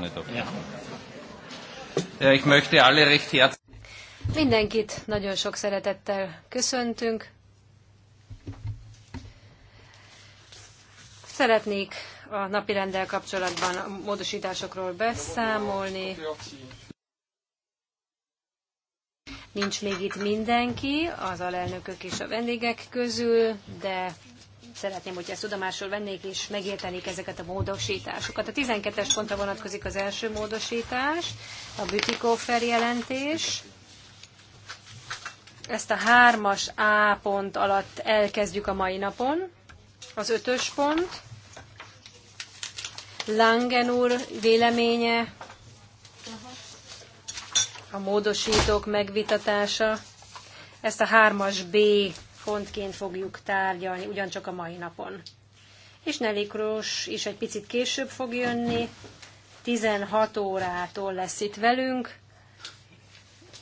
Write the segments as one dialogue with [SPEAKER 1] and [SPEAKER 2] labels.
[SPEAKER 1] war ja. Ich möchte alle recht
[SPEAKER 2] Mindenkit nagyon sok szeretettel köszöntünk. Szeretnék a rendel kapcsolatban a módosításokról beszámolni. Nincs még itt mindenki, az alelnökök és a vendégek közül, de szeretném, hogy ezt tudomásul vennék és megértenék ezeket a módosításokat. A 12-es pontra vonatkozik az első módosítás, a Bütikófer jelentés. Ezt a 3-as A pont alatt elkezdjük a mai napon. Az 5-ös pont, Langen úr véleménye, a módosítók megvitatása. Ezt a 3-as B pontként fogjuk tárgyalni, ugyancsak a mai napon. És Nelly Kroos is egy picit később fog jönni, 16 órától lesz itt velünk,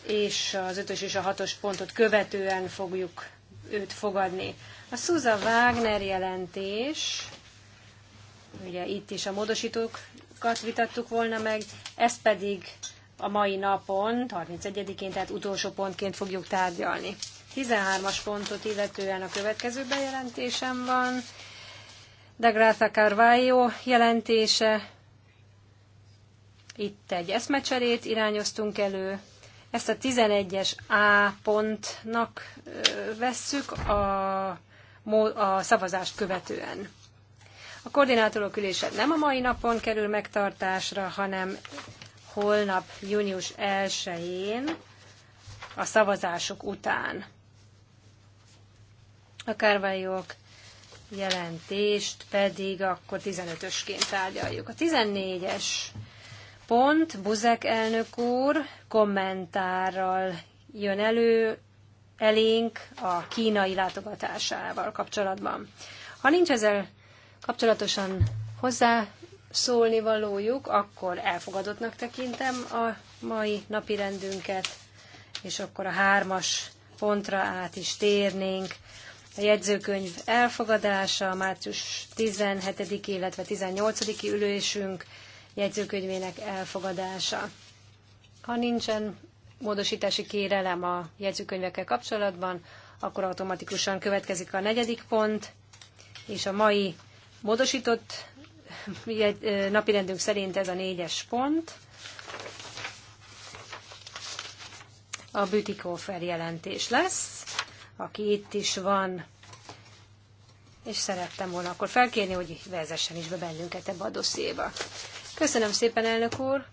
[SPEAKER 2] és az 5 és a 6 pontot követően fogjuk őt fogadni. A Suza Wagner jelentés, ugye itt is a módosítókat vitattuk volna meg, Ez pedig a mai napon, 31-én, tehát utolsó pontként fogjuk tárgyalni. 13-as pontot illetően a következő bejelentésem van. De Gráta Carvalho jelentése. Itt egy eszmecserét irányoztunk elő. Ezt a 11-es A pontnak vesszük a, a szavazást követően. A koordinátorok ülése nem a mai napon kerül megtartásra, hanem holnap, június 1-én a szavazások után. A kárványok jelentést pedig akkor 15-ösként tárgyaljuk. A 14-es pont Buzek elnök úr kommentárral jön elő elénk a kínai látogatásával kapcsolatban. Ha nincs ezzel kapcsolatosan hozzá szólni valójuk, akkor elfogadottnak tekintem a mai napi rendünket, és akkor a hármas pontra át is térnénk, a jegyzőkönyv elfogadása a március 17. illetve 18. ülésünk jegyzőkönyvének elfogadása. Ha nincsen módosítási kérelem a jegyzőkönyvekkel kapcsolatban, akkor automatikusan következik a negyedik pont, és a mai módosított napirendünk szerint ez a négyes pont. A Bütikofer jelentés lesz aki itt is van, és szerettem volna akkor felkérni, hogy vezessen is be bennünket ebbe a dosszéba. Köszönöm szépen, elnök úr!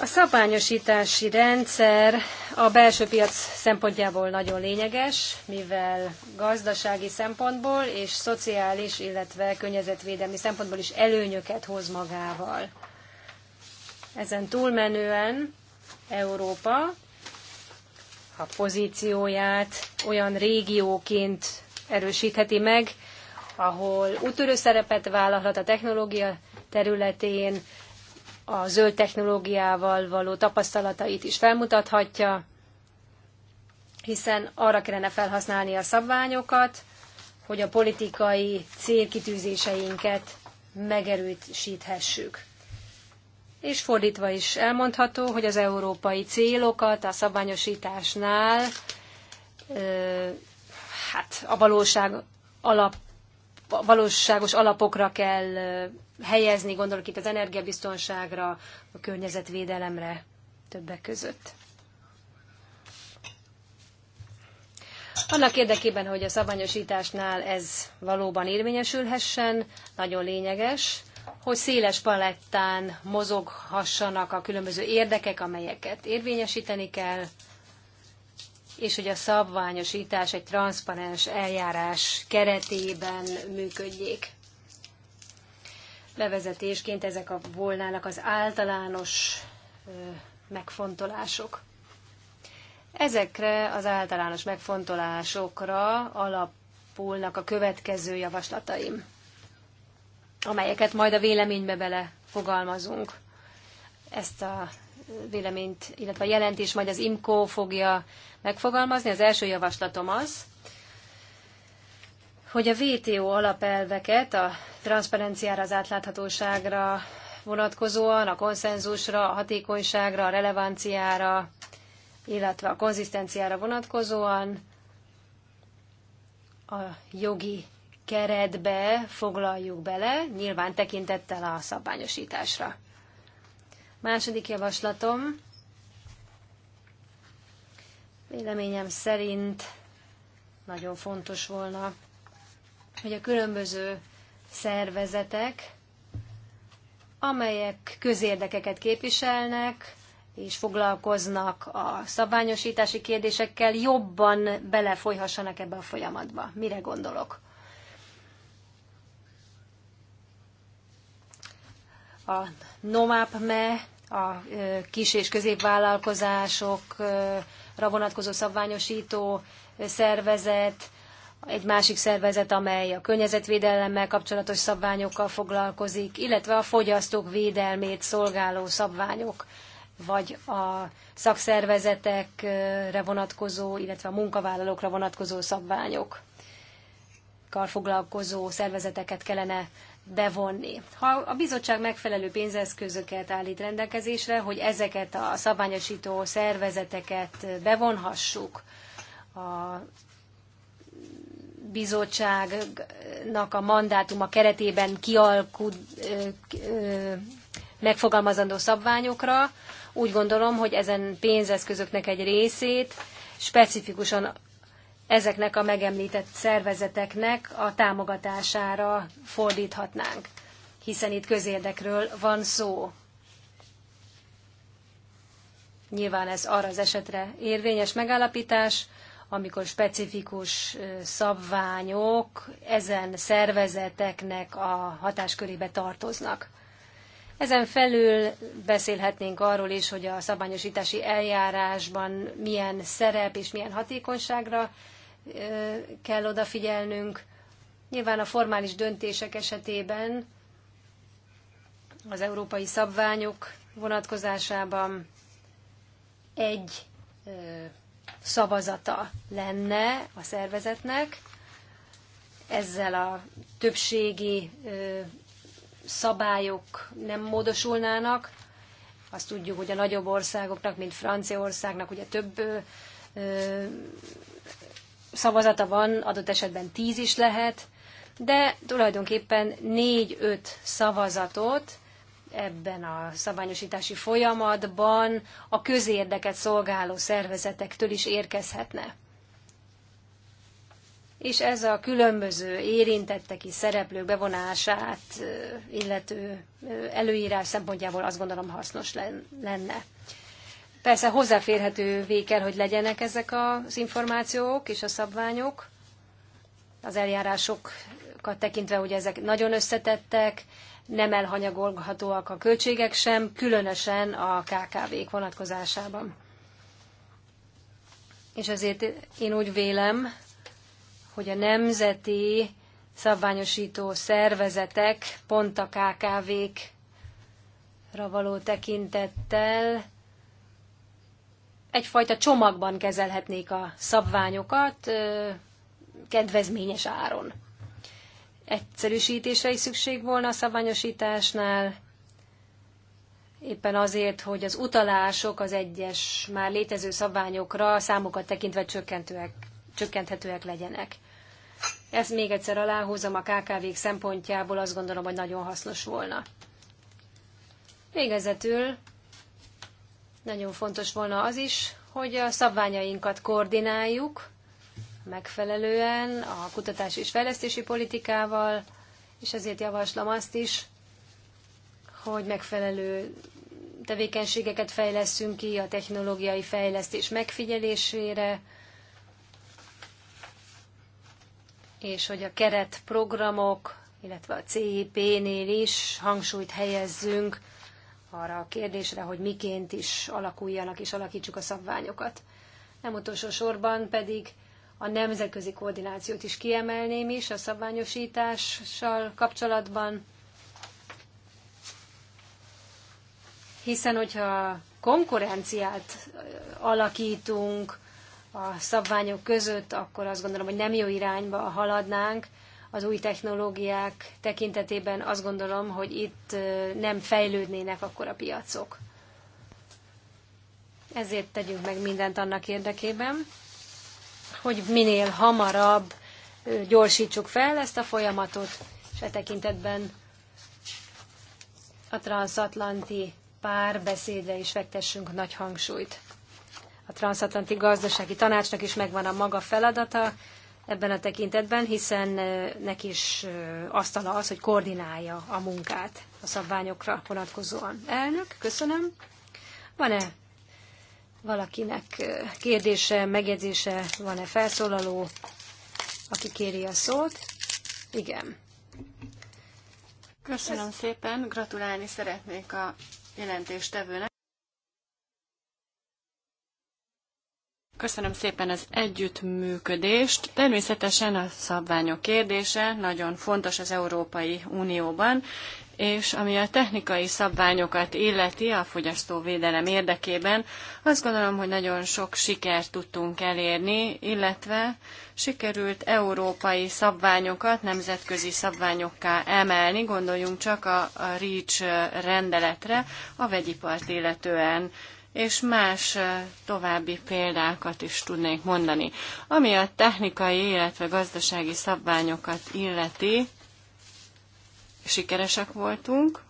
[SPEAKER 2] A szabályosítási rendszer a belső piac szempontjából nagyon lényeges, mivel gazdasági szempontból és szociális, illetve környezetvédelmi szempontból is előnyöket hoz magával. Ezen túlmenően Európa, a pozícióját olyan régióként erősítheti meg, ahol úttörő szerepet vállalhat a technológia területén, a zöld technológiával való tapasztalatait is felmutathatja, hiszen arra kellene felhasználni a szabványokat, hogy a politikai célkitűzéseinket megerősíthessük és fordítva is elmondható, hogy az európai célokat a szabványosításnál hát a valóság alap, valóságos alapokra kell helyezni, gondolok itt az energiabiztonságra, a környezetvédelemre többek között. Annak érdekében, hogy a szabványosításnál ez valóban érvényesülhessen, nagyon lényeges, hogy széles palettán mozoghassanak a különböző érdekek, amelyeket érvényesíteni kell, és hogy a szabványosítás egy transzparens eljárás keretében működjék. bevezetésként ezek a volnának az általános megfontolások. Ezekre az általános megfontolásokra alapulnak a következő javaslataim amelyeket majd a véleménybe bele fogalmazunk. Ezt a véleményt, illetve a jelentés majd az IMCO fogja megfogalmazni. Az első javaslatom az, hogy a VTO alapelveket a transzparenciára, az átláthatóságra vonatkozóan, a konszenzusra, a hatékonyságra, a relevanciára, illetve a konzisztenciára vonatkozóan a jogi keretbe foglaljuk bele, nyilván tekintettel a szabványosításra. Második javaslatom, véleményem szerint nagyon fontos volna, hogy a különböző szervezetek, amelyek közérdekeket képviselnek, és foglalkoznak a szabványosítási kérdésekkel, jobban belefolyhassanak ebbe a folyamatba. Mire gondolok? a NOMAP-ME, a kis- és középvállalkozásokra vonatkozó szabványosító szervezet, egy másik szervezet, amely a környezetvédelemmel kapcsolatos szabványokkal foglalkozik, illetve a fogyasztók védelmét szolgáló szabványok, vagy a szakszervezetekre vonatkozó, illetve a munkavállalókra vonatkozó szabványokkal foglalkozó szervezeteket kellene bevonni. Ha a bizottság megfelelő pénzeszközöket állít rendelkezésre, hogy ezeket a szabványosító szervezeteket bevonhassuk a bizottságnak a mandátuma keretében kialkud, megfogalmazandó szabványokra, úgy gondolom, hogy ezen pénzeszközöknek egy részét specifikusan ezeknek a megemlített szervezeteknek a támogatására fordíthatnánk, hiszen itt közérdekről van szó. Nyilván ez arra az esetre érvényes megállapítás, amikor specifikus szabványok ezen szervezeteknek a hatáskörébe tartoznak. Ezen felül beszélhetnénk arról is, hogy a szabványosítási eljárásban milyen szerep és milyen hatékonyságra kell odafigyelnünk. Nyilván a formális döntések esetében az európai szabványok vonatkozásában egy szavazata lenne a szervezetnek, ezzel a többségi szabályok nem módosulnának. Azt tudjuk, hogy a nagyobb országoknak, mint Franciaországnak, ugye több szavazata van, adott esetben tíz is lehet, de tulajdonképpen négy öt szavazatot ebben a szabványosítási folyamatban a közérdeket szolgáló szervezetektől is érkezhetne. És ez a különböző érintettek és szereplők bevonását illető előírás szempontjából azt gondolom hasznos lenne. Persze hozzáférhetővé kell, hogy legyenek ezek az információk és a szabványok, az eljárásokat tekintve, hogy ezek nagyon összetettek, nem elhanyagolhatóak a költségek sem, különösen a KKV-k vonatkozásában. És ezért én úgy vélem, hogy a nemzeti szabványosító szervezetek pont a KKV-kra való tekintettel egyfajta csomagban kezelhetnék a szabványokat kedvezményes áron. Egyszerűsítésre is szükség volna a szabványosításnál, éppen azért, hogy az utalások az egyes már létező szabványokra számokat tekintve csökkentőek, csökkenthetőek legyenek. Ezt még egyszer aláhúzom a KKV-k szempontjából, azt gondolom, hogy nagyon hasznos volna. Végezetül nagyon fontos volna az is, hogy a szabványainkat koordináljuk megfelelően a kutatás és fejlesztési politikával, és ezért javaslom azt is, hogy megfelelő tevékenységeket fejleszünk ki a technológiai fejlesztés megfigyelésére, és hogy a keretprogramok, illetve a CIP-nél is hangsúlyt helyezzünk arra a kérdésre, hogy miként is alakuljanak és alakítsuk a szabványokat. Nem utolsó sorban pedig a nemzetközi koordinációt is kiemelném is a szabványosítással kapcsolatban, hiszen hogyha konkurenciát alakítunk a szabványok között, akkor azt gondolom, hogy nem jó irányba haladnánk, az új technológiák tekintetében azt gondolom, hogy itt nem fejlődnének akkor a piacok. Ezért tegyünk meg mindent annak érdekében, hogy minél hamarabb gyorsítsuk fel ezt a folyamatot, és e tekintetben a transatlanti párbeszédre is fektessünk nagy hangsúlyt. A transatlanti gazdasági tanácsnak is megvan a maga feladata, ebben a tekintetben, hiszen neki is asztala az, hogy koordinálja a munkát a szabványokra vonatkozóan. Elnök, köszönöm. Van-e valakinek kérdése, megjegyzése, van-e felszólaló, aki kéri a szót? Igen.
[SPEAKER 1] Köszönöm szépen, gratulálni szeretnék a jelentéstevőnek. Köszönöm szépen az együttműködést. Természetesen a szabványok kérdése nagyon fontos az Európai Unióban, és ami a technikai szabványokat illeti a fogyasztóvédelem érdekében, azt gondolom, hogy nagyon sok sikert tudtunk elérni, illetve sikerült európai szabványokat nemzetközi szabványokká emelni, gondoljunk csak a, a REACH rendeletre, a vegyipart illetően és más további példákat is tudnék mondani. Ami a technikai, illetve gazdasági szabványokat illeti, sikeresek voltunk.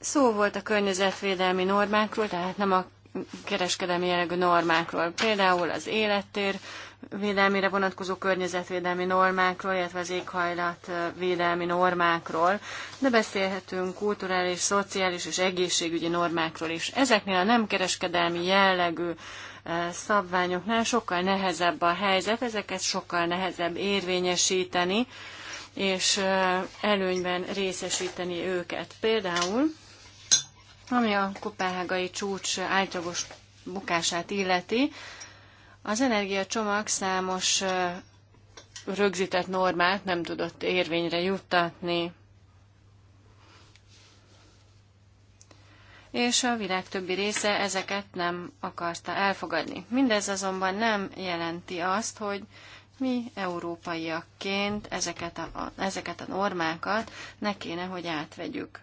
[SPEAKER 1] Szó volt a környezetvédelmi normákról, tehát nem a kereskedelmi jellegű normákról. Például az élettér, védelmére vonatkozó környezetvédelmi normákról, illetve az éghajlat védelmi normákról, de beszélhetünk kulturális, szociális és egészségügyi normákról is. Ezeknél a nem kereskedelmi jellegű eh, szabványoknál sokkal nehezebb a helyzet, ezeket sokkal nehezebb érvényesíteni, és eh, előnyben részesíteni őket. Például, ami a kopenhágai csúcs általagos bukását illeti, az energiacsomag számos rögzített normát nem tudott érvényre juttatni. és a világ többi része ezeket nem akarta elfogadni. Mindez azonban nem jelenti azt, hogy mi európaiakként ezeket a, ezeket a normákat ne kéne, hogy átvegyük.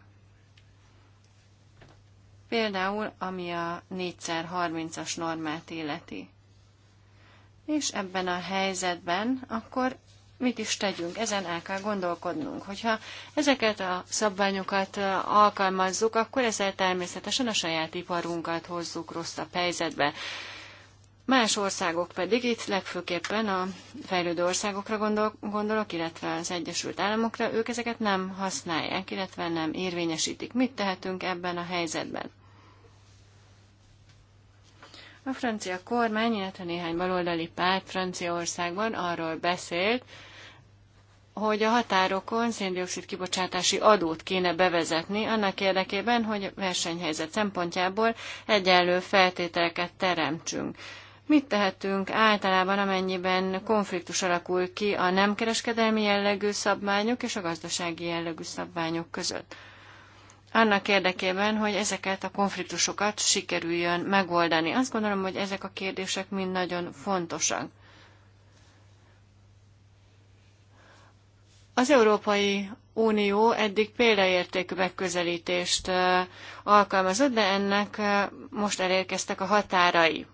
[SPEAKER 1] Például, ami a 4x30-as normát életi. És ebben a helyzetben akkor mit is tegyünk, ezen el kell gondolkodnunk. Hogyha ezeket a szabványokat alkalmazzuk, akkor ezzel természetesen a saját iparunkat hozzuk rosszabb helyzetbe. Más országok pedig, itt legfőképpen a fejlődő országokra gondol, gondolok, illetve az Egyesült Államokra, ők ezeket nem használják, illetve nem érvényesítik. Mit tehetünk ebben a helyzetben? A francia kormány, illetve néhány baloldali párt Franciaországban arról beszélt, hogy a határokon széndiokszid kibocsátási adót kéne bevezetni, annak érdekében, hogy versenyhelyzet szempontjából egyenlő feltételeket teremtsünk. Mit tehetünk általában, amennyiben konfliktus alakul ki a nem kereskedelmi jellegű szabványok és a gazdasági jellegű szabványok között? annak érdekében, hogy ezeket a konfliktusokat sikerüljön megoldani. Azt gondolom, hogy ezek a kérdések mind nagyon fontosak. Az Európai Unió eddig példaértékű megközelítést alkalmazott, de ennek most elérkeztek a határai.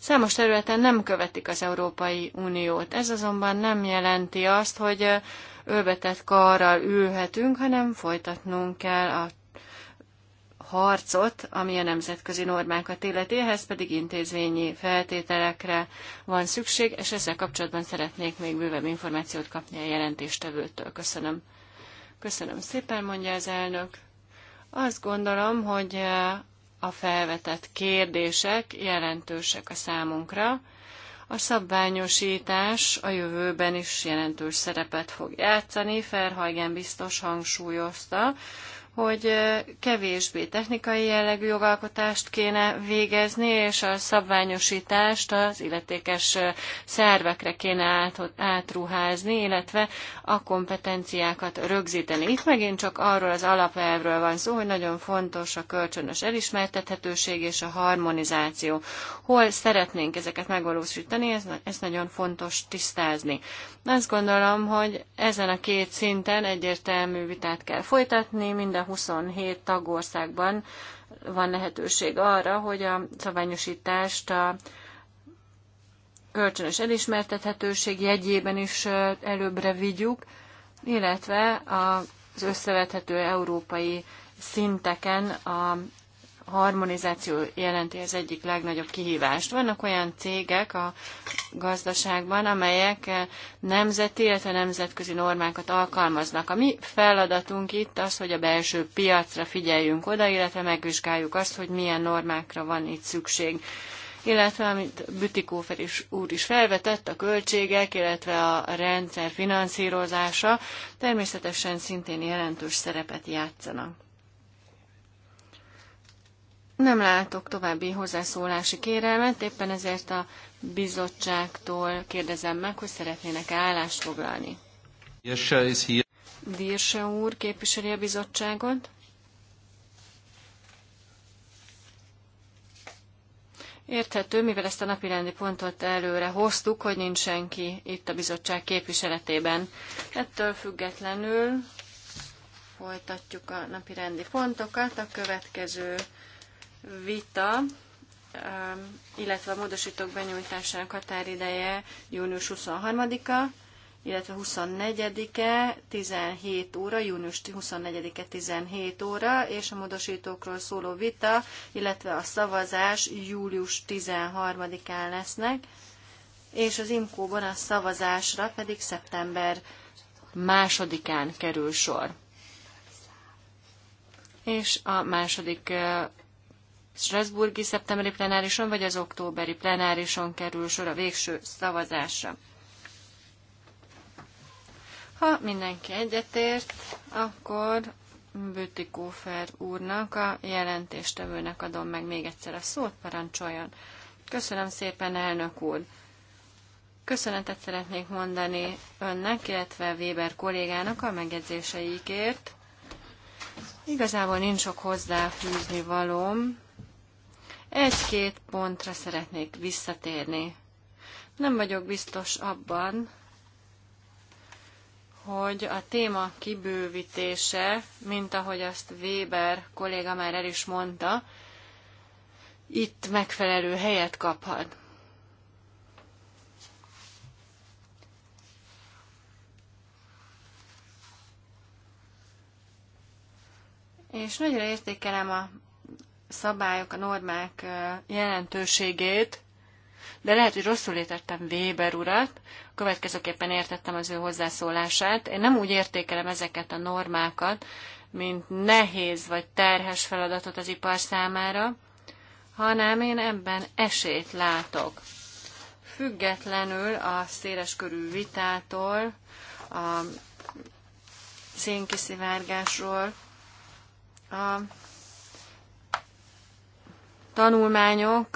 [SPEAKER 1] Számos területen nem követik az Európai Uniót. Ez azonban nem jelenti azt, hogy ölbetett karral ülhetünk, hanem folytatnunk kell a harcot, ami a nemzetközi normákat illeti, ehhez pedig intézményi feltételekre van szükség, és ezzel kapcsolatban szeretnék még bővebb információt kapni a jelentéstevőtől. Köszönöm. Köszönöm szépen, mondja az elnök. Azt gondolom, hogy a felvetett kérdések jelentősek a számunkra. A szabványosítás a jövőben is jelentős szerepet fog játszani, Ferhajgen biztos hangsúlyozta, hogy kevésbé technikai jellegű jogalkotást kéne végezni, és a szabványosítást az illetékes szervekre kéne át, átruházni, illetve a kompetenciákat rögzíteni. Itt megint csak arról az alapelvről van szó, hogy nagyon fontos a kölcsönös elismertethetőség és a harmonizáció. Hol szeretnénk ezeket megvalósítani, ez, ez nagyon fontos tisztázni. Azt gondolom, hogy ezen a két szinten egyértelmű vitát kell folytatni, mind a 27 tagországban van lehetőség arra, hogy a szabványosítást a kölcsönös elismertethetőség jegyében is előbbre vigyük, illetve az összevethető európai szinteken a a harmonizáció jelenti az egyik legnagyobb kihívást. Vannak olyan cégek a gazdaságban, amelyek nemzeti, illetve nemzetközi normákat alkalmaznak. A mi feladatunk itt az, hogy a belső piacra figyeljünk oda, illetve megvizsgáljuk azt, hogy milyen normákra van itt szükség illetve amit Bütikófer is, úr is felvetett, a költségek, illetve a rendszer finanszírozása természetesen szintén jelentős szerepet játszanak. Nem látok további hozzászólási kérelmet, éppen ezért a bizottságtól kérdezem meg, hogy szeretnének -e állást foglalni. Dirse úr képviseli a bizottságot. Érthető, mivel ezt a napirendi pontot előre hoztuk, hogy nincs senki itt a bizottság képviseletében. Ettől függetlenül folytatjuk a napirendi pontokat. A következő vita, um, illetve a módosítók benyújtásának határideje június 23-a, illetve 24-e 17 óra, június 24-e 17 óra, és a módosítókról szóló vita, illetve a szavazás július 13-án lesznek, és az imkóban a szavazásra pedig szeptember másodikán kerül sor. És a második Strasburgi szeptemberi plenárison vagy az októberi plenárison kerül sor a végső szavazásra. Ha mindenki egyetért, akkor Bütikófer úrnak, a jelentéstevőnek adom meg még egyszer a szót, parancsoljon. Köszönöm szépen, elnök úr! Köszönetet szeretnék mondani önnek, illetve Weber kollégának a megjegyzéseikért. Igazából nincs sok hozzáfűzni valóm egy-két pontra szeretnék visszatérni. Nem vagyok biztos abban, hogy a téma kibővítése, mint ahogy azt Weber kolléga már el is mondta, itt megfelelő helyet kaphat. És nagyra értékelem a szabályok, a normák jelentőségét, de lehet, hogy rosszul értettem Weber urat, következőképpen értettem az ő hozzászólását. Én nem úgy értékelem ezeket a normákat, mint nehéz vagy terhes feladatot az ipar számára, hanem én ebben esélyt látok. Függetlenül a széles körű vitától, a szénkiszivárgásról, a tanulmányok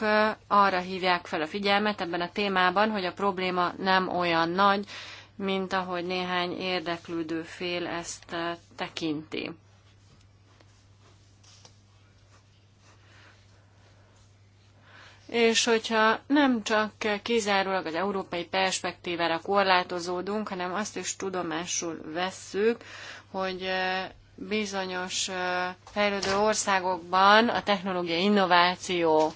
[SPEAKER 1] arra hívják fel a figyelmet ebben a témában, hogy a probléma nem olyan nagy, mint ahogy néhány érdeklődő fél ezt tekinti. És hogyha nem csak kizárólag az európai perspektívára korlátozódunk, hanem azt is tudomásul vesszük, hogy bizonyos fejlődő országokban a technológiai innováció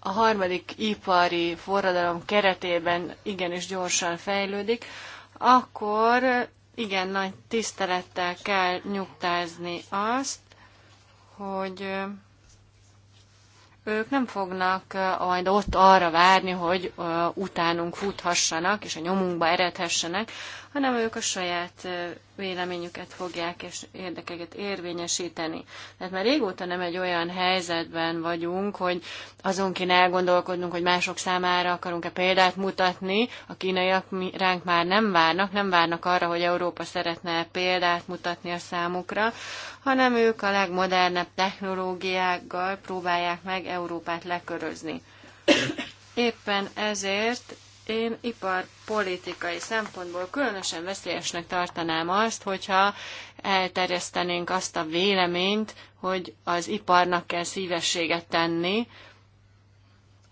[SPEAKER 1] a harmadik ipari forradalom keretében igenis gyorsan fejlődik, akkor igen nagy tisztelettel kell nyugtázni azt, hogy ők nem fognak majd ott arra várni, hogy utánunk futhassanak, és a nyomunkba eredhessenek, hanem ők a saját véleményüket fogják és érdekeket érvényesíteni. Tehát már régóta nem egy olyan helyzetben vagyunk, hogy azon kéne elgondolkodnunk, hogy mások számára akarunk-e példát mutatni. A kínaiak ránk már nem várnak, nem várnak arra, hogy Európa szeretne példát mutatni a számukra, hanem ők a legmodernebb technológiákkal próbálják meg Európát lekörözni. Éppen ezért én iparpolitikai szempontból különösen veszélyesnek tartanám azt, hogyha elterjesztenénk azt a véleményt, hogy az iparnak kell szívességet tenni,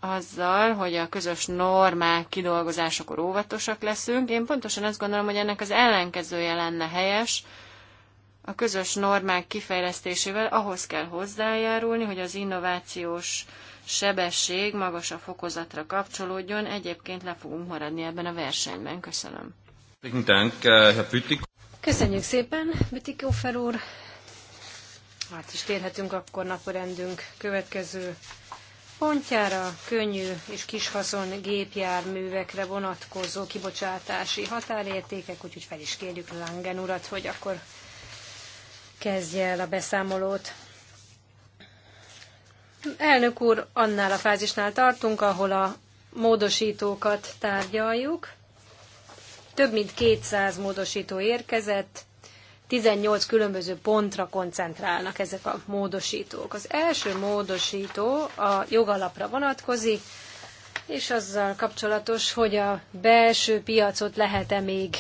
[SPEAKER 1] azzal, hogy a közös normák kidolgozásakor óvatosak leszünk. Én pontosan azt gondolom, hogy ennek az ellenkezője lenne helyes. A közös normák kifejlesztésével ahhoz kell hozzájárulni, hogy az innovációs sebesség magasabb fokozatra kapcsolódjon, egyébként le fogunk maradni ebben a versenyben. Köszönöm. Äh,
[SPEAKER 2] Köszönjük szépen, Bütikófer úr. Hát is térhetünk akkor naporendünk következő pontjára könnyű és kishaszon gépjárművekre vonatkozó kibocsátási határértékek, úgyhogy fel is kérjük Langen urat, hogy akkor kezdje el a beszámolót. Elnök úr, annál a fázisnál tartunk, ahol a módosítókat tárgyaljuk. Több mint 200 módosító érkezett, 18 különböző pontra koncentrálnak ezek a módosítók. Az első módosító a jogalapra vonatkozik, és azzal kapcsolatos, hogy a belső piacot lehet-e még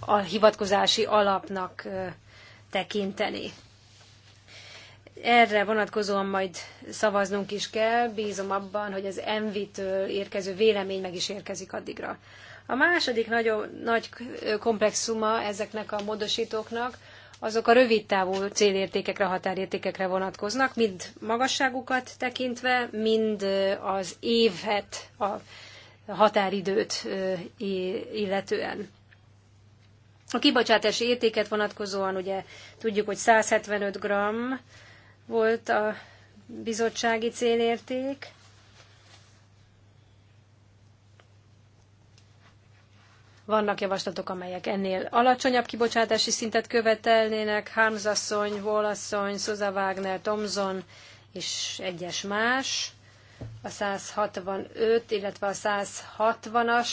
[SPEAKER 2] a hivatkozási alapnak tekinteni erre vonatkozóan majd szavaznunk is kell, bízom abban, hogy az Envitől érkező vélemény meg is érkezik addigra. A második nagyon nagy komplexuma ezeknek a módosítóknak, azok a rövid távú célértékekre, határértékekre vonatkoznak, mind magasságukat tekintve, mind az évet, a határidőt illetően. A kibocsátási értéket vonatkozóan ugye tudjuk, hogy 175 g volt a bizottsági célérték. Vannak javaslatok, amelyek ennél alacsonyabb kibocsátási szintet követelnének, Harms asszony, Wall asszony, Wagner, Tomzon és egyes más. A 165, illetve a 160-as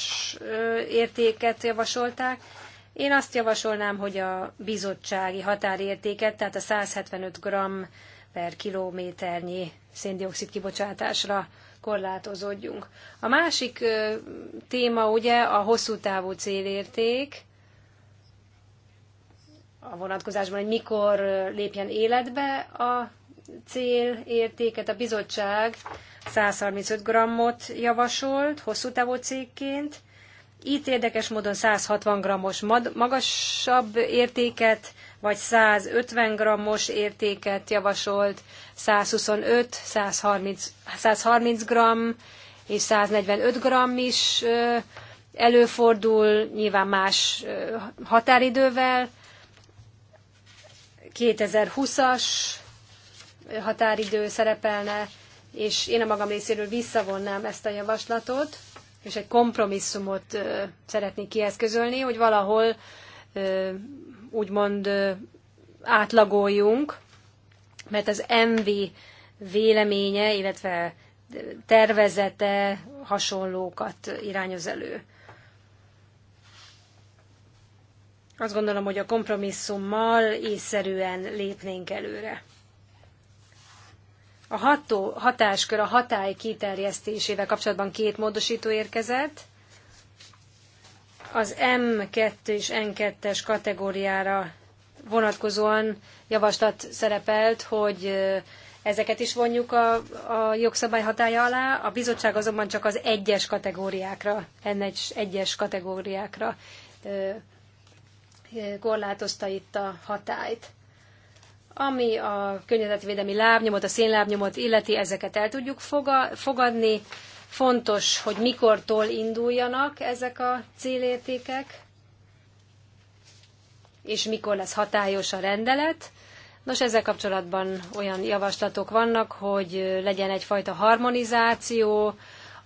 [SPEAKER 2] értéket javasolták. Én azt javasolnám, hogy a bizottsági határértéket, tehát a 175 g per kilométernyi széndiokszid kibocsátásra korlátozódjunk. A másik téma ugye a hosszú távú célérték, a vonatkozásban, hogy mikor lépjen életbe a célértéket. A bizottság 135 grammot javasolt hosszú távú cégként. Itt érdekes módon 160 grammos magasabb értéket vagy 150 grammos értéket javasolt, 125, 130, 130 gramm és 145 gramm is előfordul, nyilván más határidővel. 2020-as határidő szerepelne, és én a magam részéről visszavonnám ezt a javaslatot, és egy kompromisszumot szeretnék kieszközölni, hogy valahol úgymond átlagoljunk, mert az MV véleménye, illetve tervezete hasonlókat irányoz elő. Azt gondolom, hogy a kompromisszummal észszerűen lépnénk előre. A ható, hatáskör a hatály kiterjesztésével kapcsolatban két módosító érkezett az M2 és N2-es kategóriára vonatkozóan javaslat szerepelt, hogy ezeket is vonjuk a, a jogszabály hatája alá, a bizottság azonban csak az egyes kategóriákra, n egyes kategóriákra korlátozta itt a hatályt. Ami a környezetvédelmi lábnyomot, a szénlábnyomot illeti, ezeket el tudjuk fogadni, Fontos, hogy mikortól induljanak ezek a célértékek, és mikor lesz hatályos a rendelet. Nos, ezzel kapcsolatban olyan javaslatok vannak, hogy legyen egyfajta harmonizáció,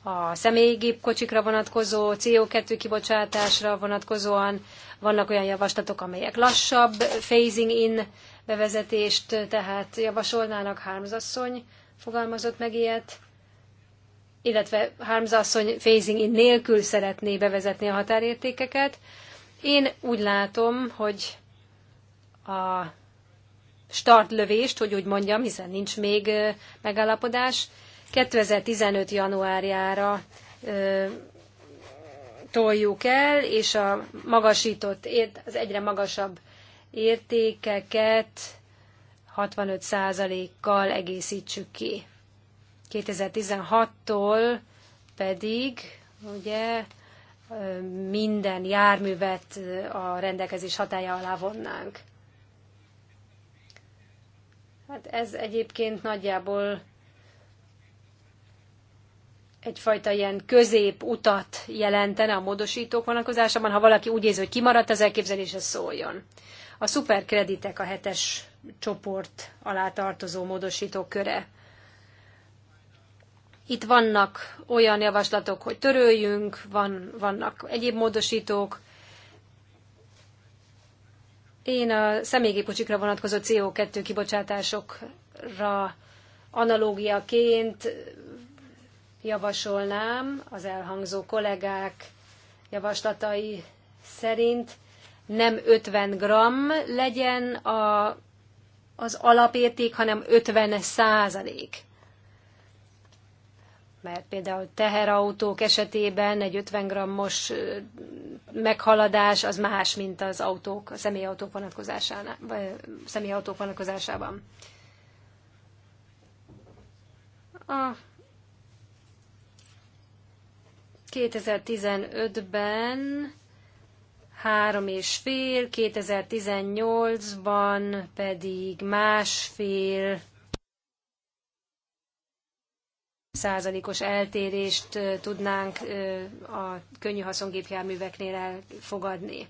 [SPEAKER 2] a személygépkocsikra vonatkozó, CO2 kibocsátásra vonatkozóan vannak olyan javaslatok, amelyek lassabb phasing in bevezetést, tehát javasolnának, Hármzasszony fogalmazott meg ilyet illetve Harms asszony phasing in nélkül szeretné bevezetni a határértékeket. Én úgy látom, hogy a startlövést, hogy úgy mondjam, hiszen nincs még megállapodás, 2015. januárjára ö, toljuk el, és a magasított, az egyre magasabb értékeket 65%-kal egészítsük ki. 2016-tól pedig ugye minden járművet a rendelkezés hatája alá vonnánk. Hát ez egyébként nagyjából egyfajta ilyen középutat jelentene a módosítók vonatkozásában, ha valaki úgy érzi, hogy kimaradt az elképzelés, szóljon. A szuperkreditek a hetes csoport alá tartozó módosítók köre. Itt vannak olyan javaslatok, hogy töröljünk, van, vannak egyéb módosítók. Én a személygépkocsikra vonatkozó CO2 kibocsátásokra analógiaként javasolnám az elhangzó kollégák javaslatai szerint nem 50 g legyen a, az alapérték, hanem 50 százalék mert például teherautók esetében egy 50 grammos meghaladás az más, mint az autók, a személyautók, vonatkozásánál, személyautók vonatkozásában. A 2015-ben 3,5, 2018-ban pedig másfél százalékos eltérést tudnánk a könnyű haszongépjárműveknél elfogadni.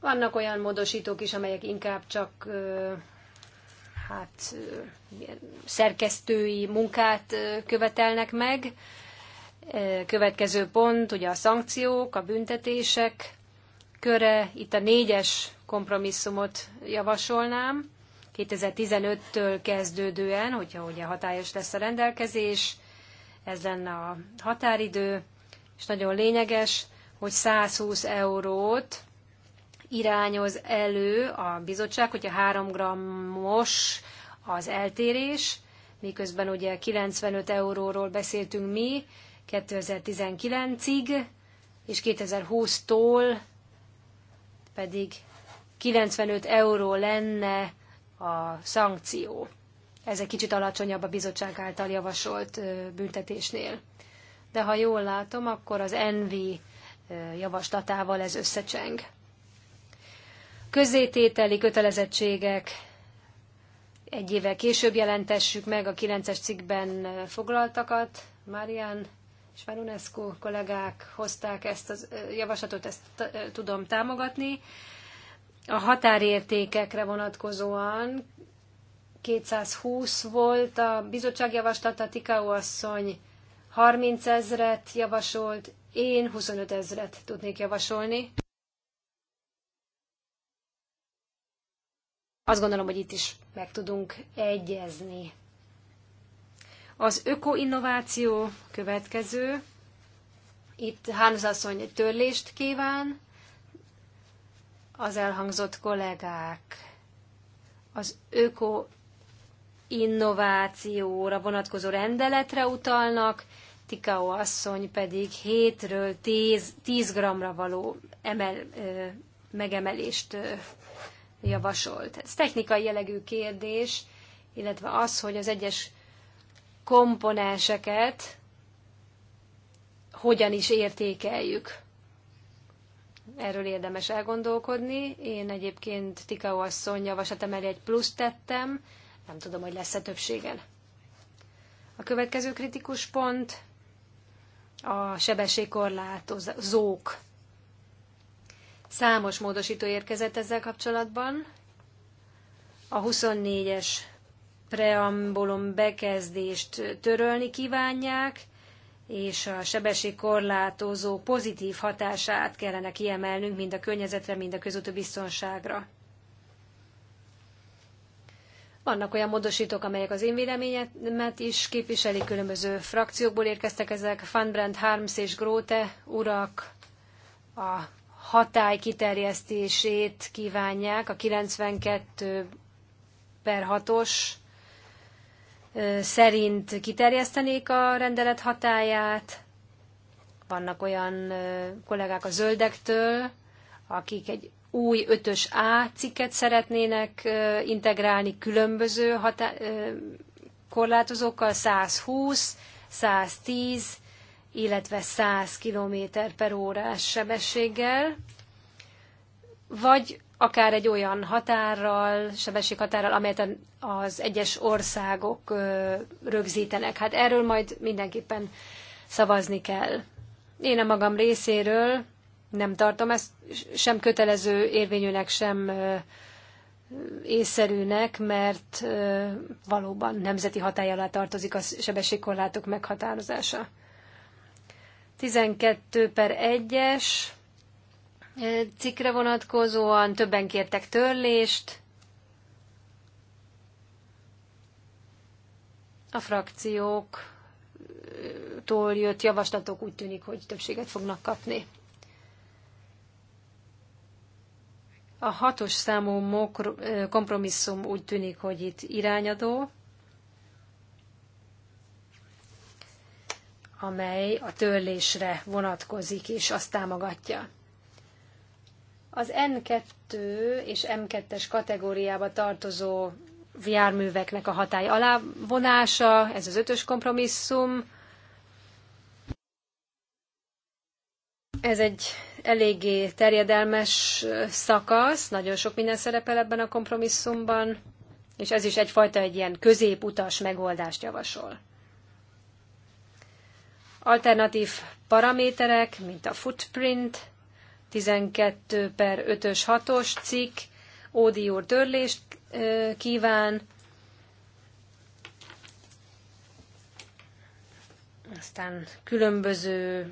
[SPEAKER 2] Vannak olyan módosítók is, amelyek inkább csak hát szerkesztői munkát követelnek meg. Következő pont, ugye a szankciók, a büntetések köre, itt a négyes kompromisszumot javasolnám 2015-től kezdődően, hogyha ugye hatályos lesz a rendelkezés, ez lenne a határidő, és nagyon lényeges, hogy 120 eurót irányoz elő a bizottság, hogyha 3 grammos az eltérés, miközben ugye 95 euróról beszéltünk mi 2019-ig, és 2020-tól pedig 95 euró lenne a szankció. Ez egy kicsit alacsonyabb a bizottság által javasolt büntetésnél. De ha jól látom, akkor az envi javaslatával ez összecseng. Közzétételi kötelezettségek egy évvel később jelentessük meg a 9-es cikkben foglaltakat. Marian és UNESCO kollégák hozták ezt a javaslatot, ezt tudom támogatni a határértékekre vonatkozóan 220 volt a bizottság javaslata, Tikau asszony 30 ezret javasolt, én 25 ezret tudnék javasolni. Azt gondolom, hogy itt is meg tudunk egyezni. Az ökoinnováció következő. Itt Hánz asszony törlést kíván, az elhangzott kollégák az öko innovációra vonatkozó rendeletre utalnak, Tikao asszony pedig 7-ről 10, 10 gramra való emel, ö, megemelést ö, javasolt. Ez technikai jellegű kérdés, illetve az, hogy az egyes komponenseket hogyan is értékeljük erről érdemes elgondolkodni. Én egyébként Tikao asszony javaslat mellé egy plusz tettem, nem tudom, hogy lesz-e többségen. A következő kritikus pont a sebességkorlátozók. Számos módosító érkezett ezzel kapcsolatban. A 24-es preambulum bekezdést törölni kívánják, és a sebességkorlátozó pozitív hatását kellene kiemelnünk mind a környezetre, mind a közúti biztonságra. Vannak olyan módosítók, amelyek az én véleményemet is képviselik, különböző frakciókból érkeztek ezek, Van Brandt Harms és Grote urak a hatály kiterjesztését kívánják, a 92 per 6-os szerint kiterjesztenék a rendelet hatáját. Vannak olyan kollégák a zöldektől, akik egy új 5-ös A cikket szeretnének integrálni különböző hatá- korlátozókkal, 120, 110, illetve 100 km per órás sebességgel, vagy akár egy olyan határral, határral, amelyet az egyes országok rögzítenek. Hát erről majd mindenképpen szavazni kell. Én a magam részéről nem tartom ezt sem kötelező érvényűnek, sem észszerűnek, mert valóban nemzeti hatály alá tartozik a sebességkorlátok meghatározása. 12 per 1-es cikkre vonatkozóan többen kértek törlést. A frakcióktól jött javaslatok úgy tűnik, hogy többséget fognak kapni. A hatos számú kompromisszum úgy tűnik, hogy itt irányadó, amely a törlésre vonatkozik, és azt támogatja. Az N2 és M2-es kategóriába tartozó járműveknek a hatály alá vonása, ez az ötös kompromisszum. Ez egy eléggé terjedelmes szakasz, nagyon sok minden szerepel ebben a kompromisszumban, és ez is egyfajta egy ilyen középutas megoldást javasol. Alternatív paraméterek, mint a footprint, 12 per 5-ös 6-os cikk, Ódi úr törlést kíván. Aztán különböző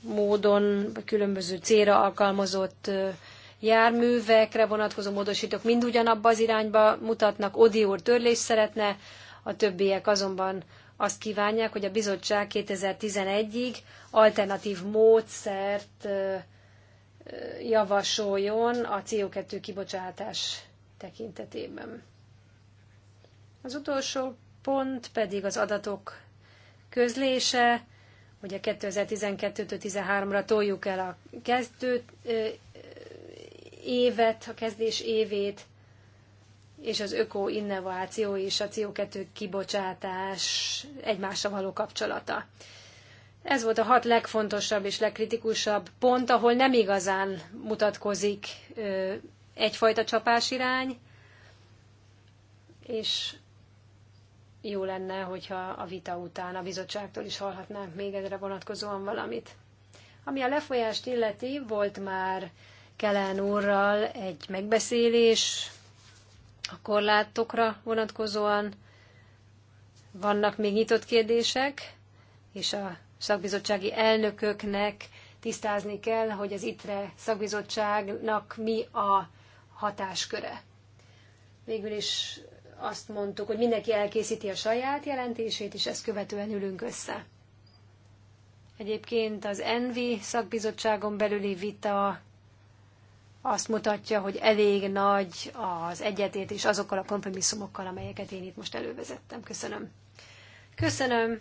[SPEAKER 2] módon, különböző célra alkalmazott járművekre vonatkozó módosítók mind ugyanabba az irányba mutatnak. Odiór úr törlést szeretne, a többiek azonban azt kívánják, hogy a bizottság 2011-ig alternatív módszert javasoljon a CO2 kibocsátás tekintetében. Az utolsó pont pedig az adatok közlése, ugye 2012-13-ra toljuk el a kezdő évet, a kezdés évét, és az öko-innováció és a CO2 kibocsátás egymásra való kapcsolata. Ez volt a hat legfontosabb és legkritikusabb pont, ahol nem igazán mutatkozik egyfajta csapásirány, és jó lenne, hogyha a vita után a bizottságtól is hallhatnánk még erre vonatkozóan valamit. Ami a lefolyást illeti, volt már Kelen úrral egy megbeszélés, a korlátokra vonatkozóan vannak még nyitott kérdések, és a szakbizottsági elnököknek tisztázni kell, hogy az ITRE szakbizottságnak mi a hatásköre. Végül is azt mondtuk, hogy mindenki elkészíti a saját jelentését, és ezt követően ülünk össze. Egyébként az ENVI szakbizottságon belüli vita azt mutatja, hogy elég nagy az egyetét és azokkal a kompromisszumokkal, amelyeket én itt most elővezettem. Köszönöm. Köszönöm,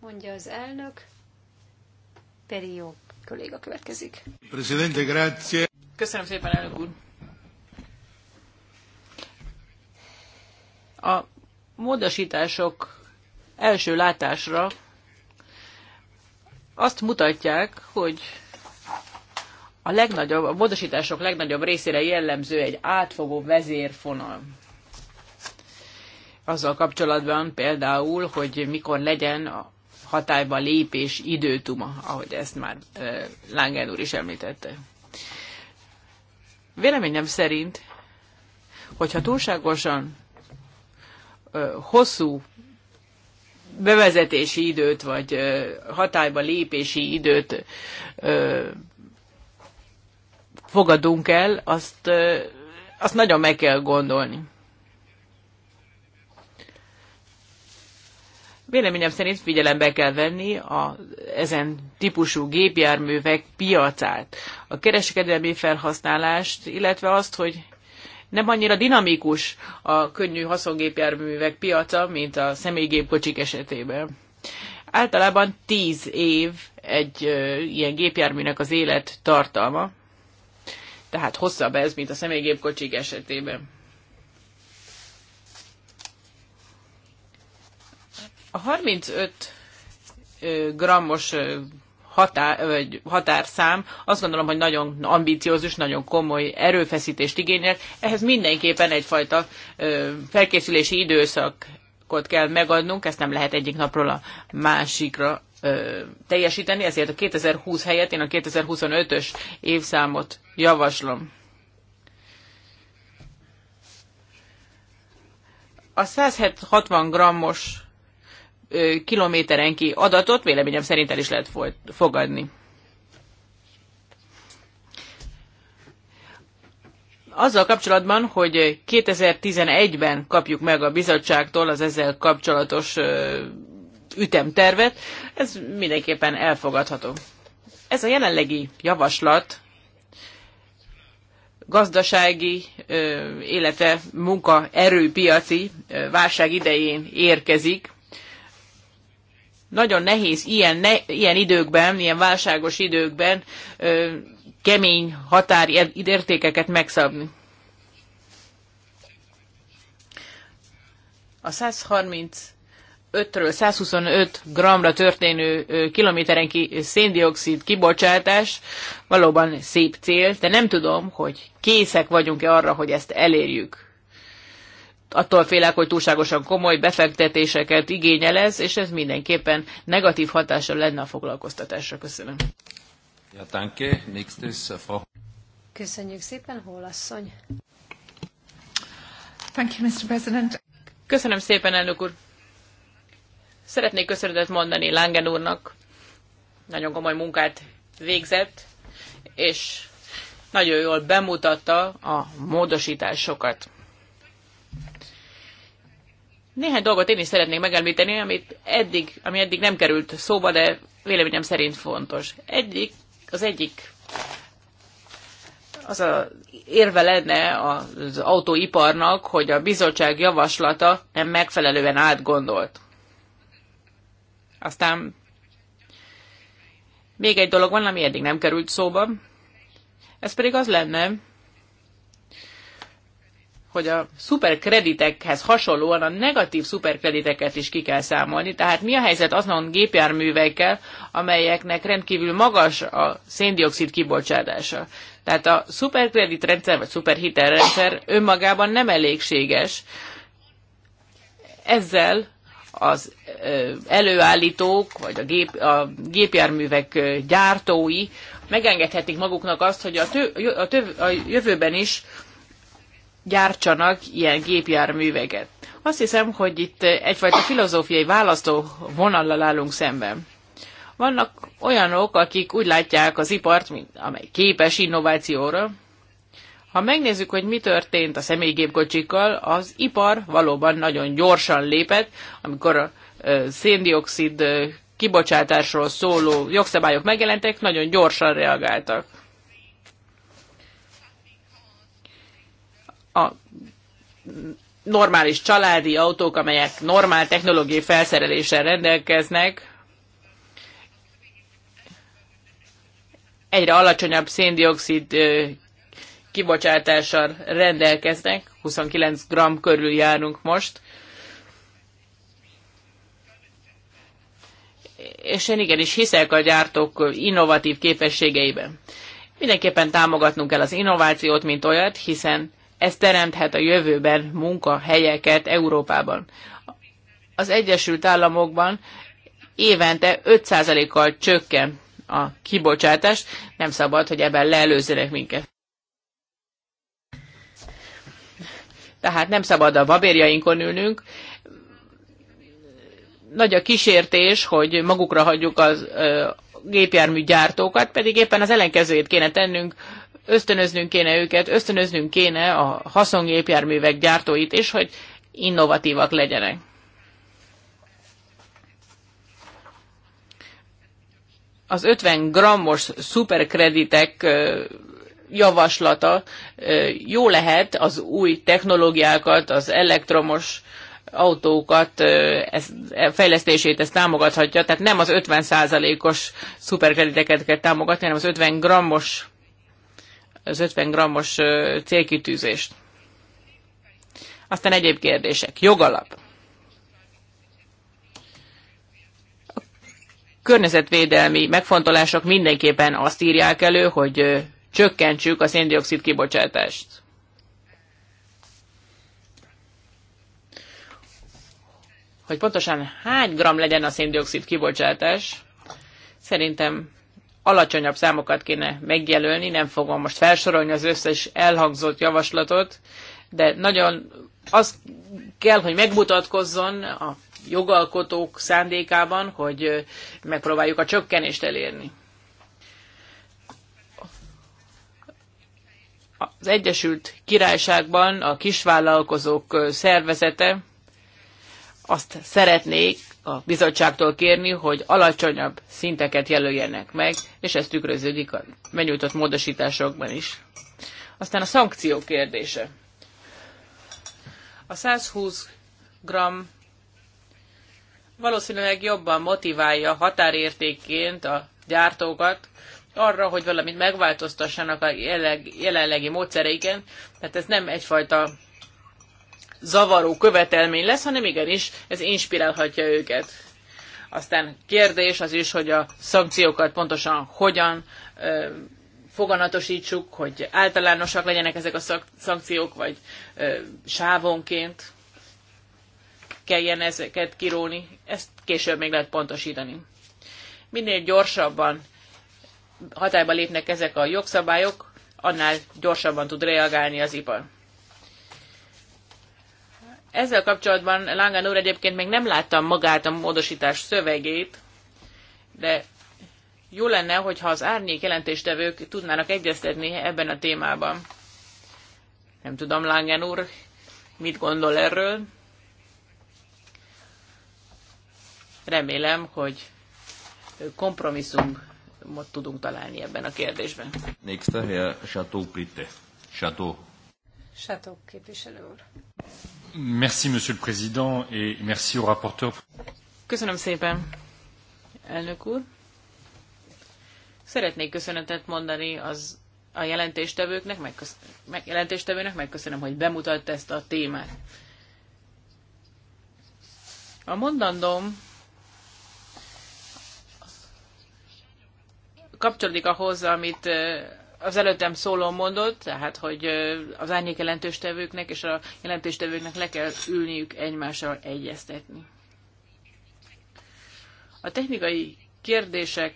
[SPEAKER 2] mondja az elnök. Perió kolléga következik.
[SPEAKER 1] Presidente, grazie.
[SPEAKER 2] Köszönöm szépen, elnök úr.
[SPEAKER 3] A módosítások első látásra azt mutatják, hogy a legnagyobb, a módosítások legnagyobb részére jellemző egy átfogó vezérfonal. Azzal kapcsolatban például, hogy mikor legyen a hatályba lépés időtuma, ahogy ezt már Lángen úr is említette. Véleményem szerint, hogyha túlságosan hosszú bevezetési időt, vagy hatályba lépési időt fogadunk el, azt, azt nagyon meg kell gondolni. Véleményem szerint figyelembe kell venni a, ezen típusú gépjárművek piacát, a kereskedelmi felhasználást, illetve azt, hogy nem annyira dinamikus a könnyű haszongépjárművek piaca, mint a személygépkocsik esetében. Általában 10 év egy ö, ilyen gépjárműnek az élet tartalma tehát hosszabb ez, mint a személygépkocsik esetében. A 35 grammos határ, vagy határszám, azt gondolom, hogy nagyon ambiciózus, nagyon komoly erőfeszítést igényel. Ehhez mindenképpen egyfajta felkészülési időszakot kell megadnunk, ezt nem lehet egyik napról a másikra teljesíteni, ezért a 2020 helyett én a 2025-ös évszámot javaslom. A 160 grammos kilométerenki adatot véleményem szerint el is lehet fogadni. azzal kapcsolatban, hogy 2011-ben kapjuk meg a bizottságtól az ezzel kapcsolatos ütemtervet, ez mindenképpen elfogadható. Ez a jelenlegi javaslat gazdasági, illetve munkaerőpiaci válság idején érkezik. Nagyon nehéz ilyen, ne, ilyen időkben, ilyen válságos időkben kemény értékeket megszabni. A 130 125-ről 125 gramra történő kilométerenki széndiokszid kibocsátás valóban szép cél, de nem tudom, hogy készek vagyunk-e arra, hogy ezt elérjük. Attól félek, hogy túlságosan komoly befektetéseket igényel ez, és ez mindenképpen negatív hatással lenne a foglalkoztatásra. Köszönöm.
[SPEAKER 1] Ja, danke. Nächstes, äh, Frau.
[SPEAKER 2] Köszönjük szépen, Hólasszony. Thank you, Mr. President. Köszönöm szépen, elnök úr.
[SPEAKER 3] Szeretnék köszönetet mondani Lángen úrnak, nagyon komoly munkát végzett, és nagyon jól bemutatta a módosításokat. Néhány dolgot én is szeretnék megemlíteni, amit eddig, ami eddig nem került szóba, de véleményem szerint fontos. Egyik, az egyik az a érve lenne az autóiparnak, hogy a bizottság javaslata nem megfelelően átgondolt. Aztán még egy dolog van, ami eddig nem került szóba. Ez pedig az lenne, hogy a szuperkreditekhez hasonlóan a negatív szuperkrediteket is ki kell számolni. Tehát mi a helyzet azon gépjárművekkel, amelyeknek rendkívül magas a széndiokszid kibocsátása? Tehát a szuperkreditrendszer vagy szuperhitelrendszer önmagában nem elégséges. Ezzel az előállítók, vagy a, gép, a gépjárművek gyártói megengedhetik maguknak azt, hogy a, tő, a, tő, a jövőben is gyártsanak ilyen gépjárműveket. Azt hiszem, hogy itt egyfajta filozófiai választó vonallal állunk szemben. Vannak olyanok, akik úgy látják az ipart, mint, amely képes innovációra, ha megnézzük, hogy mi történt a személygépkocsikkal, az ipar valóban nagyon gyorsan lépett, amikor a széndiokszid kibocsátásról szóló jogszabályok megjelentek, nagyon gyorsan reagáltak. A normális családi autók, amelyek normál technológiai felszereléssel rendelkeznek, egyre alacsonyabb széndiokszid kibocsátással rendelkeznek, 29 g körül járunk most, és én igenis hiszek a gyártók innovatív képességeiben. Mindenképpen támogatnunk kell az innovációt, mint olyat, hiszen ez teremthet a jövőben munkahelyeket Európában. Az Egyesült Államokban évente 5%-kal csökken a kibocsátás, nem szabad, hogy ebben leelőzzenek minket. tehát nem szabad a babérjainkon ülnünk. Nagy a kísértés, hogy magukra hagyjuk az gépjárműgyártókat, pedig éppen az ellenkezőjét kéne tennünk, ösztönöznünk kéne őket, ösztönöznünk kéne a haszongépjárművek gyártóit is, hogy innovatívak legyenek. Az 50 grammos szuperkreditek javaslata jó lehet az új technológiákat, az elektromos autókat ez, e, fejlesztését ezt támogathatja, tehát nem az 50%-os szuperkrediteket kell támogatni, hanem az 50 grammos az 50 grammos célkitűzést. Aztán egyéb kérdések. Jogalap. A környezetvédelmi megfontolások mindenképpen azt írják elő, hogy csökkentsük a széndiokszid kibocsátást. Hogy pontosan hány gram legyen a széndiokszid kibocsátás, szerintem alacsonyabb számokat kéne megjelölni, nem fogom most felsorolni az összes elhangzott javaslatot, de nagyon az kell, hogy megmutatkozzon a jogalkotók szándékában, hogy megpróbáljuk a csökkenést elérni. az Egyesült Királyságban a kisvállalkozók szervezete azt szeretnék a bizottságtól kérni, hogy alacsonyabb szinteket jelöljenek meg, és ez tükröződik a benyújtott módosításokban is. Aztán a szankció kérdése. A 120 g valószínűleg jobban motiválja határértékként a gyártókat, arra, hogy valamit megváltoztassanak a jelenlegi módszereiken. Tehát ez nem egyfajta zavaró követelmény lesz, hanem igenis ez inspirálhatja őket. Aztán kérdés az is, hogy a szankciókat pontosan hogyan ö, foganatosítsuk, hogy általánosak legyenek ezek a szak, szankciók, vagy ö, sávonként kelljen ezeket kiróni. Ezt később még lehet pontosítani. Minél gyorsabban hatályba lépnek ezek a jogszabályok, annál gyorsabban tud reagálni az ipar. Ezzel kapcsolatban Langan úr egyébként még nem láttam magát a módosítás szövegét, de jó lenne, hogyha az árnyék jelentéstevők tudnának egyeztetni ebben a témában. Nem tudom, Langen úr, mit gondol erről. Remélem, hogy kompromisszum kompromisszumot tudunk találni ebben a kérdésben.
[SPEAKER 2] Nächster Herr Chateau, bitte. Chateau. Chateau képviselő úr.
[SPEAKER 3] Merci, Monsieur le Président, et merci au rapporteur. Köszönöm szépen, elnök úr. Szeretnék köszönetet mondani az a jelentéstevőknek, megköszönöm, meg, jelentéstevőnek megköszönöm, hogy bemutatta ezt a témát. A mondandóm kapcsolódik ahhoz, amit az előttem szóló mondott, tehát, hogy az árnyék jelentőstevőknek és a jelentőstevőknek le kell ülniük egymással egyeztetni. A technikai kérdések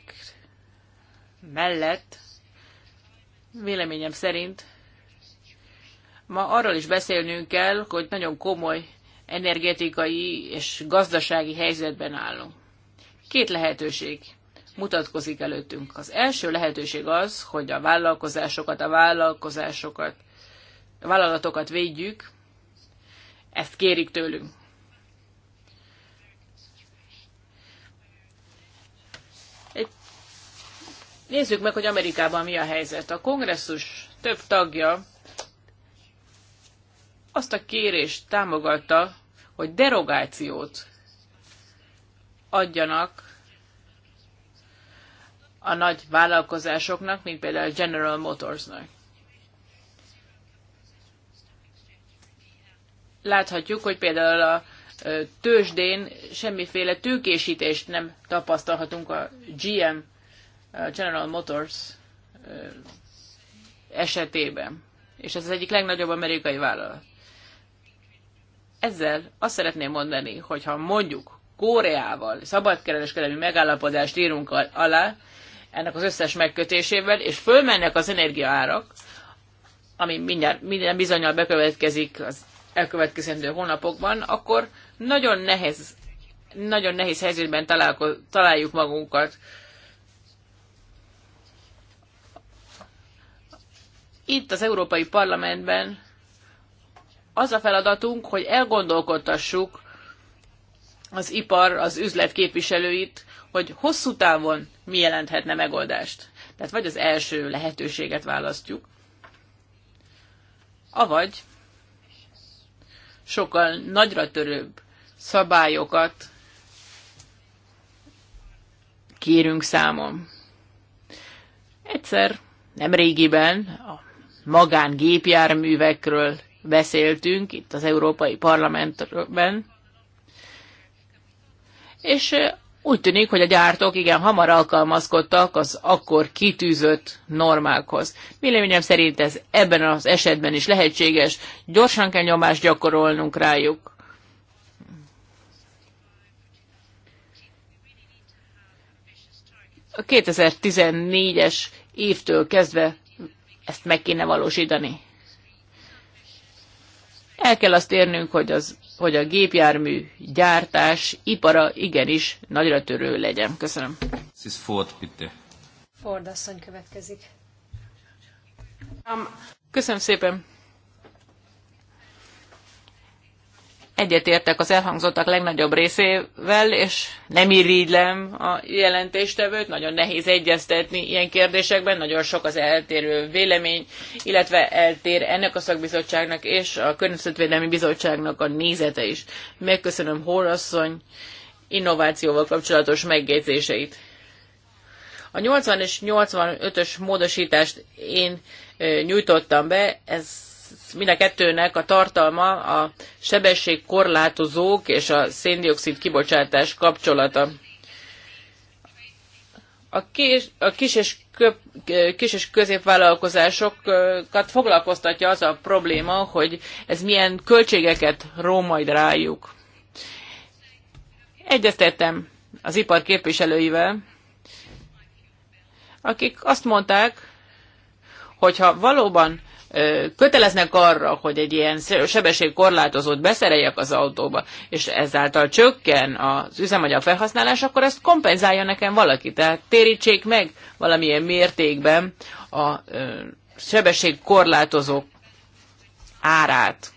[SPEAKER 3] mellett véleményem szerint ma arról is beszélnünk kell, hogy nagyon komoly energetikai és gazdasági helyzetben állunk. Két lehetőség mutatkozik előttünk. Az első lehetőség az, hogy a vállalkozásokat, a vállalkozásokat, a vállalatokat védjük, ezt kérik tőlünk. Nézzük meg, hogy Amerikában mi a helyzet. A kongresszus több tagja azt a kérést támogatta, hogy derogációt adjanak a nagy vállalkozásoknak, mint például a General Motorsnak. Láthatjuk, hogy például a tőzsdén semmiféle tőkésítést nem tapasztalhatunk a GM, a General Motors esetében. És ez az egyik legnagyobb amerikai vállalat. Ezzel azt szeretném mondani, hogy ha mondjuk Koreával szabadkereskedelmi megállapodást írunk alá, ennek az összes megkötésével, és fölmennek az energiaárak, ami mindjárt, minden bizonyal bekövetkezik az elkövetkezendő hónapokban, akkor nagyon nehéz, nagyon nehéz helyzetben találjuk magunkat. Itt az Európai Parlamentben az a feladatunk, hogy elgondolkodtassuk az ipar, az üzlet képviselőit hogy hosszú távon mi jelenthetne megoldást. Tehát vagy az első lehetőséget választjuk, avagy sokkal nagyra törőbb szabályokat kérünk számon. Egyszer, nem régiben a gépjárművekről beszéltünk itt az Európai Parlamentben, és úgy tűnik, hogy a gyártók igen hamar alkalmazkodtak az akkor kitűzött normákhoz. Véleményem szerint ez ebben az esetben is lehetséges, gyorsan kell nyomást gyakorolnunk rájuk. A 2014-es évtől kezdve ezt meg kéne valósítani. El kell azt érnünk, hogy az hogy a gépjármű gyártás ipara igenis nagyra törő legyen. Köszönöm.
[SPEAKER 2] This Ford, bitte. Ford asszony következik.
[SPEAKER 3] Köszönöm szépen. Egyetértek az elhangzottak legnagyobb részével, és nem irigylem a jelentéstevőt, nagyon nehéz egyeztetni ilyen kérdésekben, nagyon sok az eltérő vélemény, illetve eltér ennek a szakbizottságnak és a Környezetvédelmi Bizottságnak a nézete is. Megköszönöm Horasszony innovációval kapcsolatos megjegyzéseit. A 80 és 85-ös módosítást én nyújtottam be, ez mind a kettőnek a tartalma a sebességkorlátozók és a széndiokszid kibocsátás kapcsolata. A kis, a kis, és, köp, kis és középvállalkozásokat foglalkoztatja az a probléma, hogy ez milyen költségeket ró majd rájuk. Egyeztettem az ipar képviselőivel, akik azt mondták, hogyha valóban köteleznek arra, hogy egy ilyen sebességkorlátozót beszereljek az autóba, és ezáltal csökken az üzemanyag felhasználás, akkor ezt kompenzálja nekem valaki. Tehát térítsék meg valamilyen mértékben a sebességkorlátozók árát.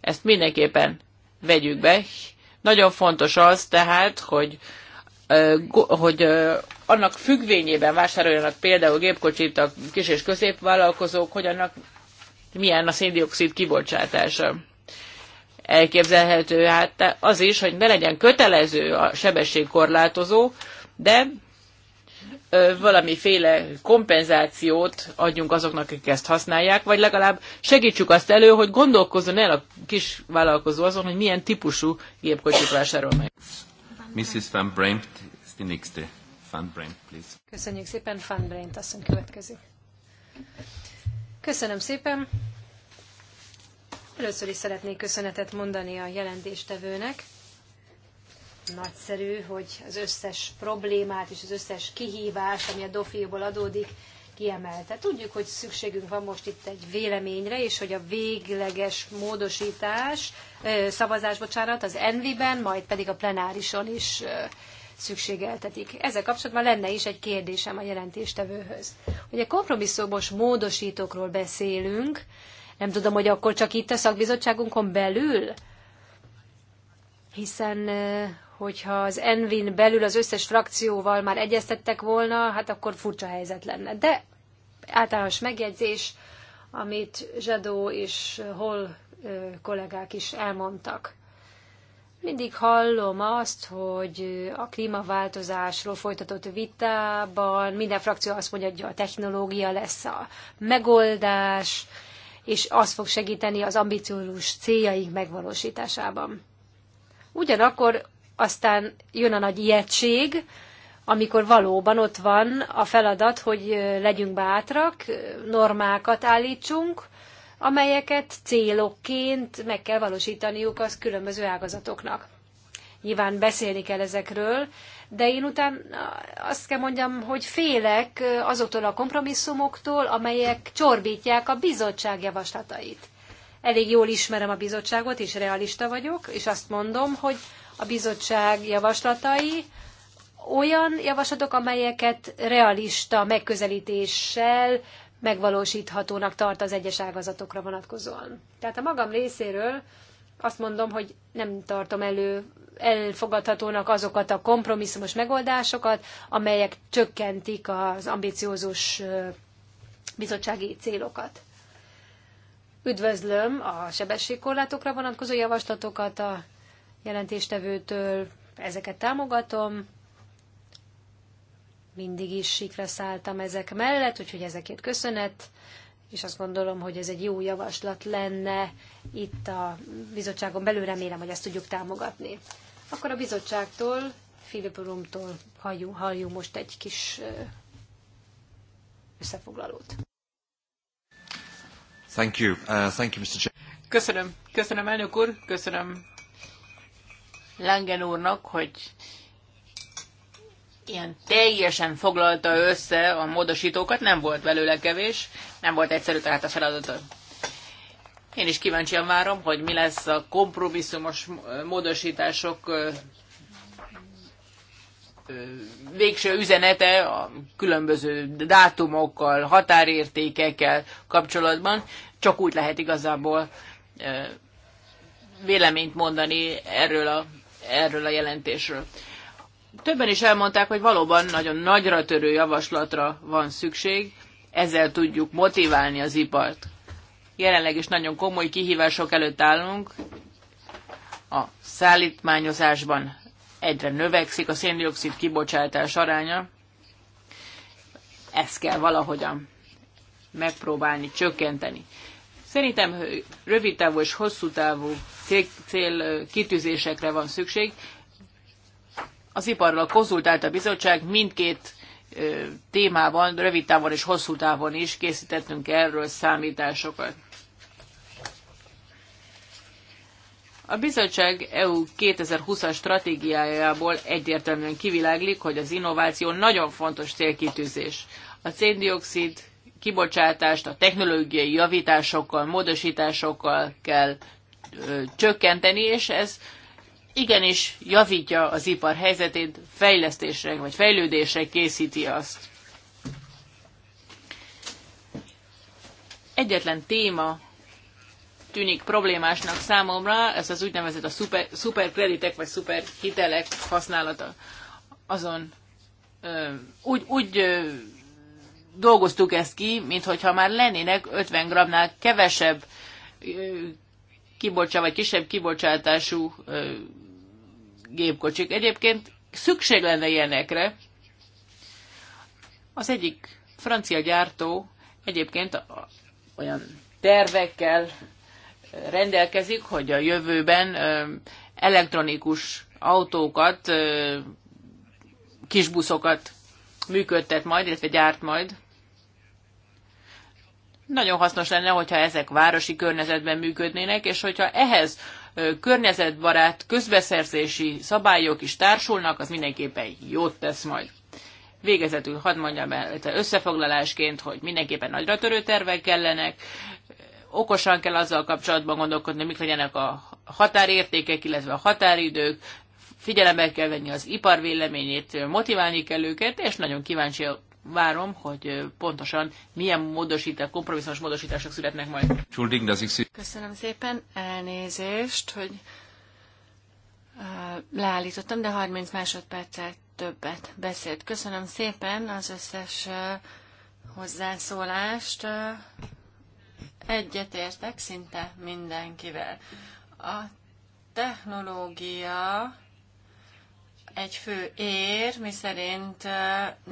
[SPEAKER 3] Ezt mindenképpen vegyük be. Nagyon fontos az tehát, hogy hogy annak függvényében vásároljanak például gépkocsit a kis és középvállalkozók, hogy annak milyen a széndiokszid kibocsátása. Elképzelhető hát az is, hogy ne legyen kötelező a sebességkorlátozó, de valamiféle kompenzációt adjunk azoknak, akik ezt használják, vagy legalább segítsük azt elő, hogy
[SPEAKER 2] gondolkozzon
[SPEAKER 3] el a kis vállalkozó azon, hogy milyen típusú gépkocsit vásárol meg. Mrs. Van Bremt, die nächste. Van Bremt, please.
[SPEAKER 2] Köszönjük szépen, Van Bremt asszony következik. Köszönöm szépen. Először is szeretnék köszönetet mondani a jelentéstevőnek. Nagyszerű, hogy az összes problémát és az összes kihívást, ami a dofióból adódik, kiemelte. Tudjuk, hogy szükségünk van most itt egy véleményre, és hogy a végleges módosítás, szavazás, bocsánat, az Envi-ben, majd pedig a plenárison is szükségeltetik. Ezzel kapcsolatban lenne is egy kérdésem a jelentéstevőhöz. Ugye kompromisszumos módosítókról beszélünk, nem tudom, hogy akkor csak itt a szakbizottságunkon belül, hiszen hogyha az Envin belül az összes frakcióval már egyeztettek volna, hát akkor furcsa helyzet lenne. De általános megjegyzés, amit Zsadó és Hol kollégák is elmondtak. Mindig hallom azt, hogy a klímaváltozásról folytatott vitában minden frakció azt mondja, hogy a technológia lesz a megoldás, és az fog segíteni az ambiciózus céljaink megvalósításában. Ugyanakkor aztán jön a nagy ijegység, amikor valóban ott van a feladat, hogy legyünk bátrak, normákat állítsunk, amelyeket célokként meg kell valósítaniuk az különböző ágazatoknak. Nyilván beszélni kell ezekről, de én után azt kell mondjam, hogy félek azoktól a kompromisszumoktól, amelyek csorbítják a bizottság javaslatait. Elég jól ismerem a bizottságot, és realista vagyok, és azt mondom, hogy a bizottság javaslatai olyan javaslatok, amelyeket realista megközelítéssel megvalósíthatónak tart az egyes ágazatokra vonatkozóan. Tehát a magam részéről azt mondom, hogy nem tartom elő elfogadhatónak azokat a kompromisszumos megoldásokat, amelyek csökkentik az ambiciózus bizottsági célokat. Üdvözlöm a sebességkorlátokra vonatkozó javaslatokat a jelentéstevőtől, ezeket támogatom, mindig is sikre szálltam ezek mellett, úgyhogy ezekért köszönet, és azt gondolom, hogy ez egy jó javaslat lenne itt a bizottságon belül, remélem, hogy ezt tudjuk támogatni. Akkor a bizottságtól, Filip Rumtól halljunk most egy kis összefoglalót.
[SPEAKER 1] Thank you. Uh, thank you, Mr. Chair.
[SPEAKER 3] Köszönöm. Köszönöm, elnök úr. Köszönöm Langen úrnak, hogy ilyen teljesen foglalta össze a módosítókat, nem volt belőle kevés, nem volt egyszerű tehát a feladata. Én is kíváncsian várom, hogy mi lesz a kompromisszumos módosítások végső üzenete a különböző dátumokkal, határértékekkel kapcsolatban. Csak úgy lehet igazából véleményt mondani erről a, erről a jelentésről. Többen is elmondták, hogy valóban nagyon nagyra törő javaslatra van szükség, ezzel tudjuk motiválni az ipart. Jelenleg is nagyon komoly kihívások előtt állunk. A szállítmányozásban egyre növekszik a széndiokszid kibocsátás aránya. Ezt kell valahogyan megpróbálni csökkenteni. Szerintem rövid távú és hosszú távú cél, cél kitűzésekre van szükség. Az iparral konzultált a bizottság, mindkét témában, rövid távon és hosszú távon is készítettünk erről számításokat. A bizottság EU 2020-as stratégiájából egyértelműen kiviláglik, hogy az innováció nagyon fontos célkitűzés. A széndiokszid kibocsátást a technológiai javításokkal, módosításokkal kell ö, csökkenteni, és ez igenis javítja az ipar helyzetét, fejlesztésre vagy fejlődésre készíti azt. Egyetlen téma tűnik problémásnak számomra, ez az úgynevezett a szuper, szuperkreditek vagy szuperhitelek használata. Azon ö, úgy, úgy ö, dolgoztuk ezt ki, mintha már lennének 50 gramnál kevesebb ö, kibocsa, vagy kisebb kibocsátású gépkocsik. Egyébként szükség lenne ilyenekre. Az egyik francia gyártó egyébként olyan tervekkel rendelkezik, hogy a jövőben elektronikus autókat, kisbuszokat működtet majd, illetve gyárt majd. Nagyon hasznos lenne, hogyha ezek városi környezetben működnének, és hogyha ehhez környezetbarát közbeszerzési szabályok is társulnak, az mindenképpen jót tesz majd. Végezetül hadd mondjam el összefoglalásként, hogy mindenképpen nagyra törő tervek kellenek, okosan kell azzal kapcsolatban gondolkodni, mik legyenek a határértékek, illetve a határidők, figyelembe kell venni az ipar véleményét, motiválni kell őket, és nagyon kíváncsi várom, hogy pontosan milyen módosítás, kompromisszumos módosítások születnek majd.
[SPEAKER 1] Köszönöm szépen, elnézést, hogy leállítottam, de 30 másodperccel többet beszélt. Köszönöm szépen az összes hozzászólást. Egyetértek szinte mindenkivel. A technológia egy fő ér, mi szerint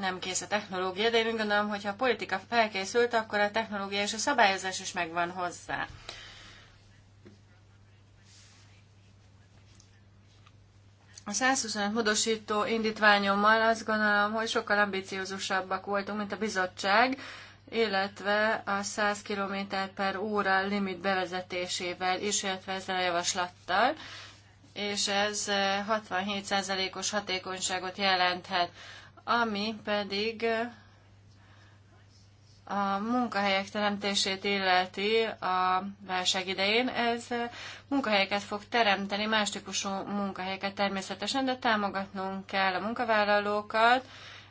[SPEAKER 1] nem kész a technológia, de én úgy gondolom, hogy ha a politika felkészült, akkor a technológia és a szabályozás is megvan hozzá. A 125 módosító indítványommal azt gondolom, hogy sokkal ambiciózusabbak voltunk, mint a bizottság, illetve a 100 km per óra limit bevezetésével is, illetve ezzel a javaslattal és ez 67%-os eh, hatékonyságot jelenthet, ami pedig eh, a munkahelyek teremtését illeti a válság idején, ez eh, munkahelyeket fog teremteni, más típusú munkahelyeket természetesen, de támogatnunk kell a munkavállalókat,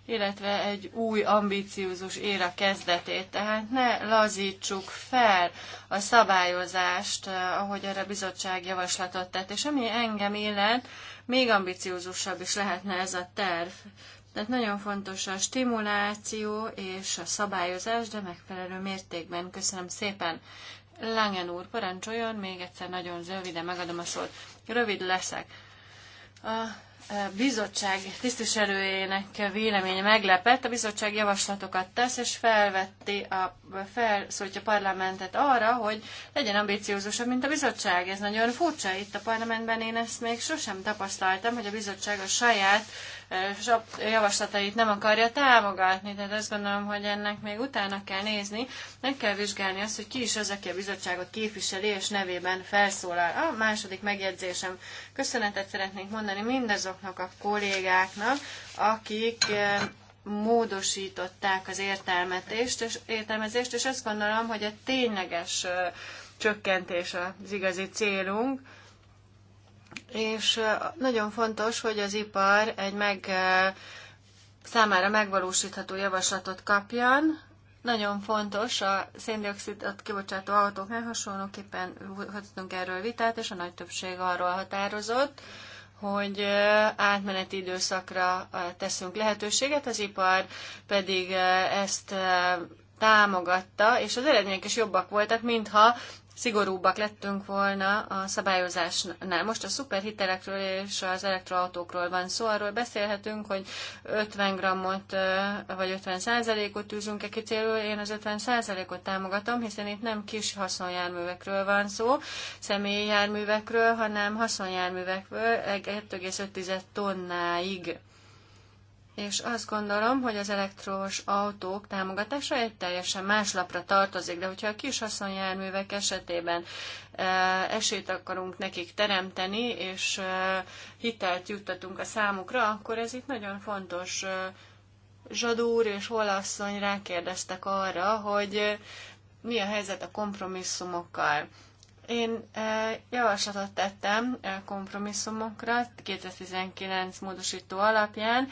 [SPEAKER 1] illetve egy új ambíciózus éra kezdetét. Tehát ne lazítsuk fel a szabályozást, eh, ahogy erre a bizottság javaslatot tett. És ami engem illet, még ambiciózusabb is lehetne ez a terv. Tehát nagyon fontos a stimuláció és a szabályozás, de megfelelő mértékben. Köszönöm szépen. Langen úr, parancsoljon, még egyszer nagyon röviden megadom a szót. Rövid leszek. A bizottság tisztviselőjének véleménye meglepett, a bizottság javaslatokat tesz, és felvetti a, felszólítja parlamentet arra, hogy legyen ambiciózusabb, mint a bizottság. Ez nagyon furcsa itt a parlamentben, én ezt még sosem tapasztaltam, hogy a bizottság a saját javaslatait nem akarja támogatni, tehát azt gondolom, hogy ennek még utána kell nézni, meg kell vizsgálni azt, hogy ki is az, aki a bizottságot képviseli és nevében felszólal. A második megjegyzésem. Köszönetet szeretnék mondani mindazoknak a kollégáknak, akik eh, módosították az értelmetést, és értelmezést, és azt gondolom, hogy a tényleges eh, csökkentés az igazi célunk, és nagyon fontos, hogy az ipar egy meg, számára megvalósítható javaslatot kapjon. Nagyon fontos a széndiokszidot kibocsátó autóknál hasonlóképpen hoztunk erről vitát, és a nagy többség arról határozott, hogy átmeneti időszakra teszünk lehetőséget, az ipar pedig ezt támogatta, és az eredmények is jobbak voltak, mintha szigorúbbak lettünk volna a szabályozásnál. Most a szuperhitelekről és az elektroautókról van szó, arról beszélhetünk, hogy 50 grammot vagy 50 százalékot tűzünk-e ki célul. Én az 50 százalékot támogatom, hiszen itt nem kis haszonjárművekről van szó, személyi járművekről, hanem haszonjárművekről 2,5 tonnáig és azt gondolom, hogy az elektrós autók támogatása egy teljesen más lapra tartozik, de hogyha a kis haszonjárművek esetében e, esélyt akarunk nekik teremteni, és e, hitelt juttatunk a számukra, akkor ez itt nagyon fontos. E, Zsadúr és Holasszony rákérdeztek arra, hogy mi a helyzet a kompromisszumokkal. Én javaslatot tettem kompromisszumokra 2019 módosító alapján.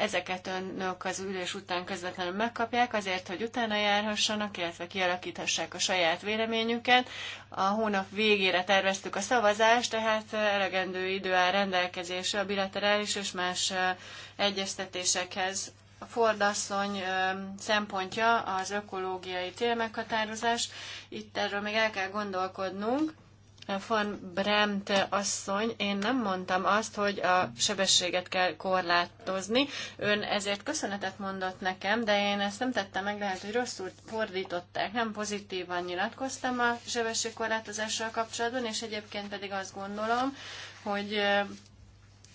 [SPEAKER 1] Ezeket önök az ülés után közvetlenül megkapják, azért, hogy utána járhassanak, illetve kialakíthassák a saját véleményüket. A hónap végére terveztük a szavazást, tehát elegendő idő áll rendelkezésre a bilaterális és más egyeztetésekhez. A fordasszony szempontja az ökológiai télmeghatározás. Itt erről még el kell gondolkodnunk van bremte asszony, én nem mondtam azt, hogy a sebességet kell korlátozni. Ön ezért köszönetet mondott nekem, de én ezt nem tettem meg, lehet, hogy rosszul fordították. Nem pozitívan nyilatkoztam a sebességkorlátozással kapcsolatban, és egyébként pedig azt gondolom, hogy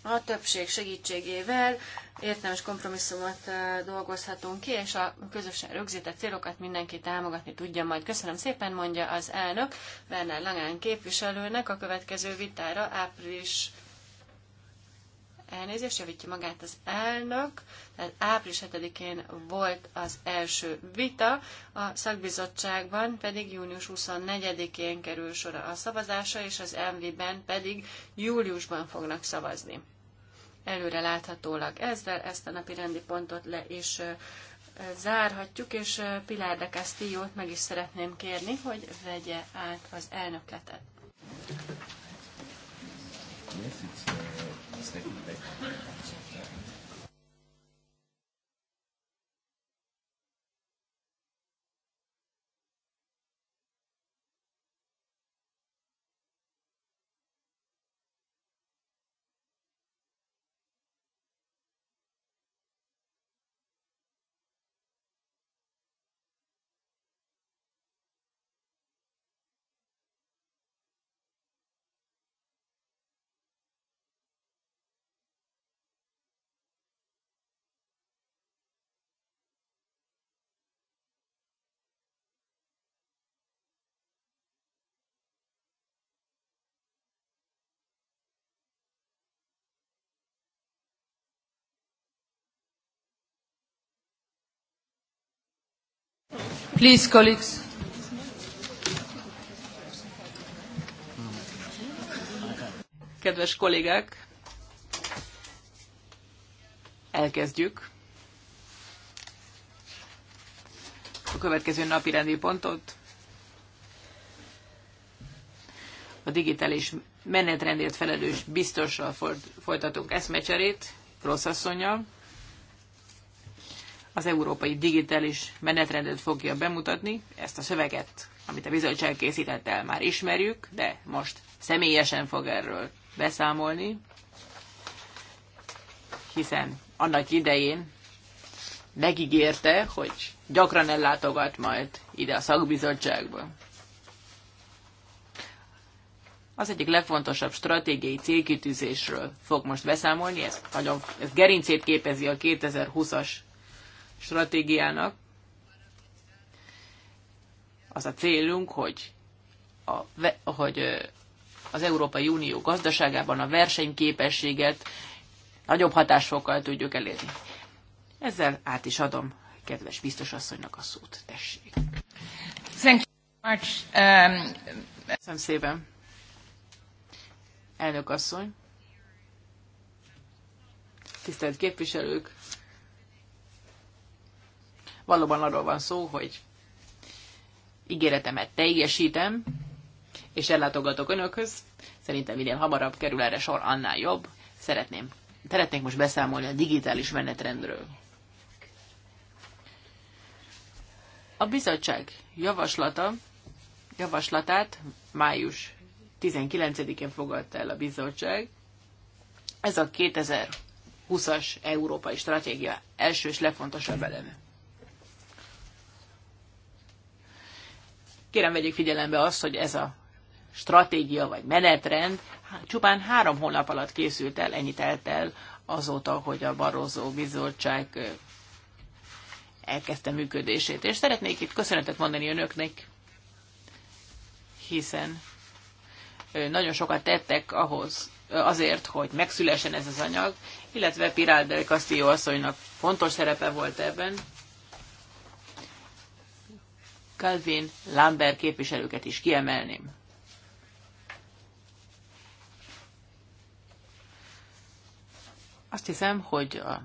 [SPEAKER 1] a többség segítségével értelmes kompromisszumot dolgozhatunk ki, és a közösen rögzített célokat mindenki támogatni tudja majd. Köszönöm szépen, mondja az elnök Werner Langán képviselőnek a következő vitára április elnézést, javítja magát az elnök. Tehát április 7-én volt az első vita, a szakbizottságban pedig június 24-én kerül sor a szavazása, és az MV-ben pedig júliusban fognak szavazni előre láthatólag ezzel ezt a napi rendi pontot le is zárhatjuk, és Pilár de Castillo-t meg is szeretném kérni, hogy vegye át az elnökletet.
[SPEAKER 2] Yes, it's, uh,
[SPEAKER 1] Please, colleagues.
[SPEAKER 3] Kedves kollégák, elkezdjük a következő napi rendi pontot. A digitális menetrendért felelős biztosra folytatunk eszmecserét, Rossz asszonyjal az európai digitális menetrendet fogja bemutatni. Ezt a szöveget, amit a bizottság készített el, már ismerjük, de most személyesen fog erről beszámolni, hiszen annak idején megígérte, hogy gyakran ellátogat majd ide a szakbizottságba. Az egyik legfontosabb stratégiai célkitűzésről fog most beszámolni, ez, nagyon, ez gerincét képezi a 2020-as stratégiának. Az a célunk, hogy, a, hogy az Európai Unió gazdaságában a versenyképességet, nagyobb hatásfokkal tudjuk elérni. Ezzel át is adom kedves biztos asszonynak a szót. Tessék. Thank you much. Um, Köszönöm szépen. Elnök asszony. Tisztelt képviselők. Valóban arról van szó, hogy ígéretemet teljesítem, és ellátogatok önökhöz. Szerintem minél hamarabb kerül erre sor, annál jobb. Szeretném. Szeretnék most beszámolni a digitális menetrendről. A bizottság javaslata, javaslatát május 19-én fogadta el a bizottság. Ez a 2020-as európai stratégia első és legfontosabb eleme. Kérem, vegyék figyelembe azt, hogy ez a stratégia vagy menetrend csupán három hónap alatt készült el, ennyit telt el azóta, hogy a Barroso Bizottság elkezdte működését. És szeretnék itt köszönetet mondani önöknek, hiszen nagyon sokat tettek ahhoz, azért, hogy megszülessen ez az anyag, illetve Pirál Castillo asszonynak fontos szerepe volt ebben, Calvin, Lambert képviselőket is kiemelném. Azt hiszem, hogy a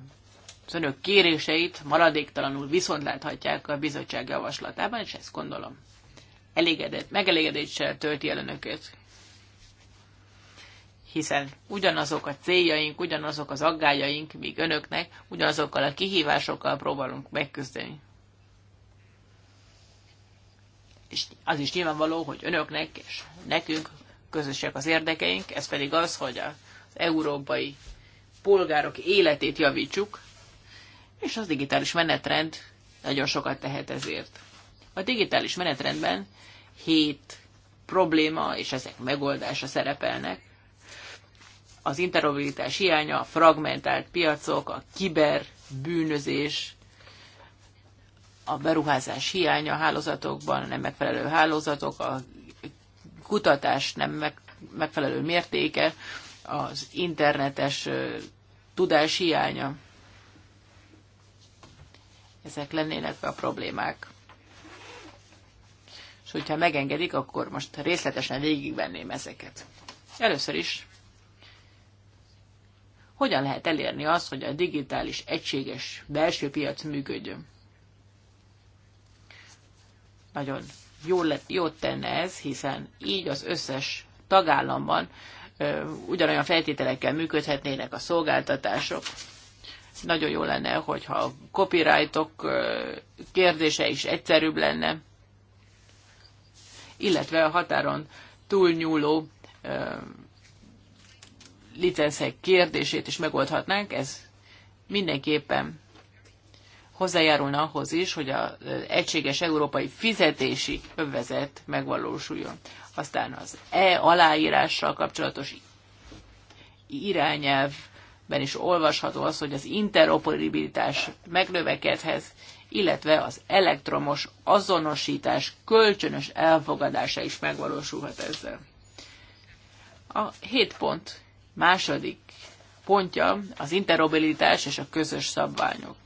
[SPEAKER 3] az önök kéréseit maradéktalanul viszont láthatják a bizottság javaslatában, és ezt gondolom elégedett, megelégedéssel tölti el önöket. Hiszen ugyanazok a céljaink, ugyanazok az aggájaink, míg önöknek, ugyanazokkal a kihívásokkal próbálunk megküzdeni és az is nyilvánvaló, hogy önöknek és nekünk közösek az érdekeink, ez pedig az, hogy az európai polgárok életét javítsuk, és az digitális menetrend nagyon sokat tehet ezért. A digitális menetrendben hét probléma és ezek megoldása szerepelnek. Az interoperabilitás hiánya, a fragmentált piacok, a kiberbűnözés, a beruházás hiánya a hálózatokban, nem megfelelő hálózatok, a kutatás nem megfelelő mértéke, az internetes tudás hiánya. Ezek lennének a problémák. És hogyha megengedik, akkor most részletesen végigvenném ezeket. Először is, hogyan lehet elérni azt, hogy a digitális egységes belső piac működjön? Nagyon jól lett, jót tenne ez, hiszen így az összes tagállamban ö, ugyanolyan feltételekkel működhetnének a szolgáltatások. Nagyon jó lenne, hogyha a copyrightok ö, kérdése is egyszerűbb lenne, illetve a határon túlnyúló ö, licenszek kérdését is megoldhatnánk, ez mindenképpen hozzájárulna ahhoz is, hogy az egységes európai fizetési övezet megvalósuljon. Aztán az E aláírással kapcsolatos irányelvben is olvasható az, hogy az interoperabilitás megnövekedhez, illetve az elektromos azonosítás kölcsönös elfogadása is megvalósulhat ezzel. A 7 pont második pontja az interoperabilitás és a közös szabványok.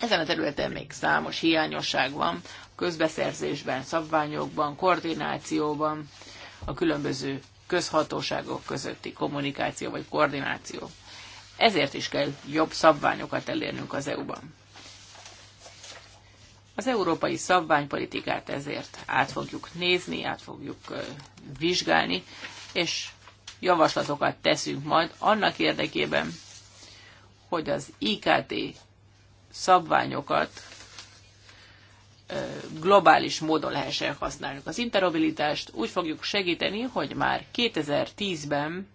[SPEAKER 3] Ezen a területen még számos hiányosság van, közbeszerzésben, szabványokban, koordinációban, a különböző közhatóságok közötti kommunikáció vagy koordináció. Ezért is kell jobb szabványokat elérnünk az EU-ban. Az európai szabványpolitikát ezért át fogjuk nézni, át fogjuk vizsgálni, és javaslatokat teszünk majd annak érdekében, hogy az IKT szabványokat globális módon lehessen használni. Az interoperabilitást úgy fogjuk segíteni, hogy már 2010-ben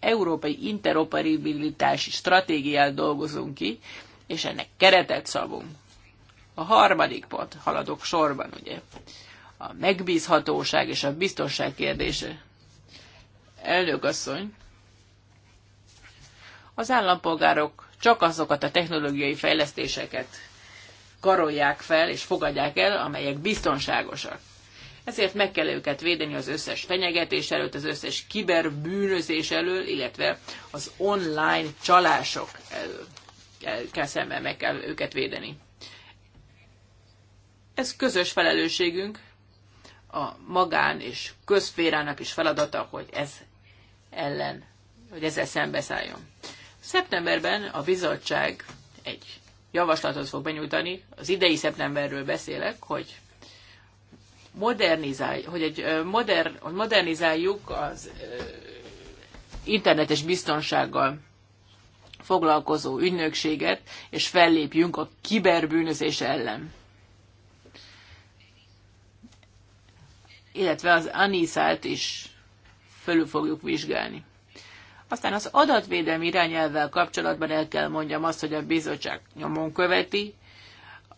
[SPEAKER 3] európai interoperabilitási stratégiát dolgozunk ki, és ennek keretet szabunk. A harmadik pont, haladok sorban, ugye, a megbízhatóság és a biztonság kérdése. Elnök asszony, az állampolgárok csak azokat a technológiai fejlesztéseket karolják fel és fogadják el, amelyek biztonságosak. Ezért meg kell őket védeni az összes fenyegetés előtt, az összes kiberbűnözés elől, illetve az online csalások elől kell, kell szemben meg kell őket védeni. Ez közös felelősségünk, a magán és közférának is feladata, hogy ez ellen, hogy ezzel szembeszálljon. Szeptemberben a bizottság egy javaslatot fog benyújtani, az idei szeptemberről beszélek, hogy modernizálj, hogy egy modern, hogy modernizáljuk az internetes biztonsággal foglalkozó ügynökséget, és fellépjünk a kiberbűnözés ellen. Illetve az Anisát is fölül fogjuk vizsgálni. Aztán az adatvédelmi irányelvvel kapcsolatban el kell mondjam azt, hogy a bizottság nyomon követi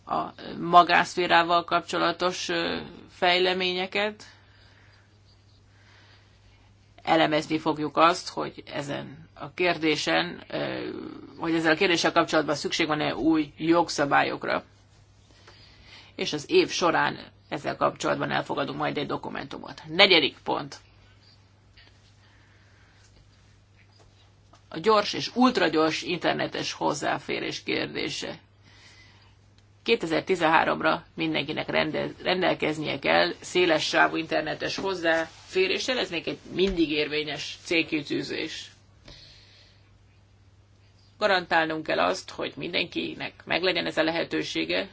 [SPEAKER 3] a magánszférával kapcsolatos fejleményeket. Elemezni fogjuk azt, hogy ezen a kérdésen, hogy ezzel a kérdéssel kapcsolatban szükség van-e új jogszabályokra. És az év során ezzel kapcsolatban elfogadunk majd egy dokumentumot. Negyedik pont. a gyors és ultragyors internetes hozzáférés kérdése. 2013-ra mindenkinek rendez, rendelkeznie kell széles sávú internetes hozzáféréssel, ez még egy mindig érvényes célkitűzés. Garantálnunk kell azt, hogy mindenkinek meglegyen ez a lehetősége,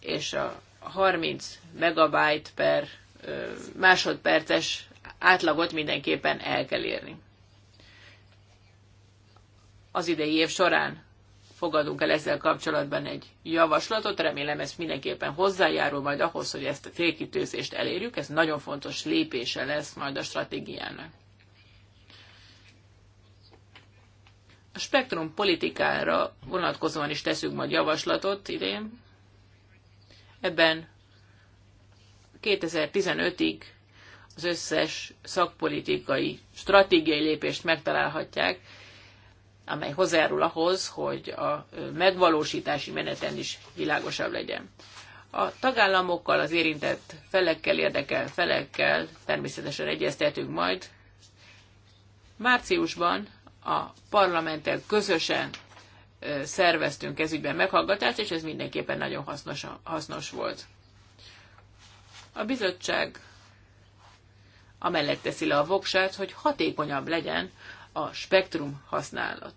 [SPEAKER 3] és a 30 megabyte per másodperces átlagot mindenképpen el kell érni. Az idei év során fogadunk el ezzel kapcsolatban egy javaslatot, remélem ez mindenképpen hozzájárul majd ahhoz, hogy ezt a célkitőzést elérjük, ez nagyon fontos lépése lesz majd a stratégiának. A spektrum politikára vonatkozóan is teszünk majd javaslatot idén. Ebben 2015-ig az összes szakpolitikai, stratégiai lépést megtalálhatják, amely hozzájárul ahhoz, hogy a megvalósítási meneten is világosabb legyen. A tagállamokkal, az érintett felekkel, érdekel felekkel természetesen egyeztetünk majd. Márciusban a parlamenttel közösen szerveztünk ezügyben meghallgatást, és ez mindenképpen nagyon hasznos, hasznos volt. A bizottság amellett teszi le a voksát, hogy hatékonyabb legyen a spektrum használat.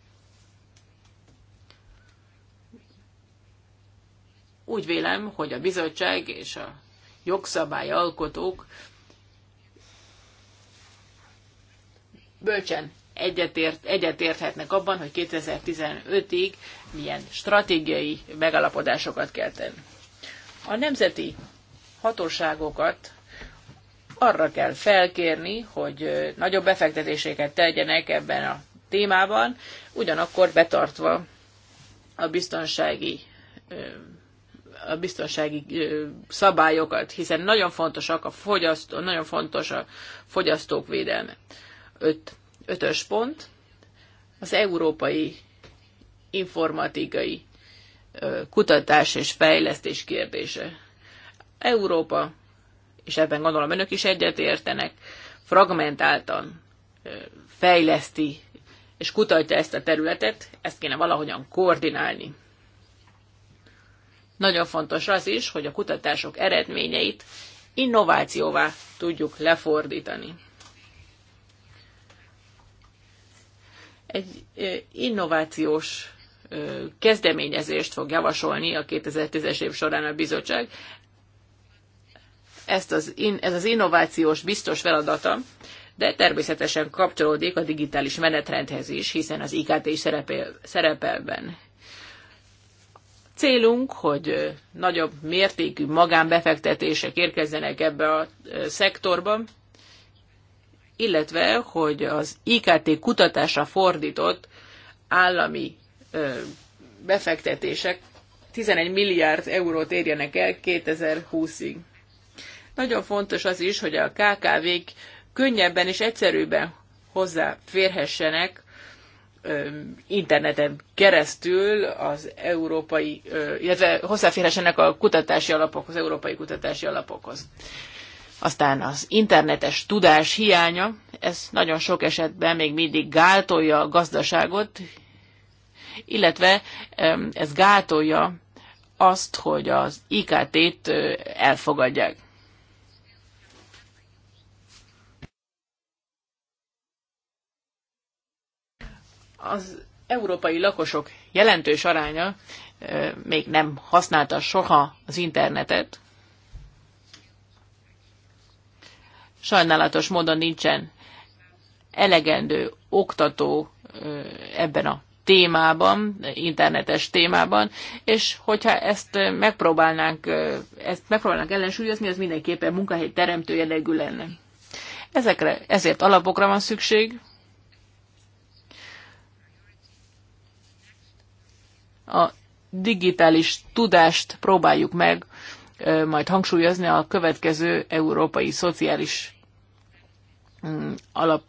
[SPEAKER 3] Úgy vélem, hogy a bizottság és a jogszabály alkotók bölcsen egyetért, egyetérthetnek abban, hogy 2015-ig milyen stratégiai megalapodásokat kell tenni. A nemzeti hatóságokat arra kell felkérni, hogy nagyobb befektetéseket tegyenek ebben a témában, ugyanakkor betartva a biztonsági a biztonsági szabályokat, hiszen nagyon fontosak a fogyasztó, nagyon fontos a fogyasztók védelme. Öt, ötös pont, az európai informatikai kutatás és fejlesztés kérdése. Európa és ebben gondolom önök is egyetértenek, fragmentáltan fejleszti és kutatja ezt a területet, ezt kéne valahogyan koordinálni. Nagyon fontos az is, hogy a kutatások eredményeit innovációvá tudjuk lefordítani. Egy innovációs kezdeményezést fog javasolni a 2010-es év során a bizottság ezt az in, ez az innovációs biztos feladata, de természetesen kapcsolódik a digitális menetrendhez is, hiszen az IKT is szerepel, szerepelben. Célunk, hogy nagyobb mértékű magánbefektetések érkezzenek ebbe a szektorba, illetve, hogy az IKT kutatásra fordított állami befektetések 11 milliárd eurót érjenek el 2020-ig. Nagyon fontos az is, hogy a KKV-k könnyebben és egyszerűbben hozzáférhessenek interneten keresztül az európai, illetve hozzáférhessenek a kutatási alapokhoz, az európai kutatási alapokhoz. Aztán az internetes tudás hiánya, ez nagyon sok esetben még mindig gátolja a gazdaságot, illetve ez gátolja azt, hogy az IKT-t elfogadják. Az európai lakosok jelentős aránya még nem használta soha az internetet. Sajnálatos módon nincsen elegendő oktató ebben a témában, internetes témában, és hogyha ezt megpróbálnánk, ezt megpróbálnánk ellensúlyozni, az mindenképpen munkahely teremtő jellegű lenne. Ezekre, ezért alapokra van szükség, a digitális tudást próbáljuk meg majd hangsúlyozni a következő európai szociális mm, alap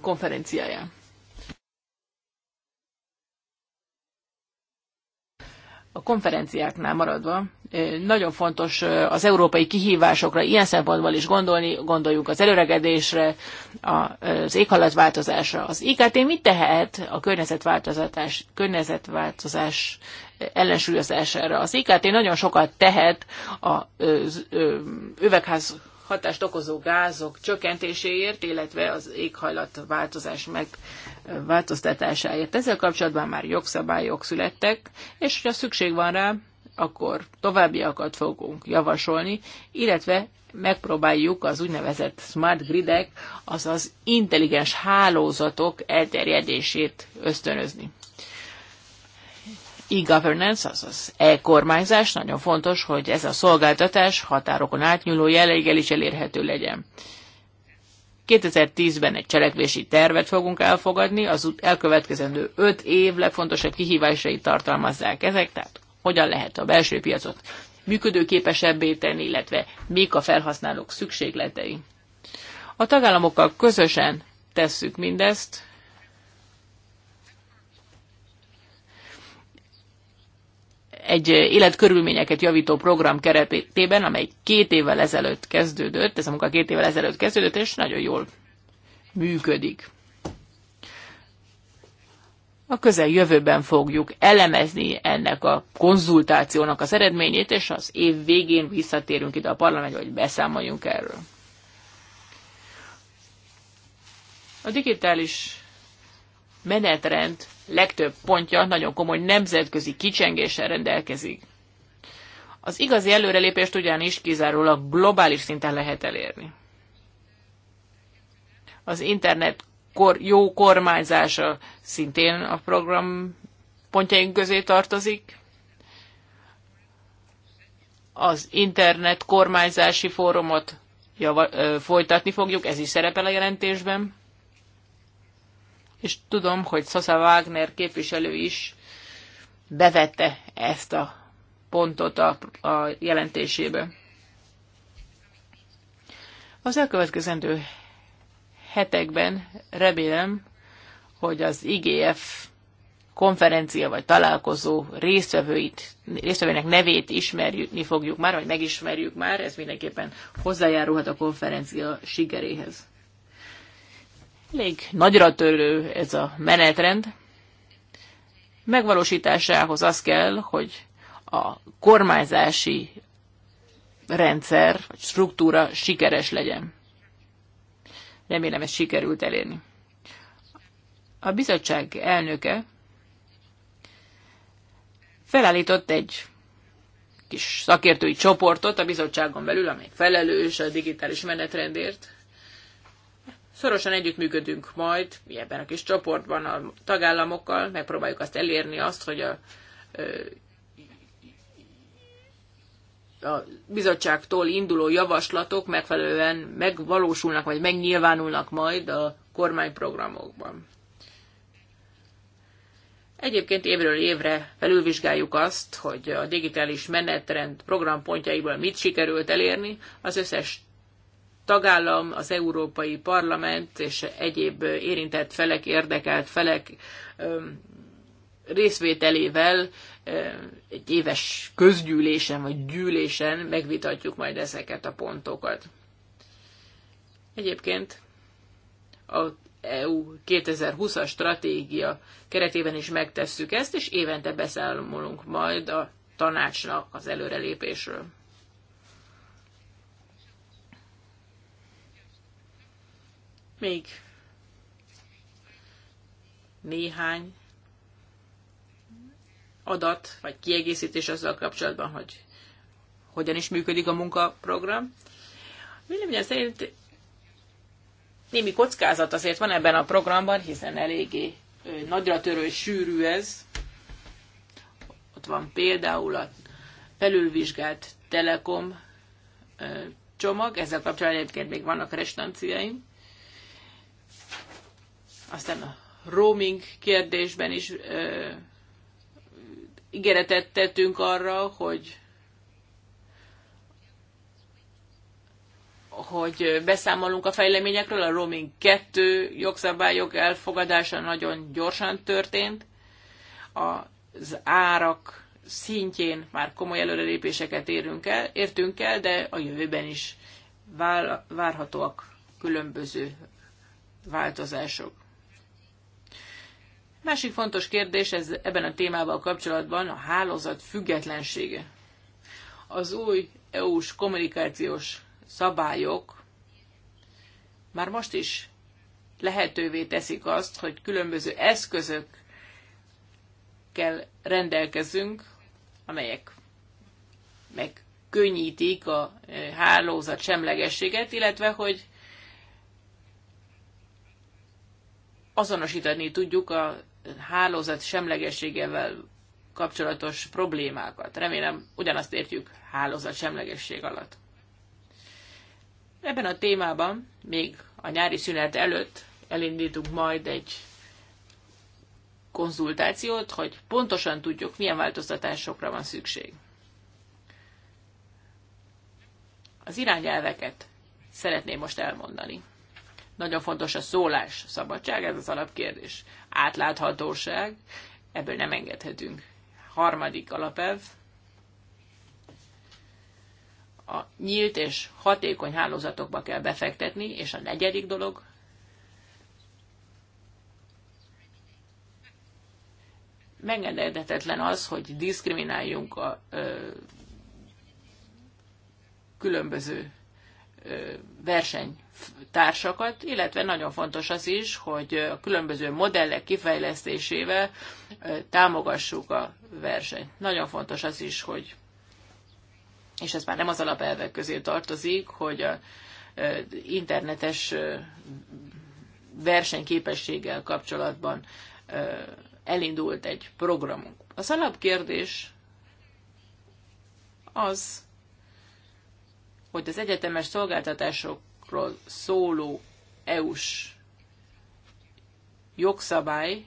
[SPEAKER 3] konferenciáján. A konferenciáknál maradva nagyon fontos az európai kihívásokra ilyen szempontból is gondolni, Gondoljuk az előregedésre, az éghajlatváltozásra. Az IKT mit tehet a környezetváltozás, környezetváltozás ellensúlyozására? Az IKT nagyon sokat tehet a üvegház hatást okozó gázok csökkentéséért, illetve az éghajlatváltozás meg változtatásáért. Ezzel kapcsolatban már jogszabályok születtek, és hogyha szükség van rá, akkor továbbiakat fogunk javasolni, illetve megpróbáljuk az úgynevezett smart gridek, azaz intelligens hálózatok elterjedését ösztönözni. E-governance, azaz e-kormányzás, nagyon fontos, hogy ez a szolgáltatás határokon átnyúló jelleggel is elérhető legyen. 2010-ben egy cselekvési tervet fogunk elfogadni, az elkövetkezendő 5 év legfontosabb kihívásait tartalmazzák ezek, tehát hogyan lehet a belső piacot működőképesebbé tenni, illetve mik a felhasználók szükségletei. A tagállamokkal közösen tesszük mindezt, egy életkörülményeket javító program keretében, amely két évvel ezelőtt kezdődött, ez a munka két évvel ezelőtt kezdődött, és nagyon jól működik a közeljövőben fogjuk elemezni ennek a konzultációnak az eredményét, és az év végén visszatérünk ide a parlamentbe, hogy beszámoljunk erről. A digitális menetrend legtöbb pontja nagyon komoly nemzetközi kicsengéssel rendelkezik. Az igazi előrelépést ugyanis kizárólag globális szinten lehet elérni. Az internet kor, jó kormányzása szintén a program pontjaink közé tartozik. Az internet kormányzási fórumot java, ö, folytatni fogjuk, ez is szerepel a jelentésben. És tudom, hogy Sasa Wagner képviselő is bevette ezt a pontot a, a jelentésébe. Az elkövetkezendő hetekben remélem, hogy az IGF konferencia vagy találkozó résztvevőit, résztvevőnek nevét ismerjük, fogjuk már, vagy megismerjük már, ez mindenképpen hozzájárulhat a konferencia sikeréhez. Elég nagyra törő ez a menetrend. Megvalósításához az kell, hogy a kormányzási rendszer vagy struktúra sikeres legyen. Remélem, ezt sikerült elérni. A bizottság elnöke felállított egy kis szakértői csoportot a bizottságon belül, amely felelős a digitális menetrendért. Szorosan együttműködünk majd ebben a kis csoportban a tagállamokkal, megpróbáljuk azt elérni azt, hogy a a bizottságtól induló javaslatok megfelelően megvalósulnak, vagy megnyilvánulnak majd a kormányprogramokban. Egyébként évről évre felülvizsgáljuk azt, hogy a digitális menetrend programpontjaiból mit sikerült elérni. Az összes tagállam, az Európai Parlament és egyéb érintett felek, érdekelt felek részvételével egy éves közgyűlésen vagy gyűlésen megvitatjuk majd ezeket a pontokat. Egyébként a EU 2020-as stratégia keretében is megtesszük ezt, és évente beszámolunk majd a tanácsnak az előrelépésről. Még néhány adat vagy kiegészítés azzal kapcsolatban, hogy hogyan is működik a munkaprogram. Véleményem szerint némi kockázat azért van ebben a programban, hiszen eléggé nagyra törő sűrű ez. Ott van például a felülvizsgált Telekom csomag, ezzel kapcsolatban egyébként még vannak restanciaim. Aztán a roaming kérdésben is ígéretet tettünk arra, hogy hogy beszámolunk a fejleményekről, a roaming 2 jogszabályok elfogadása nagyon gyorsan történt, az árak szintjén már komoly előrelépéseket érünk el, értünk el, de a jövőben is várhatóak különböző változások. Másik fontos kérdés ez, ebben a témával kapcsolatban a hálózat függetlensége. Az új EU-s kommunikációs szabályok már most is lehetővé teszik azt, hogy különböző eszközökkel rendelkezünk, amelyek megkönnyítik a eh, hálózat semlegességet, illetve hogy azonosítani tudjuk a hálózat semlegességevel kapcsolatos problémákat. Remélem ugyanazt értjük hálózat semlegesség alatt. Ebben a témában még a nyári szünet előtt elindítunk majd egy konzultációt, hogy pontosan tudjuk, milyen változtatásokra van szükség. Az irányelveket szeretném most elmondani. Nagyon fontos a szólás szabadság, ez az alapkérdés. Átláthatóság, ebből nem engedhetünk. Harmadik alapelv, a nyílt és hatékony hálózatokba kell befektetni, és a negyedik dolog, megengedhetetlen az, hogy diszkrimináljunk a ö, különböző versenytársakat, illetve nagyon fontos az is, hogy a különböző modellek kifejlesztésével támogassuk a versenyt. Nagyon fontos az is, hogy, és ez már nem az alapelvek közé tartozik, hogy a internetes versenyképességgel kapcsolatban elindult egy programunk. Az alapkérdés az, hogy az egyetemes szolgáltatásokról szóló EU-s jogszabály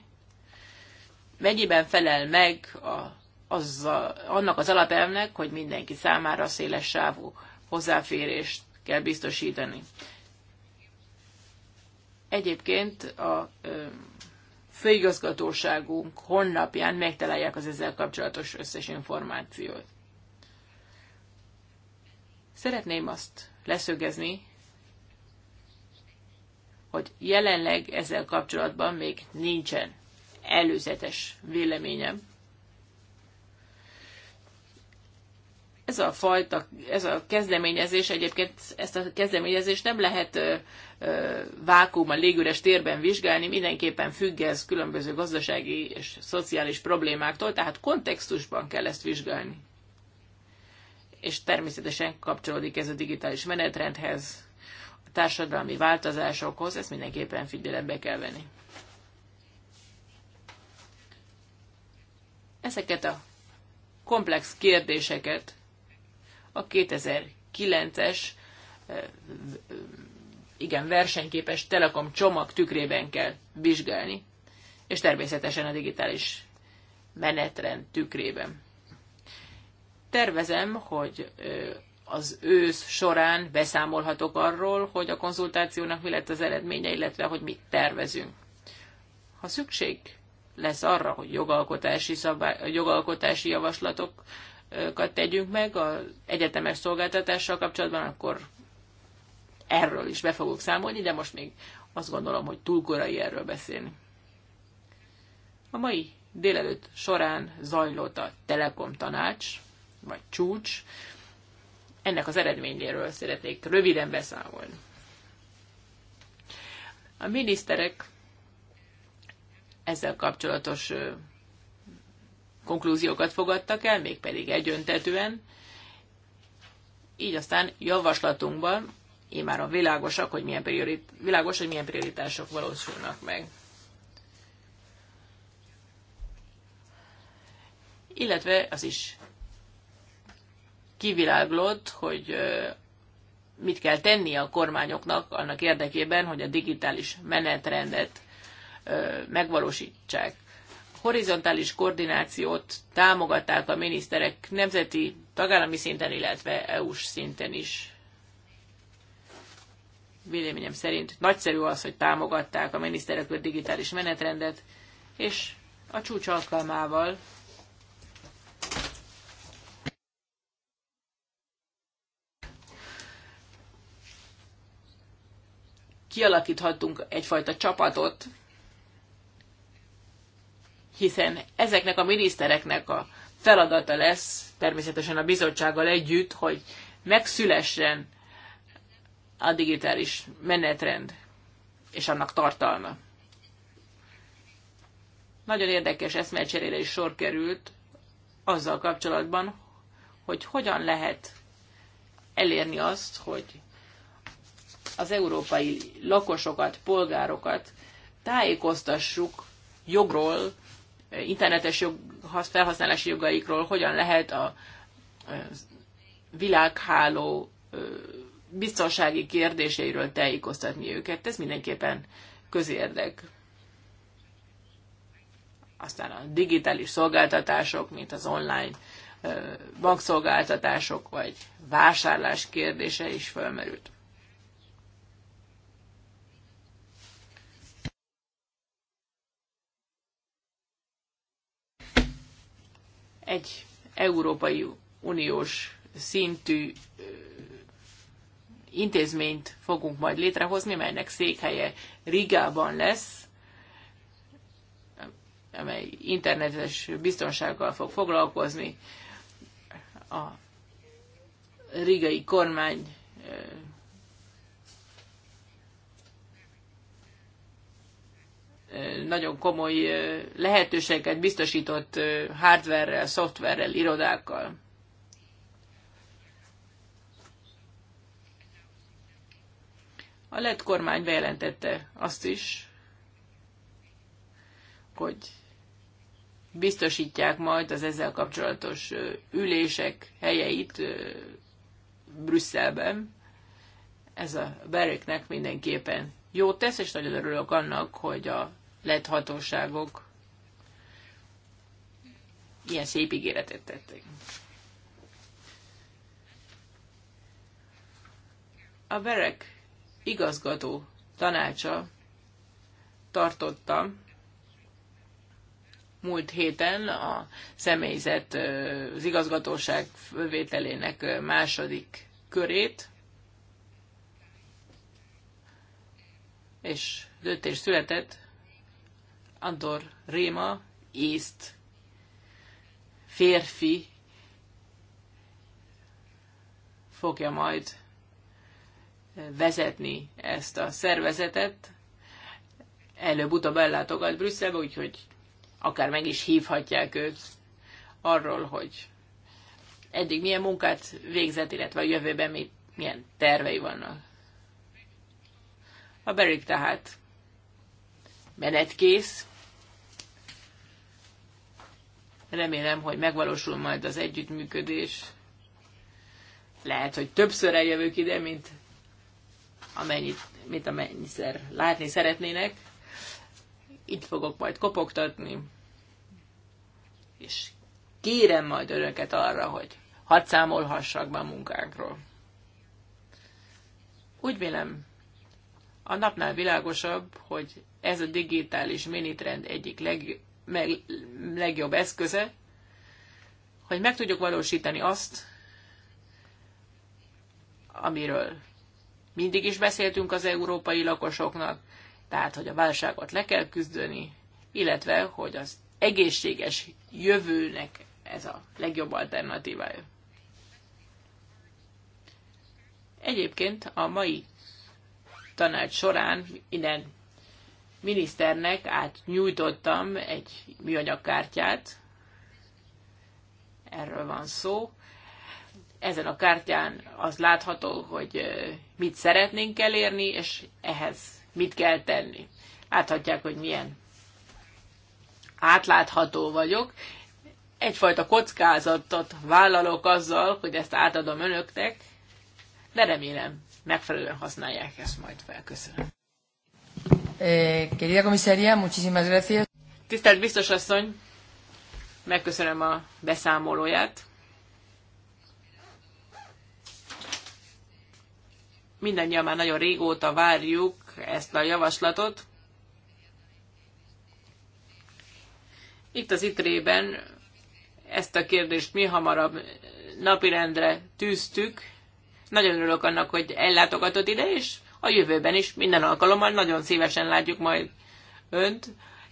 [SPEAKER 3] mennyiben felel meg a, az a, annak az alapelvnek, hogy mindenki számára széles sávú hozzáférést kell biztosítani. Egyébként a ö, főigazgatóságunk honlapján megtalálják az ezzel kapcsolatos összes információt. Szeretném azt leszögezni, hogy jelenleg ezzel kapcsolatban még nincsen előzetes véleményem. Ez a fajta, ez a kezdeményezés, egyébként ezt a kezdeményezést nem lehet ö, ö, légüres térben vizsgálni, mindenképpen függ ez különböző gazdasági és szociális problémáktól, tehát kontextusban kell ezt vizsgálni és természetesen kapcsolódik ez a digitális menetrendhez, a társadalmi változásokhoz, ezt mindenképpen figyelembe kell venni. Ezeket a komplex kérdéseket a 2009-es eh, igen versenyképes telekom csomag tükrében kell vizsgálni, és természetesen a digitális menetrend tükrében tervezem, hogy az ősz során beszámolhatok arról, hogy a konzultációnak mi lett az eredménye, illetve hogy mit tervezünk. Ha szükség lesz arra, hogy jogalkotási, szabály, jogalkotási javaslatokat tegyünk meg az egyetemes szolgáltatással kapcsolatban, akkor erről is be fogok számolni, de most még azt gondolom, hogy túl korai erről beszélni. A mai délelőtt során zajlott a Telekom tanács, vagy csúcs. Ennek az eredményéről szeretnék röviden beszámolni. A miniszterek ezzel kapcsolatos konklúziókat fogadtak el, mégpedig egyöntetően. Így aztán javaslatunkban már a világosak, hogy milyen, priorit- világos, hogy milyen prioritások valósulnak meg. Illetve az is kiviláglott, hogy mit kell tenni a kormányoknak annak érdekében, hogy a digitális menetrendet megvalósítsák. Horizontális koordinációt támogatták a miniszterek nemzeti, tagállami szinten, illetve EU-s szinten is. Véleményem szerint nagyszerű az, hogy támogatták a miniszterek a digitális menetrendet, és a csúcs alkalmával kialakíthatunk egyfajta csapatot, hiszen ezeknek a minisztereknek a feladata lesz, természetesen a bizottsággal együtt, hogy megszülessen a digitális menetrend és annak tartalma. Nagyon érdekes eszmecserére is sor került azzal kapcsolatban, hogy hogyan lehet elérni azt, hogy az európai lakosokat, polgárokat tájékoztassuk jogról, internetes jog, felhasználási jogaikról, hogyan lehet a világháló biztonsági kérdéseiről tájékoztatni őket. Ez mindenképpen közérdek. Aztán a digitális szolgáltatások, mint az online bankszolgáltatások vagy vásárlás kérdése is felmerült. egy Európai Uniós szintű intézményt fogunk majd létrehozni, melynek székhelye Rigában lesz, amely internetes biztonsággal fog foglalkozni. A rigai kormány nagyon komoly lehetőséget biztosított hardverrel, szoftverrel, irodákkal. A lett kormány bejelentette azt is, hogy biztosítják majd az ezzel kapcsolatos ülések helyeit Brüsszelben. Ez a Beriknek mindenképpen jó tesz, és nagyon örülök annak, hogy a lett hatóságok ilyen szép ígéretet tették. A Berek igazgató tanácsa tartotta múlt héten a személyzet az igazgatóság fővételének második körét, és döntés született Andor Réma, észt férfi fogja majd eh, vezetni ezt a szervezetet. Előbb-utóbb ellátogat Brüsszelbe, úgyhogy akár meg is hívhatják őt arról, hogy eddig milyen munkát végzett, illetve a jövőben mi milyen tervei vannak. A Berik tehát menetkész, Remélem, hogy megvalósul majd az együttműködés. Lehet, hogy többször eljövök ide, mint amennyit, mint amennyiszer látni szeretnének. Itt fogok majd kopogtatni, és kérem majd önöket arra, hogy hadd számolhassak be a munkánkról. Úgy vélem, a napnál világosabb, hogy ez a digitális minitrend egyik leg, meg, legjobb eszköze, hogy meg tudjuk valósítani azt, amiről mindig is beszéltünk az európai lakosoknak, tehát, hogy a válságot le kell küzdeni, illetve, hogy az egészséges jövőnek ez a legjobb alternatívája. Egyébként a mai tanács során innen miniszternek átnyújtottam egy műanyagkártyát, erről van szó. Ezen a kártyán az látható, hogy mit szeretnénk elérni, és ehhez mit kell tenni. Láthatják, hogy milyen átlátható vagyok. Egyfajta kockázatot vállalok azzal, hogy ezt átadom önöknek, de remélem megfelelően használják ezt majd fel. Köszönöm.
[SPEAKER 1] Eh, querida comisaria, muchísimas gracias.
[SPEAKER 3] Tisztelt biztos asszony, megköszönöm a beszámolóját. Mindannyian már nagyon régóta várjuk ezt a javaslatot. Itt az itrében ezt a kérdést mi hamarabb napirendre tűztük. Nagyon örülök annak, hogy ellátogatott ide, és a jövőben is minden alkalommal nagyon szívesen látjuk majd önt.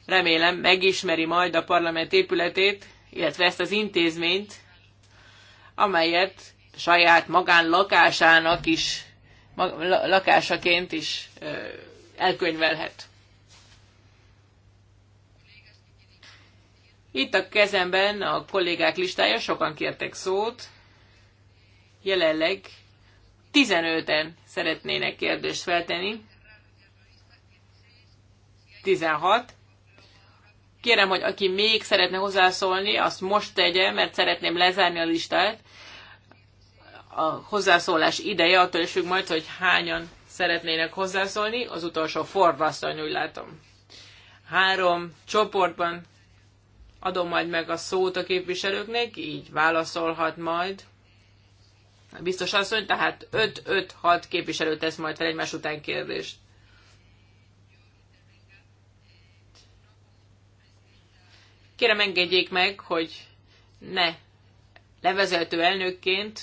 [SPEAKER 3] Remélem megismeri majd a parlament épületét, illetve ezt az intézményt, amelyet saját magán lakásának is, lakásaként is elkönyvelhet. Itt a kezemben a kollégák listája, sokan kértek szót. Jelenleg 15-en szeretnének kérdést feltenni. 16. Kérem, hogy aki még szeretne hozzászólni, azt most tegye, mert szeretném lezárni a listát. A hozzászólás ideje, attól is függ majd, hogy hányan szeretnének hozzászólni. Az utolsó forvasszony, úgy látom. Három csoportban adom majd meg a szót a képviselőknek, így válaszolhat majd biztos asszony, tehát 5-5-6 képviselő tesz majd fel egymás után kérdést. Kérem engedjék meg, hogy ne levezető elnökként,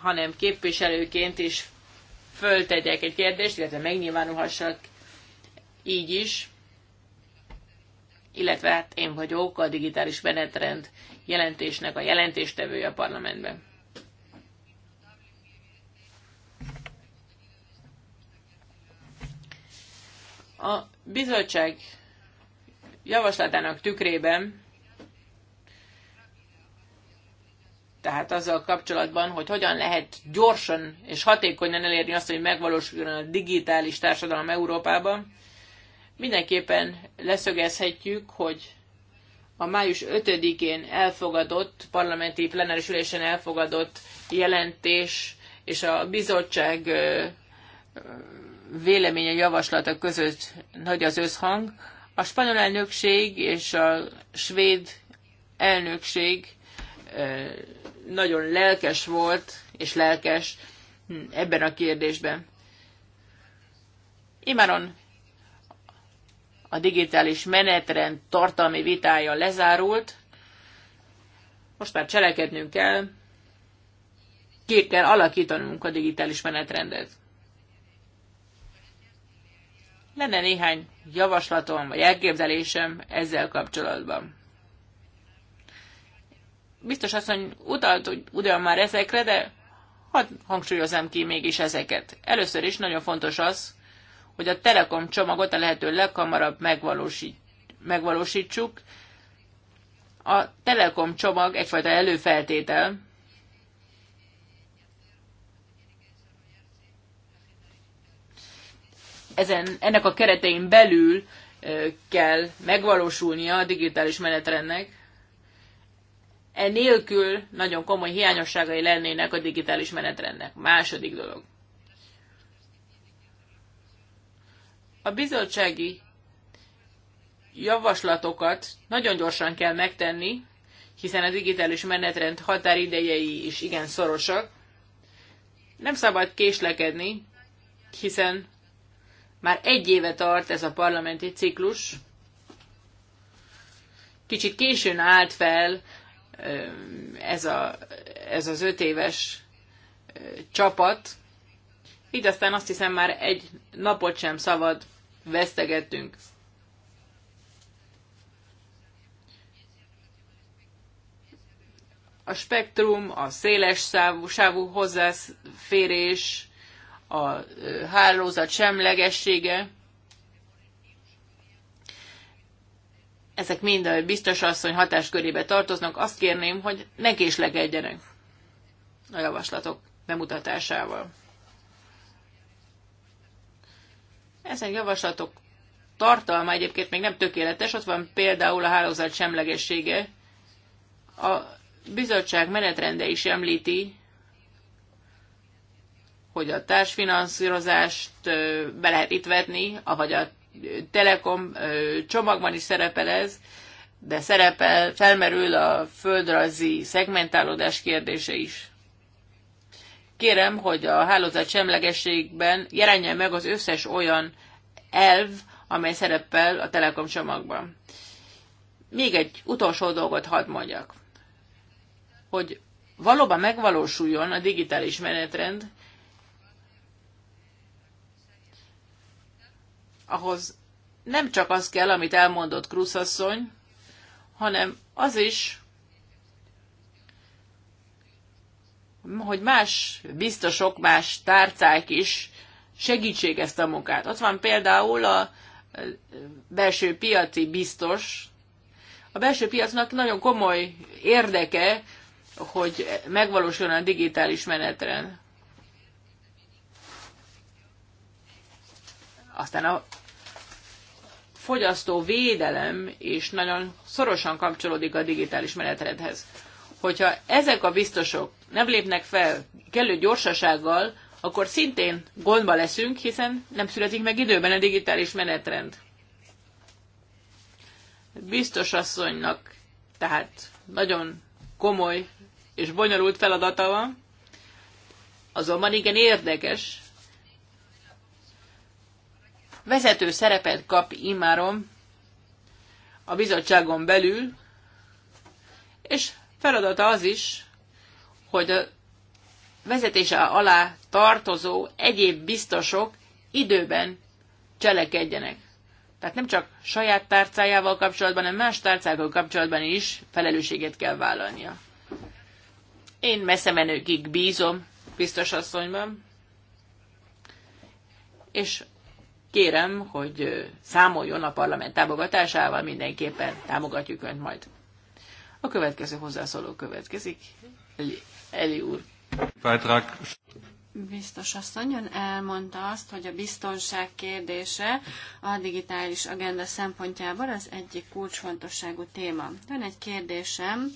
[SPEAKER 3] hanem képviselőként is föltegyek egy kérdést, illetve megnyilvánulhassak így is, illetve hát én vagyok a digitális menetrend jelentésnek a jelentéstevője a parlamentben. A bizottság javaslatának tükrében, tehát azzal kapcsolatban, hogy hogyan lehet gyorsan és hatékonyan elérni azt, hogy megvalósuljon a digitális társadalom Európában, mindenképpen leszögezhetjük, hogy a május 5-én elfogadott, parlamenti plenáris ülésen elfogadott jelentés és a bizottság véleménye javaslata között nagy az összhang. A spanyol elnökség és a svéd elnökség nagyon lelkes volt, és lelkes hm, ebben a kérdésben. Imáron a digitális menetrend tartalmi vitája lezárult. Most már cselekednünk kell, ki kell alakítanunk a digitális menetrendet. Lenne néhány javaslatom vagy elképzelésem ezzel kapcsolatban. Biztos asszony utalt ugyan már ezekre, de hadd hangsúlyozom ki mégis ezeket. Először is nagyon fontos az, hogy a Telekom csomagot a lehető leghamarabb megvalósít, megvalósítsuk. A Telekom csomag egyfajta előfeltétel, ezen, ennek a keretein belül kell megvalósulnia a digitális menetrendnek. Enélkül nagyon komoly hiányosságai lennének a digitális menetrendnek. Második dolog. A bizottsági javaslatokat nagyon gyorsan kell megtenni, hiszen a digitális menetrend határidejei is igen szorosak. Nem szabad késlekedni, hiszen már egy éve tart ez a parlamenti ciklus. Kicsit későn állt fel ez, a, ez az öt éves csapat. Így aztán azt hiszem már egy napot sem szabad vesztegettünk. A spektrum, a széles sávú, sávú hozzáférés, a hálózat semlegessége, ezek mind a biztos asszony hatáskörébe tartoznak, azt kérném, hogy ne késlekedjenek a javaslatok bemutatásával. Ezen javaslatok tartalma egyébként még nem tökéletes, ott van például a hálózat semlegessége. A bizottság menetrende is említi hogy a társfinanszírozást be lehet itt vetni, ahogy a Telekom csomagban is szerepel ez, de szerepel, felmerül a földrajzi szegmentálódás kérdése is. Kérem, hogy a hálózat semlegességben jelenjen meg az összes olyan elv, amely szerepel a Telekom csomagban. Még egy utolsó dolgot hadd mondjak. Hogy valóban megvalósuljon a digitális menetrend, ahhoz nem csak az kell, amit elmondott asszony, hanem az is, hogy más biztosok, más tárcák is segítség ezt a munkát. Ott van például a belső piaci biztos. A belső piacnak nagyon komoly érdeke, hogy megvalósuljon a digitális menetrend. Aztán a fogyasztóvédelem is nagyon szorosan kapcsolódik a digitális menetrendhez. Hogyha ezek a biztosok nem lépnek fel kellő gyorsasággal, akkor szintén gondba leszünk, hiszen nem születik meg időben a digitális menetrend. Biztos asszonynak tehát nagyon komoly és bonyolult feladata van, azonban igen érdekes, vezető szerepet kap imárom a bizottságon belül, és feladata az is, hogy a vezetése alá tartozó egyéb biztosok időben cselekedjenek. Tehát nem csak saját tárcájával kapcsolatban, hanem más tárcákkal kapcsolatban is felelősséget kell vállalnia. Én messze menőkig bízom biztos asszonyban, és kérem, hogy számoljon a parlament támogatásával, mindenképpen támogatjuk Önt majd. A következő hozzászóló következik. Eli,
[SPEAKER 1] Eli úr. Beitrag. Biztos asszonyon elmondta azt, hogy a biztonság kérdése a digitális agenda szempontjából az egyik kulcsfontosságú téma. Van egy kérdésem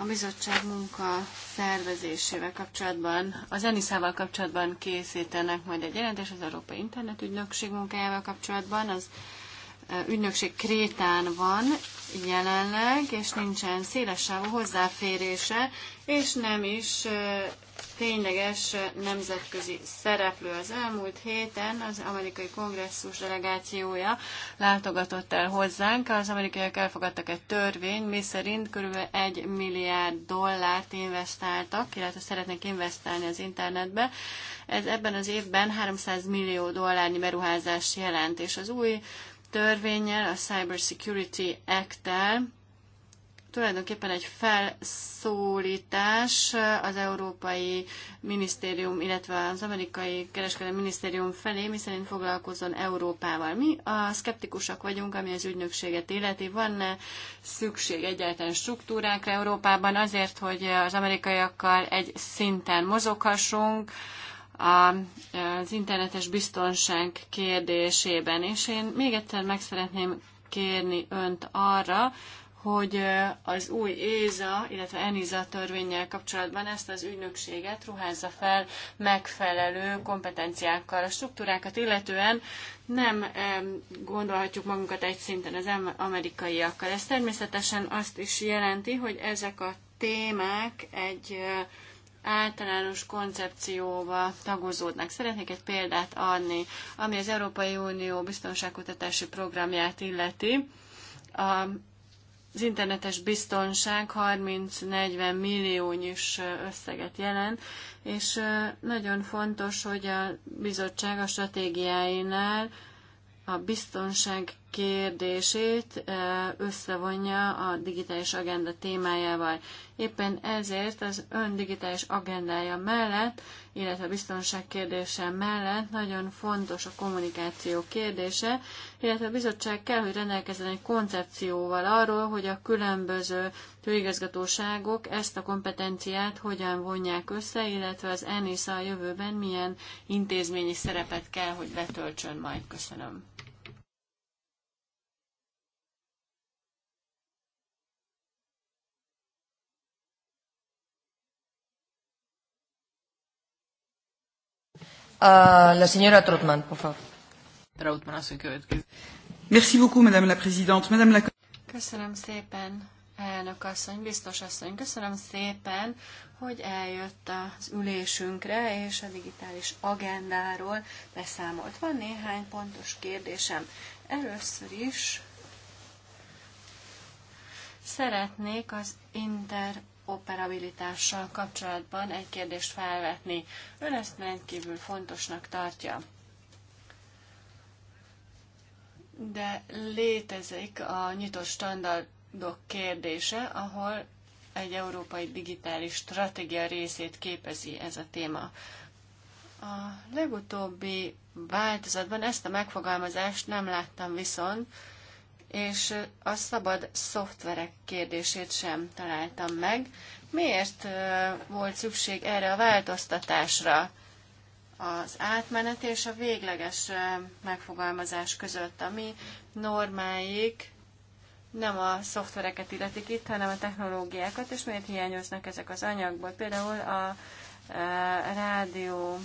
[SPEAKER 1] a bizottság munka szervezésével kapcsolatban, az ENISZ-ával kapcsolatban készítenek majd egy jelentést az Európai Internetügynökség munkájával kapcsolatban, az ügynökség Krétán van jelenleg, és nincsen sávú hozzáférése, és nem is tényleges nemzetközi szereplő. Az elmúlt héten az amerikai kongresszus delegációja látogatott el hozzánk. Az amerikaiak elfogadtak egy törvény, mi szerint kb. 1 milliárd dollárt investáltak, illetve szeretnek investálni az internetbe. Ez ebben az évben 300 millió dollárnyi beruházás jelent, és az új törvényel, a Cyber Security Act-tel, tulajdonképpen egy felszólítás az Európai Minisztérium, illetve az Amerikai Kereskedelmi Minisztérium felé, miszerint foglalkozzon Európával. Mi a szkeptikusak vagyunk, ami az ügynökséget illeti. Van-e szükség egyáltalán struktúrákra Európában azért, hogy az amerikaiakkal egy szinten mozoghassunk, az internetes biztonság kérdésében, és én még egyszer meg szeretném kérni önt arra, hogy az új ÉZA, illetve ENIZA törvényel kapcsolatban ezt az ügynökséget ruházza fel megfelelő kompetenciákkal. A struktúrákat illetően nem gondolhatjuk magunkat egy szinten az amerikaiakkal. Ez természetesen azt is jelenti, hogy ezek a témák egy általános koncepcióba tagozódnak. Szeretnék egy példát adni, ami az Európai Unió biztonságkutatási programját illeti. A, az internetes biztonság 30-40 is összeget jelent, és nagyon fontos, hogy a bizottság a stratégiáinál a biztonság kérdését összevonja a digitális agenda témájával. Éppen ezért az ön digitális agendája mellett, illetve a biztonság kérdése mellett nagyon fontos a kommunikáció kérdése, illetve a bizottság kell, hogy rendelkezzen egy koncepcióval arról, hogy a különböző főigazgatóságok ezt a kompetenciát hogyan vonják össze, illetve az ENISA a jövőben milyen intézményi szerepet kell, hogy betöltsön majd. Köszönöm.
[SPEAKER 2] Uh, la señora Trotman, por favor.
[SPEAKER 3] Trautmann asszony következik. Merci beaucoup, madame la présidente. Madame la...
[SPEAKER 1] Köszönöm szépen, elnök asszony, biztos asszony. Köszönöm szépen, hogy eljött az ülésünkre, és a digitális agendáról beszámolt. Van néhány pontos kérdésem. Először is szeretnék az inter interoperabilitással kapcsolatban egy kérdést felvetni. Ön ezt rendkívül fontosnak tartja. De létezik a nyitott standardok kérdése, ahol egy európai digitális stratégia részét képezi ez a téma. A legutóbbi változatban ezt a megfogalmazást nem láttam viszont, és a szabad szoftverek kérdését sem találtam meg. Miért volt szükség erre a változtatásra az átmenet és a végleges megfogalmazás között, ami normáik nem a szoftvereket illetik itt, hanem a technológiákat, és miért hiányoznak ezek az anyagból. Például a rádió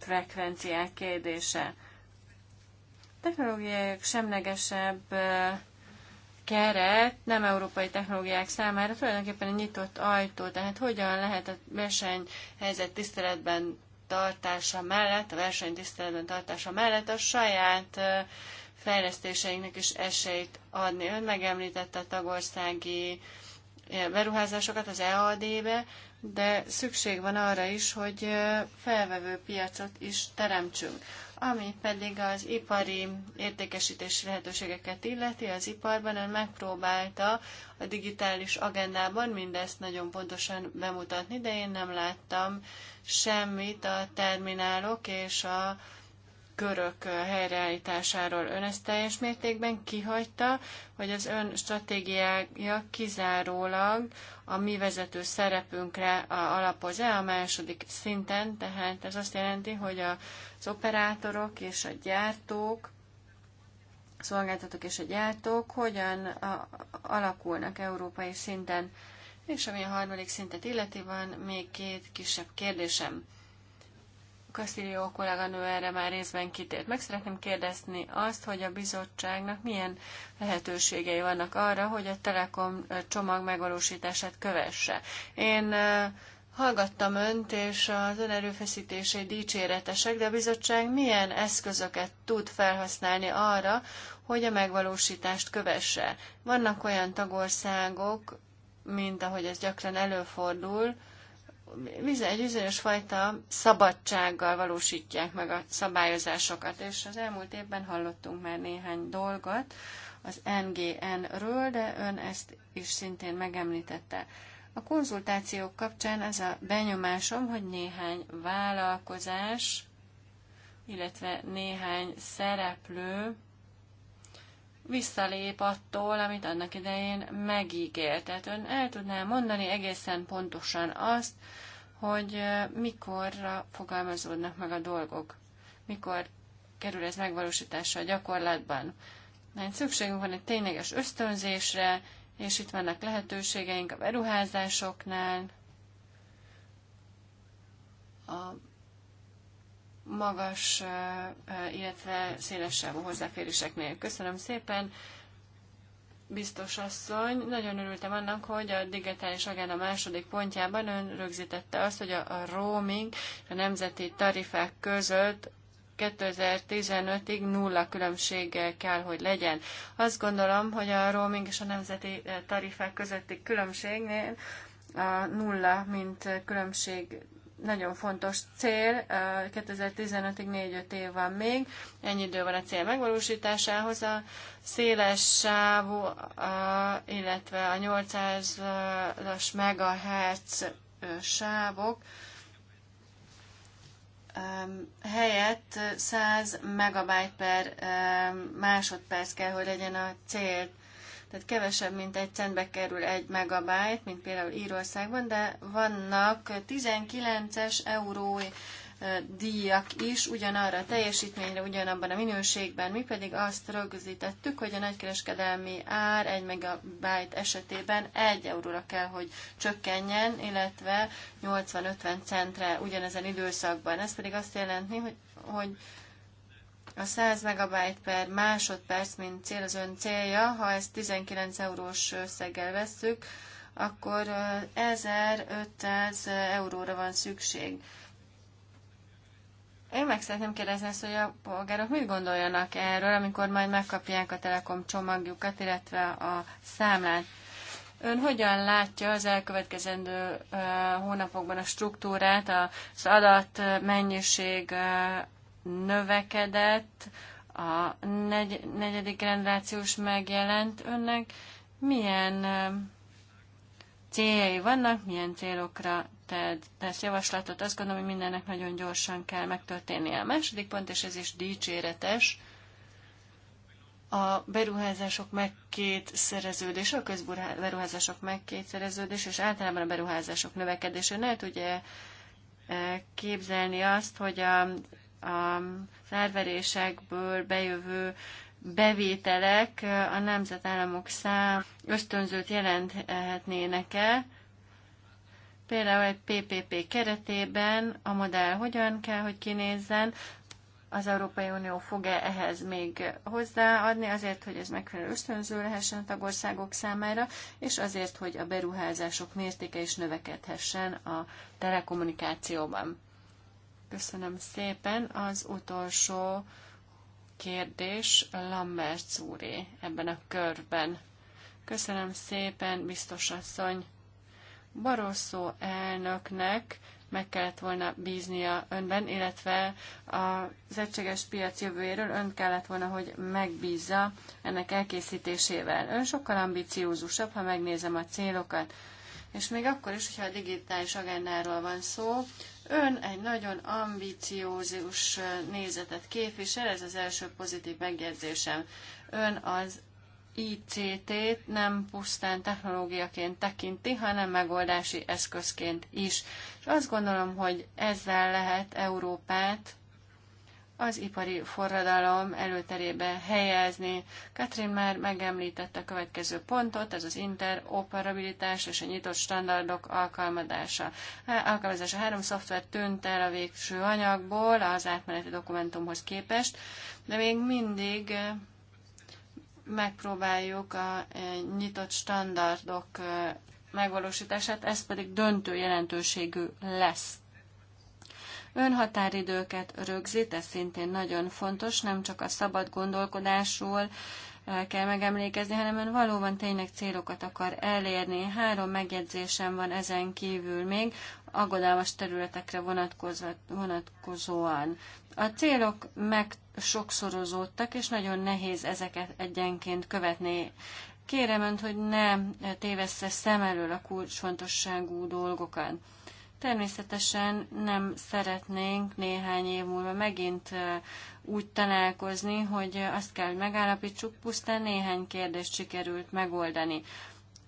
[SPEAKER 1] frekvenciák kérdése. Technológiák semlegesebb keret nem európai technológiák számára tulajdonképpen egy nyitott ajtó, tehát hogyan lehet a versenyhelyzet tiszteletben tartása mellett, a verseny tiszteletben tartása mellett a saját fejlesztéseinknek is esélyt adni. Ön megemlítette a tagországi beruházásokat az EAD-be, de szükség van arra is, hogy felvevő piacot is teremtsünk. Ami pedig az ipari értékesítési lehetőségeket illeti, az iparban ön megpróbálta a digitális agendában mindezt nagyon pontosan bemutatni, de én nem láttam semmit a terminálok és a körök helyreállításáról ön ezt teljes mértékben kihagyta, hogy az ön stratégiája kizárólag a mi vezető szerepünkre alapoz-e a második szinten, tehát ez azt jelenti, hogy az operátorok és a gyártók, a szolgáltatók és a gyártók hogyan alakulnak európai szinten. És ami a harmadik szintet illeti, van még két kisebb kérdésem. Kaszilió kolléganő erre már részben kitért. Meg szeretném kérdezni azt, hogy a bizottságnak milyen lehetőségei vannak arra, hogy a Telekom csomag megvalósítását kövesse. Én hallgattam önt, és az ön erőfeszítései dicséretesek, de a bizottság milyen eszközöket tud felhasználni arra, hogy a megvalósítást kövesse. Vannak olyan tagországok, mint ahogy ez gyakran előfordul, egy bizonyos fajta szabadsággal valósítják meg a szabályozásokat, és az elmúlt évben hallottunk már néhány dolgot az NGN-ről, de ön ezt is szintén megemlítette. A konzultációk kapcsán ez a benyomásom, hogy néhány vállalkozás, illetve néhány szereplő visszalép attól, amit annak idején megígért. Tehát ön el tudná mondani egészen pontosan azt, hogy mikorra fogalmazódnak meg a dolgok, mikor kerül ez megvalósításra a gyakorlatban. Mert szükségünk van egy tényleges ösztönzésre, és itt vannak lehetőségeink a beruházásoknál, a magas, illetve szélesebb hozzáféréseknél. Köszönöm szépen, biztos asszony. Nagyon örültem annak, hogy a digitális agenda második pontjában ön rögzítette azt, hogy a roaming a nemzeti tarifák között 2015-ig nulla különbség kell, hogy legyen. Azt gondolom, hogy a roaming és a nemzeti tarifák közötti különbségnél a nulla, mint különbség nagyon fontos cél, 2015-ig 4-5 év van még, ennyi idő van a cél megvalósításához, a széles sávú, illetve a 800-as megahertz sávok helyett 100 megabyte per másodperc kell, hogy legyen a cél tehát kevesebb, mint egy centbe kerül egy megabájt, mint például Írországban, de vannak 19-es euró díjak is ugyanarra a teljesítményre, ugyanabban a minőségben. Mi pedig azt rögzítettük, hogy a nagykereskedelmi ár egy megabájt esetében 1 euróra kell, hogy csökkenjen, illetve 80-50 centre ugyanezen időszakban. Ez pedig azt jelenti, hogy, hogy a 100 megabyte per másodperc, mint cél az ön célja, ha ezt 19 eurós összeggel vesszük, akkor 1500 euróra van szükség. Én meg szeretném kérdezni ezt, hogy a polgárok mit gondoljanak erről, amikor majd megkapják a Telekom csomagjukat, illetve a számlát. Ön hogyan látja az elkövetkezendő hónapokban a struktúrát, az adatmennyiség növekedett, a negy, negyedik generációs megjelent önnek, milyen céljai vannak, milyen célokra tesz javaslatot. Azt gondolom, hogy mindennek nagyon gyorsan kell megtörténnie. A második pont, és ez is dicséretes, a beruházások megkétszereződése, a közberuházások megkétszereződése, és általában a beruházások növekedése. Ne tudja képzelni azt, hogy a a árverésekből bejövő bevételek a nemzetállamok szám ösztönzőt jelenthetnének-e, például egy PPP keretében a modell hogyan kell, hogy kinézzen, az Európai Unió fog-e ehhez még hozzáadni, azért, hogy ez megfelelő ösztönző lehessen a tagországok számára, és azért, hogy a beruházások mértéke is növekedhessen a telekommunikációban. Köszönöm szépen. Az utolsó kérdés Lambert úré ebben a körben. Köszönöm szépen, biztos asszony. Barosszó elnöknek meg kellett volna bíznia önben, illetve az egységes piac jövőjéről ön kellett volna, hogy megbízza ennek elkészítésével. Ön sokkal ambiciózusabb, ha megnézem a célokat. És még akkor is, hogyha a digitális agendáról van szó, Ön egy nagyon ambiciózus nézetet képvisel, ez az első pozitív megjegyzésem. Ön az ICT-t nem pusztán technológiaként tekinti, hanem megoldási eszközként is. És azt gondolom, hogy ezzel lehet Európát az ipari forradalom előterébe helyezni. Katrin már megemlítette a következő pontot, ez az interoperabilitás és a nyitott standardok alkalmazása. Alkalmazása három szoftver tűnt el a végső anyagból az átmeneti dokumentumhoz képest, de még mindig eh, megpróbáljuk a eh, nyitott standardok eh, megvalósítását, ez pedig döntő jelentőségű lesz. Önhatáridőket rögzít, ez szintén nagyon fontos, nem csak a szabad gondolkodásról eh, kell megemlékezni, hanem ön valóban tényleg célokat akar elérni. Három megjegyzésem van ezen kívül még, aggodalmas területekre vonatkozóan. A célok meg sokszorozódtak, és nagyon nehéz ezeket egyenként követni. Kérem önt, hogy ne tévessze szem elől a kulcsfontosságú dolgokat. Természetesen nem szeretnénk néhány év múlva megint úgy találkozni, hogy azt kell, megállapítsuk, pusztán néhány kérdést sikerült megoldani.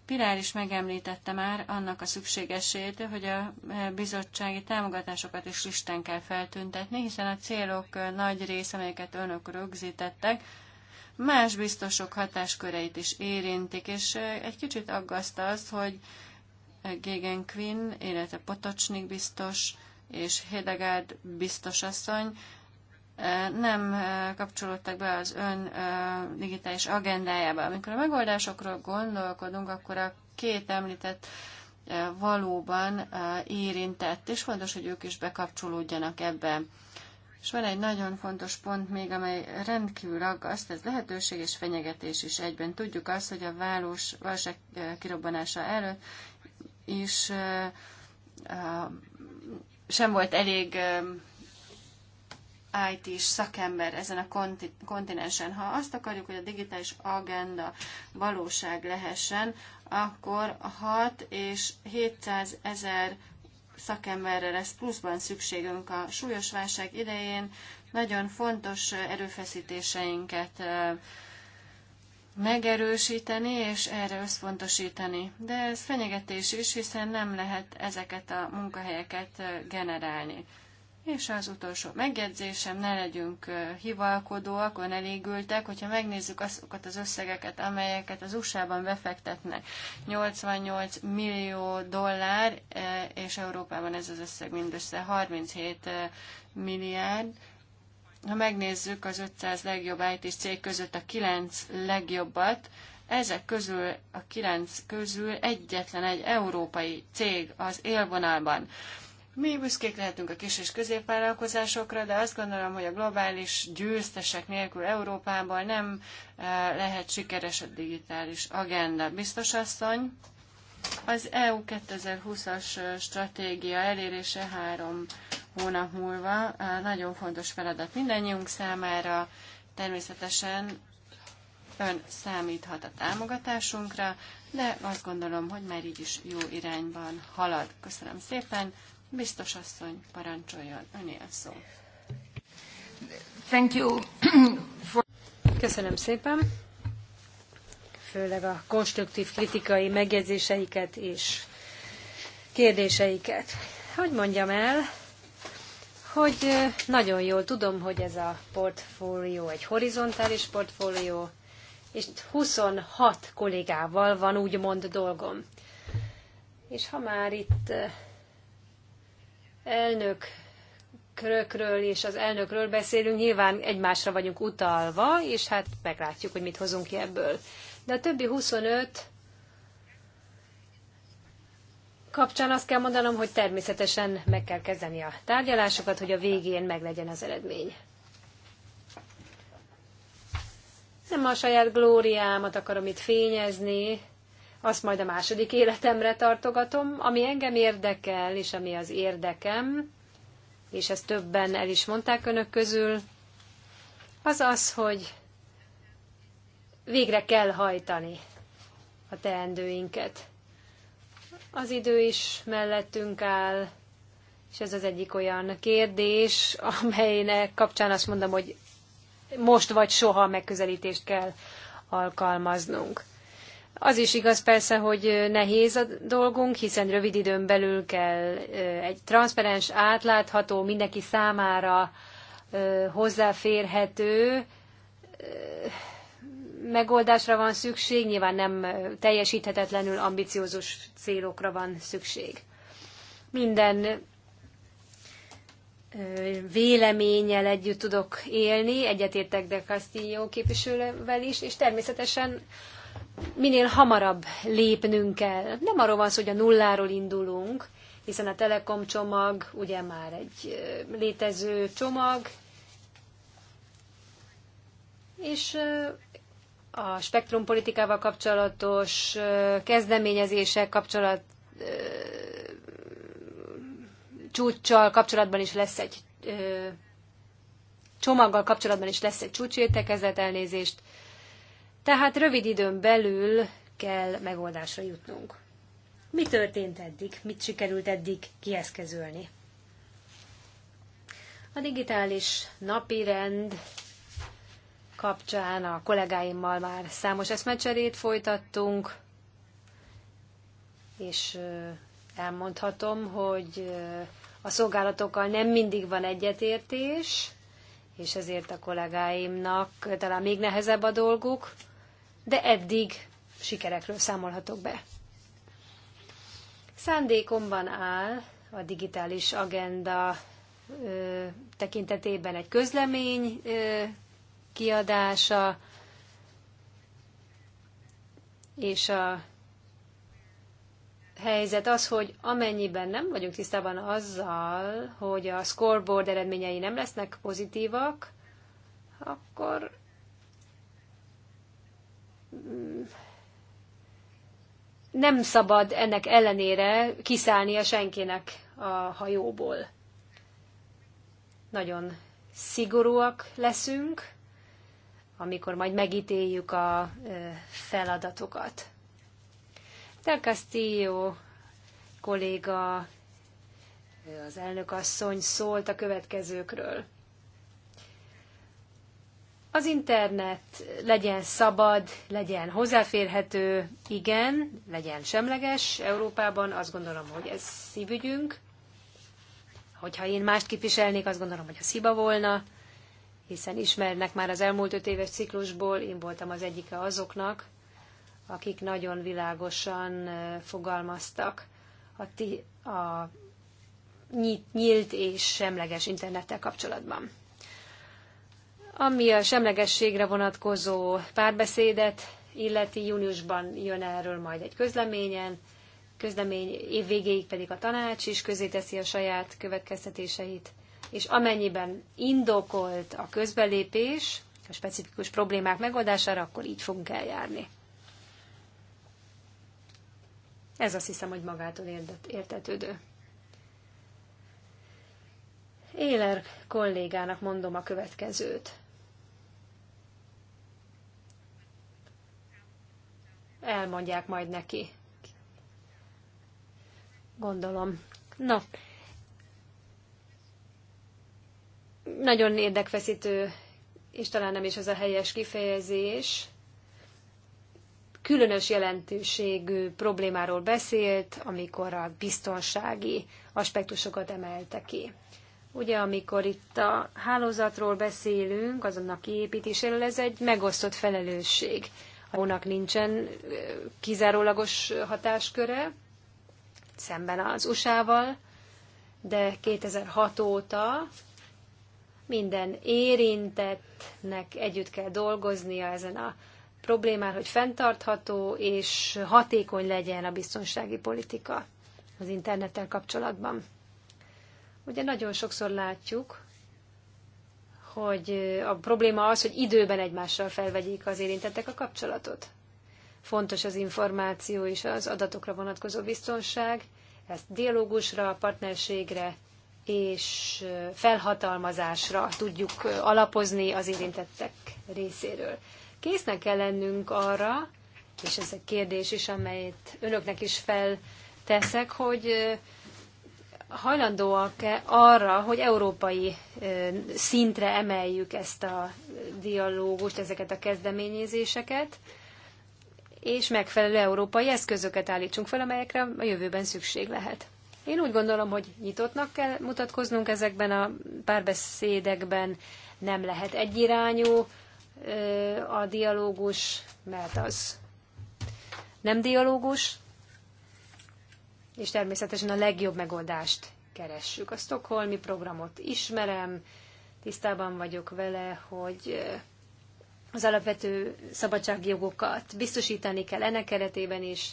[SPEAKER 1] Pilár is megemlítette már annak a szükségesét, hogy a bizottsági támogatásokat is listán kell feltüntetni, hiszen a célok nagy része, amelyeket önök rögzítettek, más biztosok hatásköreit is érintik, és egy kicsit aggaszt az, hogy Gégen Quinn, illetve Potocsnik biztos és Hedegard biztos asszony nem kapcsolódtak be az ön digitális agendájába. Amikor a megoldásokról gondolkodunk, akkor a két említett valóban érintett, és fontos, hogy ők is bekapcsolódjanak ebbe. És van egy nagyon fontos pont még, amely rendkívül aggaszt, ez lehetőség és fenyegetés is egyben. Tudjuk azt, hogy a válós válság kirobbanása előtt uh, sem volt elég IT-s szakember ezen a kontinensen. Ha azt akarjuk, hogy a digitális agenda valóság lehessen, akkor 6 és 700 ezer szakemberre lesz pluszban szükségünk a súlyos válság idején. Nagyon fontos erőfeszítéseinket megerősíteni és erre összpontosítani. De ez fenyegetés is, hiszen nem lehet ezeket a munkahelyeket generálni. És az utolsó megjegyzésem, ne legyünk hivalkodóak, olyan elégültek, hogyha megnézzük azokat az összegeket, amelyeket az USA-ban befektetnek. 88 millió dollár, és Európában ez az összeg mindössze 37 milliárd, ha megnézzük az 500 legjobb IT cég között a 9 legjobbat, ezek közül a 9 közül egyetlen egy európai cég az élvonalban. Mi büszkék lehetünk a kis és középvállalkozásokra, de azt gondolom, hogy a globális győztesek nélkül Európában nem eh, lehet sikeres a digitális agenda. Biztos asszony? Az EU 2020-as stratégia elérése három hónap múlva nagyon fontos feladat mindannyiunk számára. Természetesen ön számíthat a támogatásunkra, de azt gondolom, hogy már így is jó irányban halad. Köszönöm szépen, biztos asszony,
[SPEAKER 2] parancsoljon, öné a szó. Thank you. Köszönöm szépen főleg a konstruktív kritikai megjegyzéseiket és kérdéseiket. Hogy mondjam el, hogy nagyon jól tudom, hogy ez a portfólió egy horizontális portfólió, és 26 kollégával van úgymond dolgom. És ha már itt elnök körökről és az elnökről beszélünk, nyilván egymásra vagyunk utalva, és hát meglátjuk, hogy mit hozunk ki ebből de a többi 25 kapcsán azt kell mondanom, hogy természetesen meg kell kezdeni a tárgyalásokat, hogy a végén meglegyen az eredmény. Nem a saját glóriámat akarom itt fényezni, azt majd a második életemre tartogatom, ami engem érdekel, és ami az érdekem, és ezt többen el is mondták önök közül, az az, hogy végre kell hajtani a teendőinket. Az idő is mellettünk áll, és ez az egyik olyan kérdés, amelynek kapcsán azt mondom, hogy most vagy soha megközelítést kell alkalmaznunk. Az is igaz persze, hogy nehéz a dolgunk, hiszen rövid időn belül kell egy transzparens, átlátható, mindenki számára hozzáférhető megoldásra van szükség, nyilván nem teljesíthetetlenül ambiciózus célokra van szükség. Minden véleménnyel együtt tudok élni, egyetértek de Castillo képviselővel is, és természetesen minél hamarabb lépnünk kell. Nem arról van szó, hogy a nulláról indulunk, hiszen a Telekom csomag ugye már egy létező csomag, és a spektrumpolitikával kapcsolatos kezdeményezések kapcsolat csúccsal kapcsolatban is lesz egy csomaggal kapcsolatban is lesz egy csúcsértekezett elnézést. Tehát rövid időn belül kell megoldásra jutnunk. Mi történt eddig? Mit sikerült eddig kieszközölni? A digitális napirend kapcsán a kollégáimmal már számos eszmecserét folytattunk, és elmondhatom, hogy a szolgálatokkal nem mindig van egyetértés, és ezért a kollégáimnak talán még nehezebb a dolguk, de eddig sikerekről számolhatok be. Szándékomban áll a digitális agenda tekintetében egy közlemény kiadása és a helyzet az, hogy amennyiben nem vagyunk tisztában azzal, hogy a scoreboard eredményei nem lesznek pozitívak, akkor nem szabad ennek ellenére kiszállnia senkinek a hajóból. Nagyon szigorúak leszünk, amikor majd megítéljük a feladatokat. Del Castillo kolléga, az elnök asszony szólt a következőkről. Az internet legyen szabad, legyen hozzáférhető, igen, legyen semleges Európában, azt gondolom, hogy ez szívügyünk. Hogyha én mást képviselnék, azt gondolom, hogy a sziba volna hiszen ismernek már az elmúlt öt éves ciklusból, én voltam az egyike azoknak, akik nagyon világosan fogalmaztak a, ti, a nyílt és semleges internettel kapcsolatban. Ami a semlegességre vonatkozó párbeszédet illeti, júniusban jön erről majd egy közleményen, közlemény évvégéig pedig a tanács is közé teszi a saját következtetéseit, és amennyiben indokolt a közbelépés a specifikus problémák megoldására, akkor így fogunk eljárni. Ez azt hiszem, hogy magától értetődő. Éler kollégának mondom a következőt. Elmondják majd neki. Gondolom. No, Nagyon érdekfeszítő, és talán nem is az a helyes kifejezés, különös jelentőségű problémáról beszélt, amikor a biztonsági aspektusokat emelte ki. Ugye, amikor itt a hálózatról beszélünk, azonnak kiépítéséről, ez egy megosztott felelősség. Hónak nincsen kizárólagos hatásköre, szemben az USA-val, de 2006 óta minden érintettnek együtt kell dolgoznia ezen a problémán, hogy fenntartható és hatékony legyen a biztonsági politika az internettel kapcsolatban. Ugye nagyon sokszor látjuk, hogy a probléma az, hogy időben egymással felvegyék az érintettek a kapcsolatot. Fontos az információ és az adatokra vonatkozó biztonság, ezt dialógusra, partnerségre és felhatalmazásra tudjuk alapozni az érintettek részéről. Késznek kell lennünk arra, és ez egy kérdés is, amelyet önöknek is felteszek, hogy hajlandóak-e arra, hogy európai szintre emeljük ezt a dialógust, ezeket a kezdeményezéseket, és megfelelő európai eszközöket állítsunk fel, amelyekre a jövőben szükség lehet. Én úgy gondolom, hogy nyitottnak kell mutatkoznunk ezekben a párbeszédekben, nem lehet egyirányú a dialógus, mert az nem dialógus, és természetesen a legjobb megoldást keressük. A Stockholmi programot ismerem, tisztában vagyok vele, hogy az alapvető szabadságjogokat biztosítani kell ennek keretében is,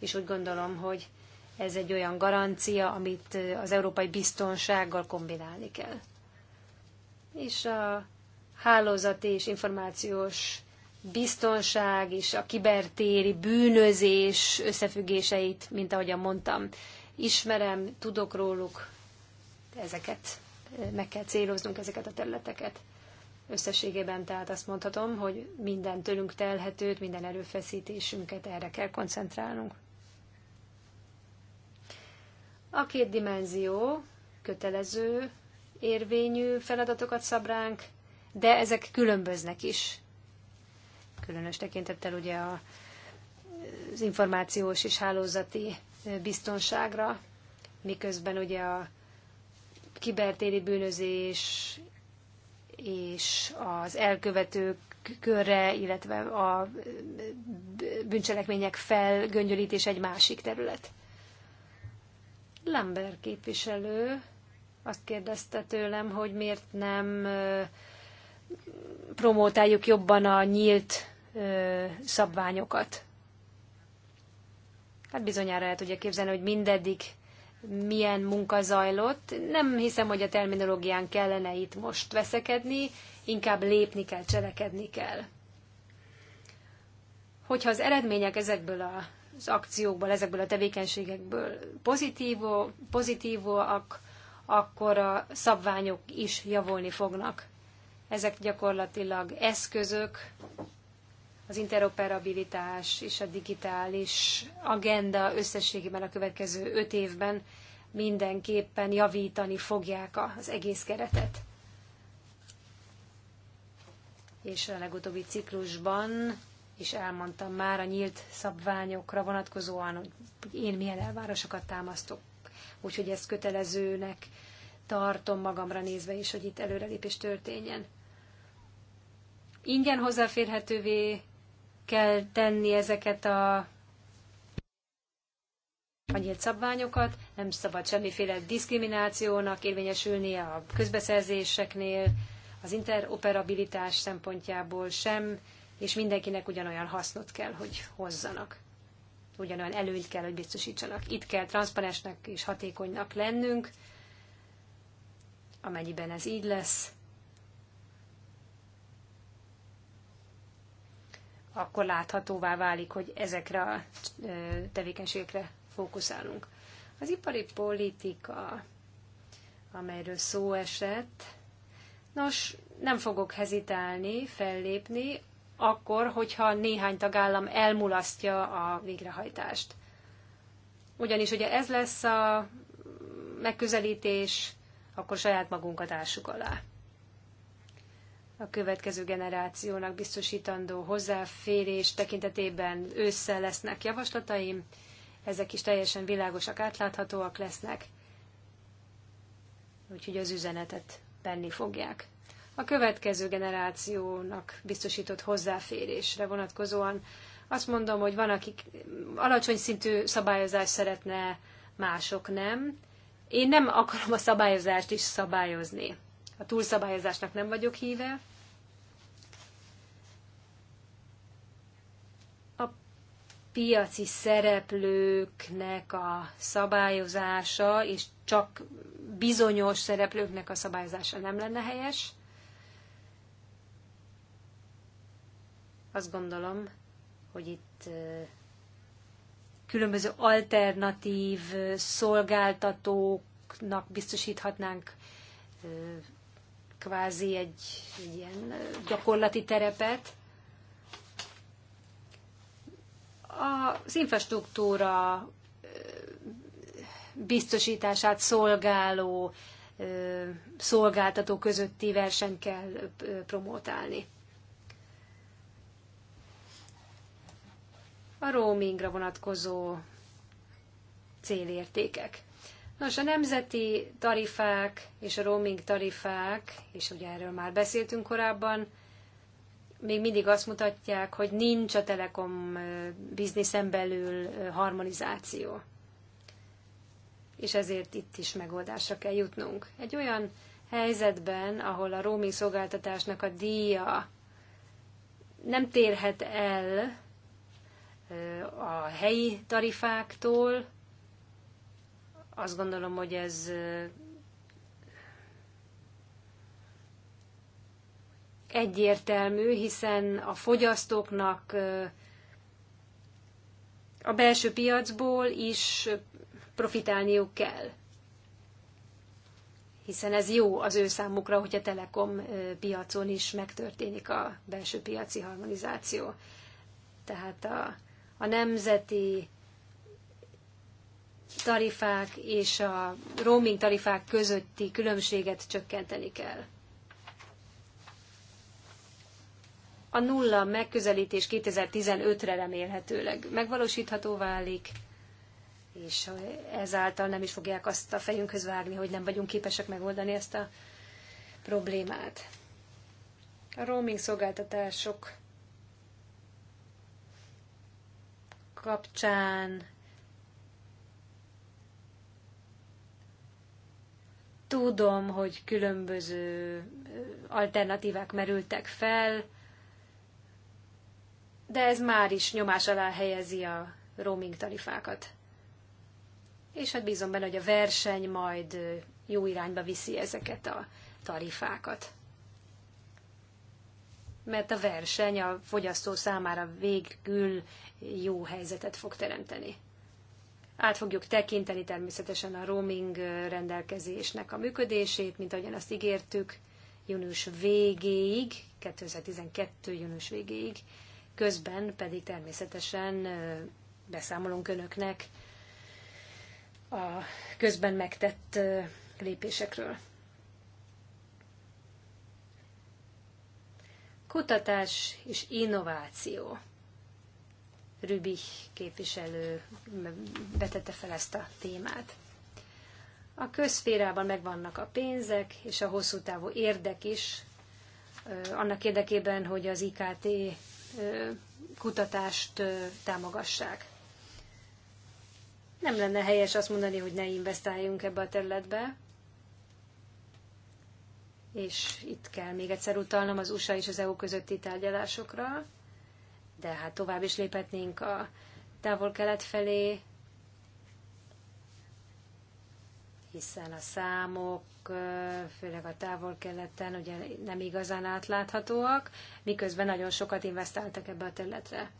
[SPEAKER 2] és úgy gondolom, hogy ez egy olyan garancia, amit az európai biztonsággal kombinálni kell. És a hálózati és információs biztonság és a kibertéri bűnözés összefüggéseit, mint ahogyan mondtam, ismerem, tudok róluk, ezeket meg kell céloznunk, ezeket a területeket. Összességében tehát azt mondhatom, hogy minden tőlünk telhetőt, minden erőfeszítésünket erre kell koncentrálnunk. A két dimenzió kötelező érvényű feladatokat szab ránk, de ezek különböznek is. Különös tekintettel ugye a, az információs és hálózati biztonságra, miközben ugye a kibertéri bűnözés és az elkövetők körre, illetve a bűncselekmények felgöngyölítés egy másik terület. Lember képviselő azt kérdezte tőlem, hogy miért nem promótáljuk jobban a nyílt szabványokat. Hát bizonyára el tudja képzelni, hogy mindeddig milyen munka zajlott. Nem hiszem, hogy a terminológián kellene itt most veszekedni, inkább lépni kell, cselekedni kell. Hogyha az eredmények ezekből a az akciókból, ezekből a tevékenységekből pozitívó, pozitívóak, akkor a szabványok is javulni fognak. Ezek gyakorlatilag eszközök, az interoperabilitás és a digitális agenda összességében a következő öt évben mindenképpen javítani fogják az egész keretet. És a legutóbbi ciklusban is elmondtam már a nyílt szabványokra vonatkozóan, hogy én milyen elvárásokat támasztok. Úgyhogy ezt kötelezőnek tartom magamra nézve is, hogy itt előrelépés történjen. Ingyen hozzáférhetővé kell tenni ezeket a a nyílt szabványokat, nem szabad semmiféle diszkriminációnak érvényesülnie a közbeszerzéseknél, az interoperabilitás szempontjából sem, és mindenkinek ugyanolyan hasznot kell, hogy hozzanak. Ugyanolyan előnyt kell, hogy biztosítsanak. Itt kell transzparensnek és hatékonynak lennünk, amennyiben ez így lesz, akkor láthatóvá válik, hogy ezekre a tevékenységekre fókuszálunk. Az ipari politika, amelyről szó esett, nos, nem fogok hezitálni, fellépni, akkor, hogyha néhány tagállam elmulasztja a végrehajtást. Ugyanis ugye ez lesz a megközelítés, akkor saját magunkat ássuk alá. A következő generációnak biztosítandó hozzáférés tekintetében ősszel lesznek javaslataim, ezek is teljesen világosak, átláthatóak lesznek, úgyhogy az üzenetet benni fogják a következő generációnak biztosított hozzáférésre vonatkozóan. Azt mondom, hogy van, akik alacsony szintű szabályozást szeretne, mások nem. Én nem akarom a szabályozást is szabályozni. A túlszabályozásnak nem vagyok híve. A piaci szereplőknek a szabályozása, és csak bizonyos szereplőknek a szabályozása nem lenne helyes Azt gondolom, hogy itt különböző alternatív szolgáltatóknak biztosíthatnánk kvázi egy, egy ilyen gyakorlati terepet. Az infrastruktúra biztosítását szolgáló szolgáltató közötti verseny kell promotálni. a roamingra vonatkozó célértékek. Nos, a nemzeti tarifák és a roaming tarifák, és ugye erről már beszéltünk korábban, még mindig azt mutatják, hogy nincs a telekom bizniszen belül harmonizáció. És ezért itt is megoldásra kell jutnunk. Egy olyan helyzetben, ahol a roaming szolgáltatásnak a díja nem térhet el a helyi tarifáktól. Azt gondolom, hogy ez egyértelmű, hiszen a fogyasztóknak a belső piacból is profitálniuk kell. Hiszen ez jó az ő számukra, hogy a telekom piacon is megtörténik a belső piaci harmonizáció. Tehát a a nemzeti tarifák és a roaming tarifák közötti különbséget csökkenteni kell. A nulla megközelítés 2015-re remélhetőleg megvalósítható válik, és ezáltal nem is fogják azt a fejünkhöz vágni, hogy nem vagyunk képesek megoldani ezt a problémát. A roaming szolgáltatások kapcsán tudom, hogy különböző alternatívák merültek fel, de ez már is nyomás alá helyezi a roaming tarifákat. És hát bízom benne, hogy a verseny majd jó irányba viszi ezeket a tarifákat mert a verseny a fogyasztó számára végül jó helyzetet fog teremteni. Át fogjuk tekinteni természetesen a roaming rendelkezésnek a működését, mint ahogyan azt ígértük, június végéig, 2012. június végéig, közben pedig természetesen beszámolunk önöknek a közben megtett lépésekről. Kutatás és innováció. Rübi képviselő vetette fel ezt a témát. A közférában megvannak a pénzek, és a hosszú távú érdek is, annak érdekében, hogy az IKT kutatást támogassák. Nem lenne helyes azt mondani, hogy ne investáljunk ebbe a területbe, és itt kell még egyszer utalnom az USA és az EU közötti tárgyalásokra, de hát tovább is léphetnénk a távol-kelet felé, hiszen a számok, főleg a távol-keleten ugye nem igazán átláthatóak, miközben nagyon sokat investáltak ebbe a területre.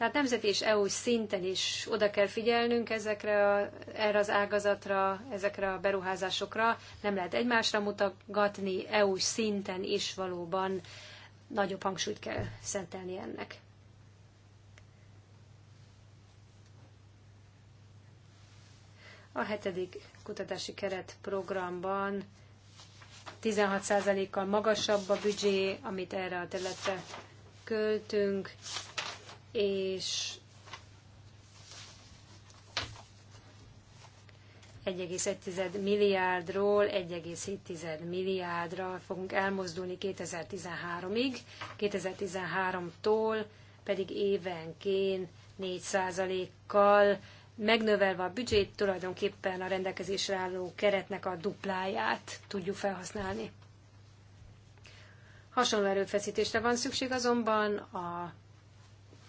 [SPEAKER 2] Tehát nemzeti és EU szinten is oda kell figyelnünk ezekre a, erre az ágazatra, ezekre a beruházásokra. Nem lehet egymásra mutatgatni, EU szinten is valóban nagyobb hangsúlyt kell szentelni ennek. A hetedik kutatási keretprogramban 16%-kal magasabb a büdzsé, amit erre a területre költünk, és 1,1 milliárdról 1,7 milliárdra fogunk elmozdulni 2013-ig, 2013-tól pedig évenként 4%-kal megnövelve a büdzsét, tulajdonképpen a rendelkezésre álló keretnek a dupláját tudjuk felhasználni. Hasonló erőfeszítésre van szükség azonban a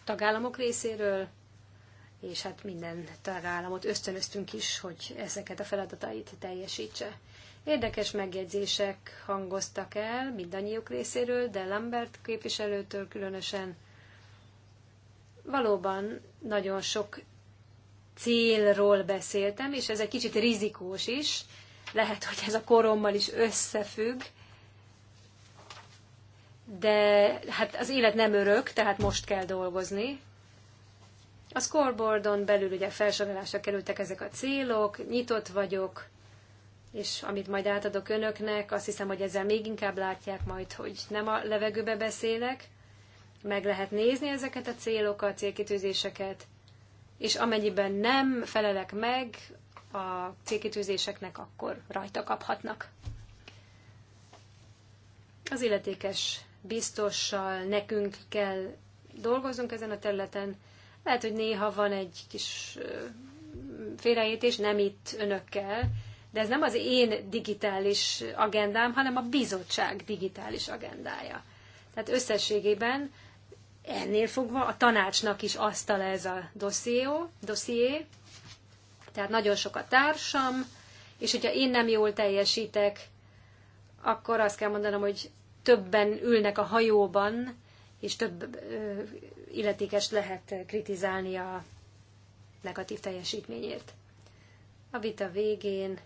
[SPEAKER 2] tagállamok részéről, és hát minden tagállamot ösztönöztünk is, hogy ezeket a feladatait teljesítse. Érdekes megjegyzések hangoztak el mindannyiuk részéről, de Lambert képviselőtől különösen valóban nagyon sok célról beszéltem, és ez egy kicsit rizikós is, lehet, hogy ez a korommal is összefügg, de hát az élet nem örök, tehát most kell dolgozni. A scoreboardon belül ugye felsorolásra kerültek ezek a célok, nyitott vagyok, és amit majd átadok önöknek, azt hiszem, hogy ezzel még inkább látják majd, hogy nem a levegőbe beszélek. Meg lehet nézni ezeket a célokat, célkitűzéseket, és amennyiben nem felelek meg a célkitűzéseknek, akkor rajta kaphatnak. Az illetékes biztossal nekünk kell dolgoznunk ezen a területen. Lehet, hogy néha van egy kis félreértés, nem itt önökkel, de ez nem az én digitális agendám, hanem a bizottság digitális agendája. Tehát összességében ennél fogva a tanácsnak is asztala ez a dosszió, dosszié, tehát nagyon sok a társam, és hogyha én nem jól teljesítek, akkor azt kell mondanom, hogy többen ülnek a hajóban, és több illetékes lehet kritizálni a negatív teljesítményért. A vita végén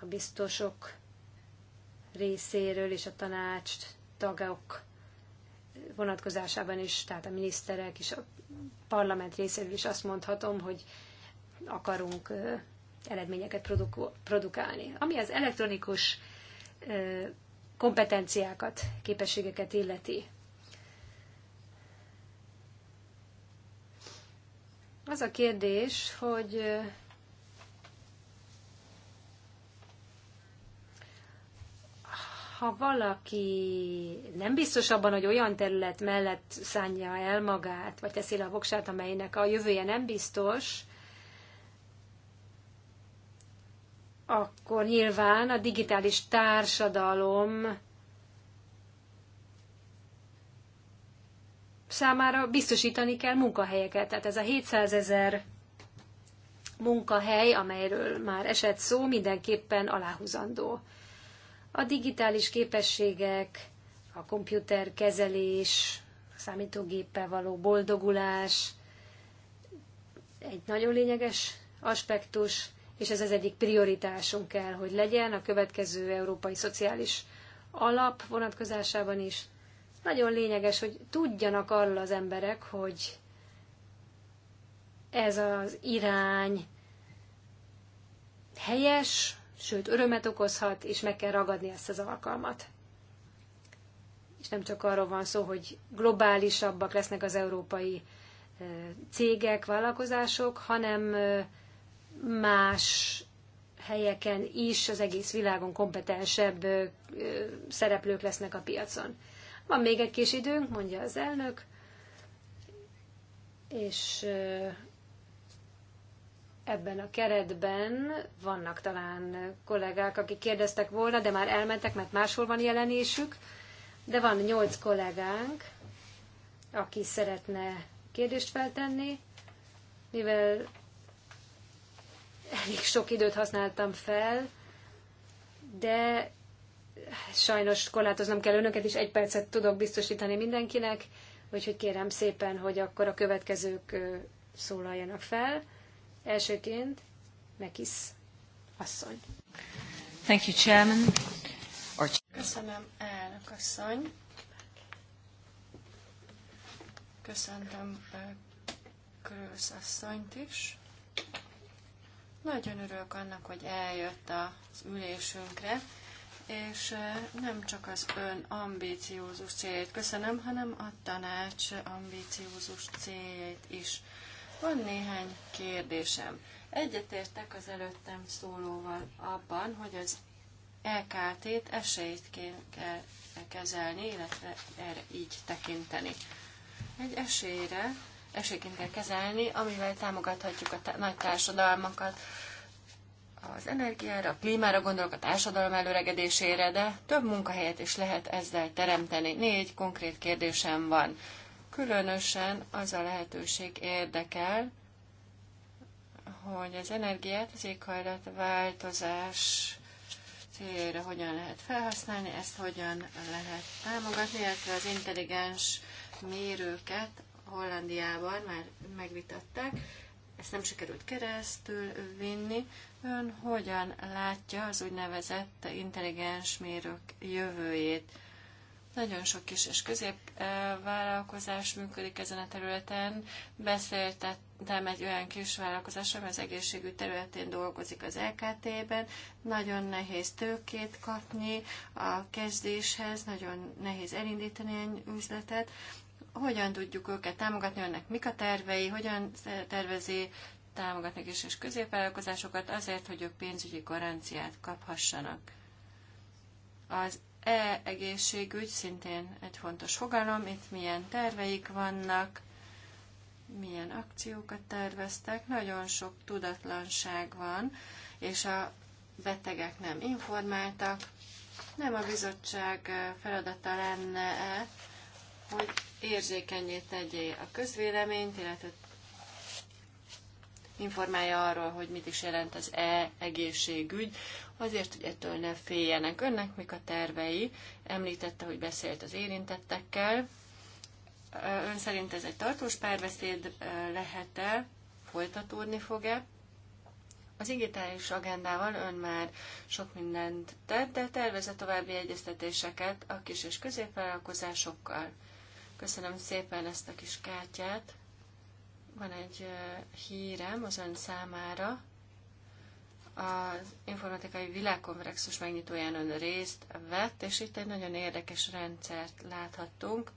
[SPEAKER 2] a biztosok részéről és a tanács tagok vonatkozásában is, tehát a miniszterek és a parlament részéről is azt mondhatom, hogy akarunk eredményeket produkálni. Ami az elektronikus kompetenciákat, képességeket illeti. Az a kérdés, hogy ha valaki nem biztos abban, hogy olyan terület mellett szánja el magát, vagy teszi le a voksát, amelynek a jövője nem biztos, akkor nyilván a digitális társadalom számára biztosítani kell munkahelyeket. Tehát ez a 700 ezer munkahely, amelyről már esett szó, mindenképpen aláhúzandó. A digitális képességek, a komputerkezelés, a számítógéppel való boldogulás egy nagyon lényeges aspektus, és ez az egyik prioritásunk kell, hogy legyen a következő európai szociális alap vonatkozásában is. Nagyon lényeges, hogy tudjanak arról az emberek, hogy ez az irány helyes, sőt örömet okozhat, és meg kell ragadni ezt az alkalmat. És nem csak arról van szó, hogy globálisabbak lesznek az európai eh, cégek, vállalkozások, hanem eh, más helyeken is az egész világon kompetensebb szereplők lesznek a piacon. Van még egy kis időnk, mondja az elnök, és ebben a keretben vannak talán kollégák, akik kérdeztek volna, de már elmentek, mert máshol van jelenésük, de van nyolc kollégánk, aki szeretne kérdést feltenni, mivel elég sok időt használtam fel, de sajnos korlátoznom kell önöket is, egy percet tudok biztosítani mindenkinek, úgyhogy kérem szépen, hogy akkor a következők szólaljanak fel. Elsőként Mekis asszony. Thank you, Chairman. Köszönöm, elnök asszony.
[SPEAKER 1] Köszöntöm Krősz asszonyt is. Nagyon örülök annak, hogy eljött az ülésünkre, és nem csak az ön ambíciózus céljait köszönöm, hanem a tanács ambíciózus céljait is. Van néhány kérdésem. Egyetértek az előttem szólóval abban, hogy az LKT-t e esélyt kell kezelni, illetve erre így tekinteni. Egy esélyre, esélyként kell kezelni, amivel támogathatjuk a nagy társadalmakat, az energiára, a klímára gondolok, a társadalom előregedésére, de több munkahelyet is lehet ezzel teremteni. Négy konkrét kérdésem van. Különösen az a lehetőség érdekel, hogy az energiát az éghajlatváltozás céljára hogyan lehet felhasználni, ezt hogyan lehet támogatni, illetve az intelligens mérőket Hollandiában már megvitatták, ezt nem sikerült keresztül vinni. Ön hogyan látja az úgynevezett intelligens mérők jövőjét? Nagyon sok kis és középvállalkozás működik ezen a területen. Beszéltem egy olyan kis vállalkozásra, ami az egészségügy területén dolgozik az LKT-ben. Nagyon nehéz tőkét kapni a kezdéshez, nagyon nehéz elindítani egy üzletet hogyan tudjuk őket támogatni, önnek mik a tervei, hogyan tervezi támogatni kis és középvállalkozásokat azért, hogy ők pénzügyi garanciát kaphassanak. Az e-egészségügy szintén egy fontos fogalom, itt milyen terveik vannak, milyen akciókat terveztek, nagyon sok tudatlanság van, és a betegek nem informáltak. Nem a bizottság feladata lenne-e, hogy érzékenyé tegyé a közvéleményt, illetve informálja arról, hogy mit is jelent az e-egészségügy, azért, hogy ettől ne féljenek. Önnek mik a tervei? Említette, hogy beszélt az érintettekkel. Ön szerint ez egy tartós párbeszéd lehet-e? Folytatódni fog-e? Az digitális agendával ön már sok mindent tett, de tervez a további egyeztetéseket a kis és középvállalkozásokkal. Köszönöm szépen ezt a kis kártyát. Van egy hírem az ön számára. Az informatikai világkongresszus megnyitóján ön részt vett, és itt egy nagyon érdekes rendszert láthattunk,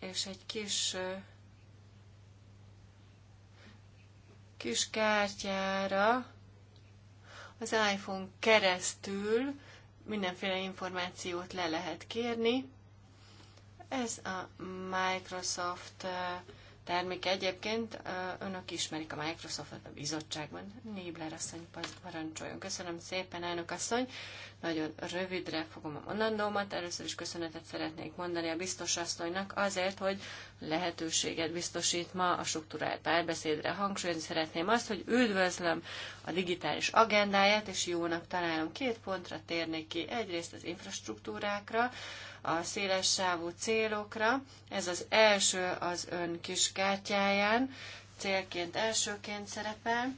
[SPEAKER 1] és egy kis kis kártyára az iPhone keresztül mindenféle információt le lehet kérni. Ez a Microsoft termék. egyébként. Önök ismerik a Microsoftot a bizottságban. Nébler asszony parancsoljon. Köszönöm szépen, elnök asszony. Nagyon rövidre fogom a mondandómat. Először is köszönetet szeretnék mondani a biztos asszonynak azért, hogy lehetőséget biztosít ma a struktúrált párbeszédre. Hangsúlyozni szeretném azt, hogy üdvözlöm a digitális agendáját, és jónak találom két pontra térnék ki. Egyrészt az infrastruktúrákra, a széles sávú célokra. Ez az első az ön kis kártyáján, célként elsőként szerepel.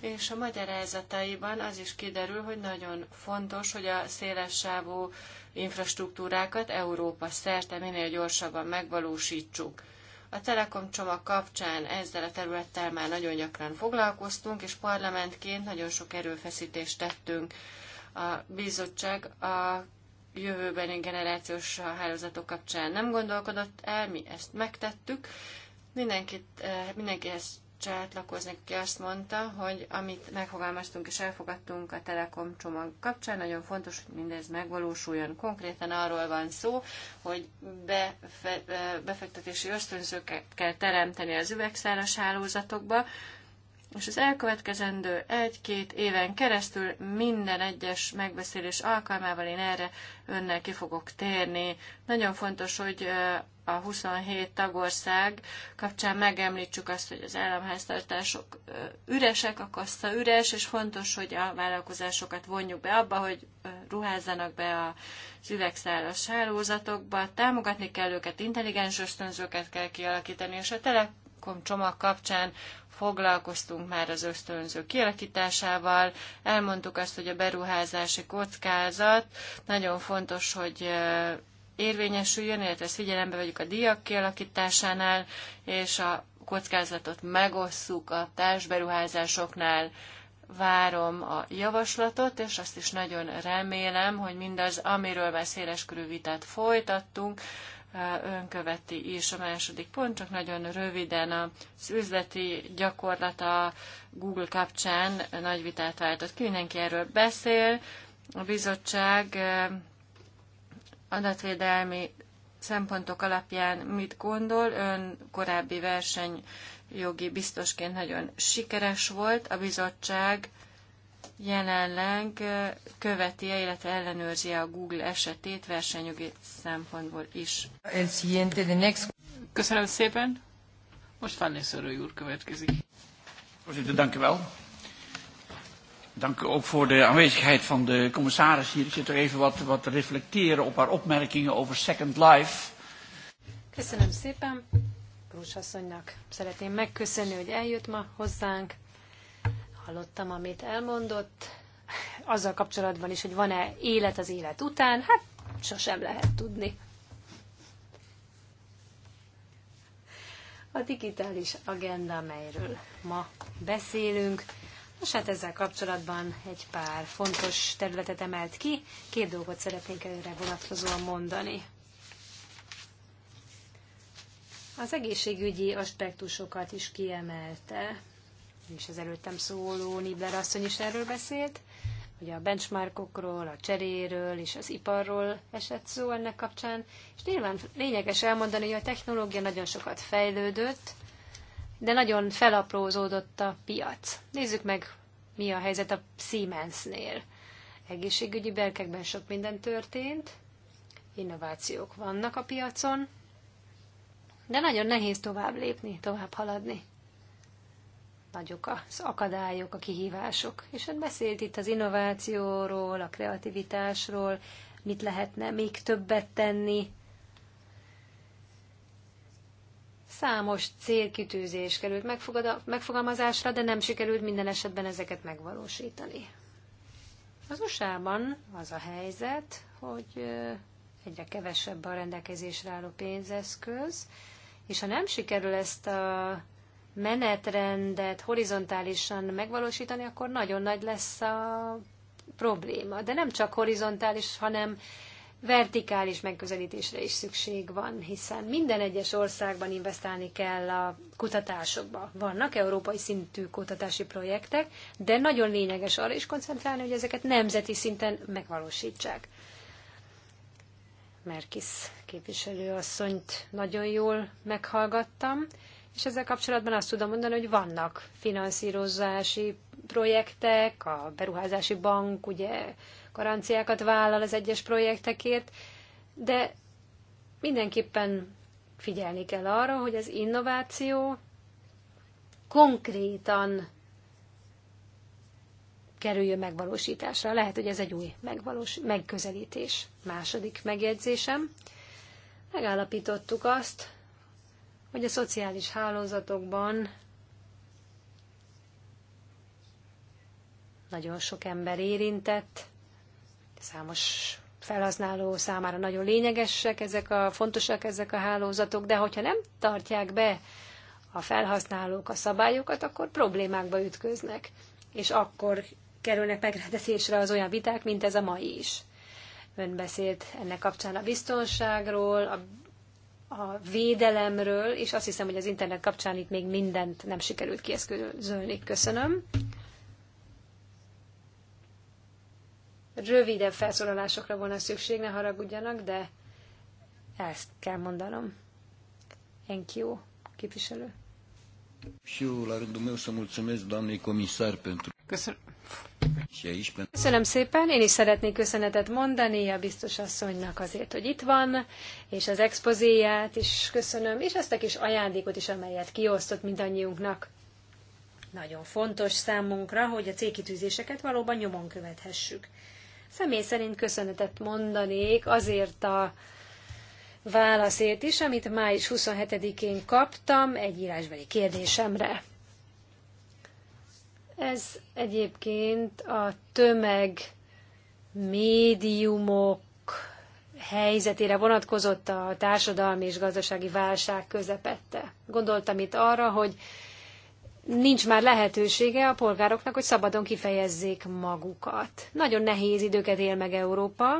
[SPEAKER 1] És a magyarázataiban az is kiderül, hogy nagyon fontos, hogy a széles sávú infrastruktúrákat Európa szerte minél gyorsabban megvalósítsuk. A Telekom csomag kapcsán ezzel a területtel már nagyon gyakran foglalkoztunk, és parlamentként nagyon sok erőfeszítést tettünk a bizottság a jövőbeni generációs hálózatok kapcsán nem gondolkodott el, mi ezt megtettük. Mindenkit, eh, mindenkihez csatlakozni, aki azt mondta, hogy amit megfogalmaztunk és elfogadtunk a Telekom csomag kapcsán, nagyon fontos, hogy mindez megvalósuljon. Konkrétan arról van szó, hogy befe, eh, befektetési ösztönzőket kell teremteni az üvegszálas hálózatokba, és az elkövetkezendő egy-két éven keresztül minden egyes megbeszélés alkalmával én erre önnel ki fogok térni. Nagyon fontos, hogy a 27 tagország kapcsán megemlítsük azt, hogy az államháztartások üresek, a kassa üres, és fontos, hogy a vállalkozásokat vonjuk be abba, hogy ruházzanak be az üvegszálas hálózatokba, támogatni kell őket, intelligens ösztönzőket kell kialakítani, és a telek csomag kapcsán foglalkoztunk már az ösztönző kialakításával, elmondtuk azt, hogy a beruházási kockázat nagyon fontos, hogy érvényesüljön, illetve ezt figyelembe vegyük a díjak kialakításánál, és a kockázatot megosszuk a társberuházásoknál. Várom a javaslatot, és azt is nagyon remélem, hogy mindaz, amiről már széleskörű vitát folytattunk, önköveti is a második pont, csak nagyon röviden az üzleti gyakorlata Google kapcsán nagy vitát váltott ki, mindenki erről beszél. A bizottság adatvédelmi szempontok alapján mit gondol? Ön korábbi versenyjogi biztosként nagyon sikeres volt. A bizottság jelenleg követi, illetve ellenőrzi a Google esetét versenyjogi szempontból is. Köszönöm szépen.
[SPEAKER 3] Most Fanny Szörő úr következik. Voorzitter, dank u wel. Dank u ook
[SPEAKER 1] voor de aanwezigheid van de commissaris hier. Ik zit er even wat, wat te reflecteren op haar opmerkingen over Second Life.
[SPEAKER 2] Köszönöm szépen. Krús asszonynak szeretném megköszönni, hogy eljött ma hozzánk hallottam, amit elmondott, azzal kapcsolatban is, hogy van-e élet az élet után, hát sosem lehet tudni. A digitális agenda, amelyről ma beszélünk, most hát ezzel kapcsolatban egy pár fontos területet emelt ki, két dolgot szeretnék előre vonatkozóan mondani. Az egészségügyi aspektusokat is kiemelte, és az előttem szóló Nibler asszony is erről beszélt, hogy a benchmarkokról, a cseréről és az iparról esett szó ennek kapcsán, és nyilván lényeges elmondani, hogy a technológia nagyon sokat fejlődött, de nagyon felaprózódott a piac. Nézzük meg, mi a helyzet a Siemensnél. Egészségügyi belkekben sok minden történt, innovációk vannak a piacon, de nagyon nehéz tovább lépni, tovább haladni nagyok az akadályok, a kihívások. És hát beszélt itt az innovációról, a kreativitásról, mit lehetne még többet tenni. Számos célkitűzés került megfogalmazásra, de nem sikerült minden esetben ezeket megvalósítani. Az USA-ban az a helyzet, hogy egyre kevesebb a rendelkezésre álló pénzeszköz, és ha nem sikerül ezt a menetrendet horizontálisan megvalósítani, akkor nagyon nagy lesz a probléma. De nem csak horizontális, hanem vertikális megközelítésre is szükség van, hiszen minden egyes országban investálni kell a kutatásokba. Vannak európai szintű kutatási projektek, de nagyon lényeges arra is koncentrálni, hogy ezeket nemzeti szinten megvalósítsák. Merkis képviselőasszonyt nagyon jól meghallgattam, és ezzel kapcsolatban azt tudom mondani, hogy vannak finanszírozási projektek, a beruházási bank ugye garanciákat vállal az egyes projektekért, de mindenképpen figyelni kell arra, hogy az innováció konkrétan kerüljön megvalósításra. Lehet, hogy ez egy új megvalós, megközelítés. Második megjegyzésem. Megállapítottuk azt, hogy a szociális hálózatokban nagyon sok ember érintett, számos felhasználó számára nagyon lényegesek ezek a, fontosak ezek a hálózatok, de hogyha nem tartják be a felhasználók a szabályokat, akkor problémákba ütköznek, és akkor kerülnek megrendezésre az olyan viták, mint ez a mai is. Ön beszélt ennek kapcsán a biztonságról, a a védelemről, és azt hiszem, hogy az internet kapcsán itt még mindent nem sikerült kieszközölni. Köszönöm. Rövidebb felszólalásokra volna szükség, ne haragudjanak, de ezt kell mondanom. Thank you, képviselő. Köszönöm, Köszönöm szépen, én is szeretnék köszönetet mondani a biztos asszonynak azért, hogy itt van, és az expozéját is köszönöm, és azt a kis ajándékot is, amelyet kiosztott mindannyiunknak. Nagyon fontos számunkra, hogy a célkitűzéseket valóban nyomon követhessük. Személy szerint köszönetet mondanék azért a válaszért is, amit május 27-én kaptam egy írásbeli kérdésemre. Ez egyébként a tömeg médiumok helyzetére vonatkozott a társadalmi és gazdasági válság közepette. Gondoltam itt arra, hogy nincs már lehetősége a polgároknak, hogy szabadon kifejezzék magukat. Nagyon nehéz időket él meg Európa,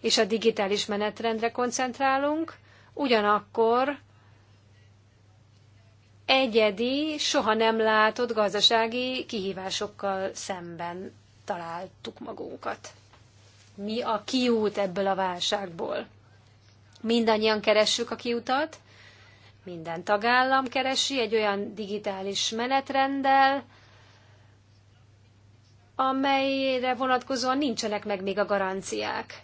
[SPEAKER 2] és a digitális menetrendre koncentrálunk, ugyanakkor egyedi, soha nem látott gazdasági kihívásokkal szemben találtuk magunkat. Mi a kiút ebből a válságból? Mindannyian keressük a kiutat, minden tagállam keresi egy olyan digitális menetrenddel, amelyre vonatkozóan nincsenek meg még a garanciák.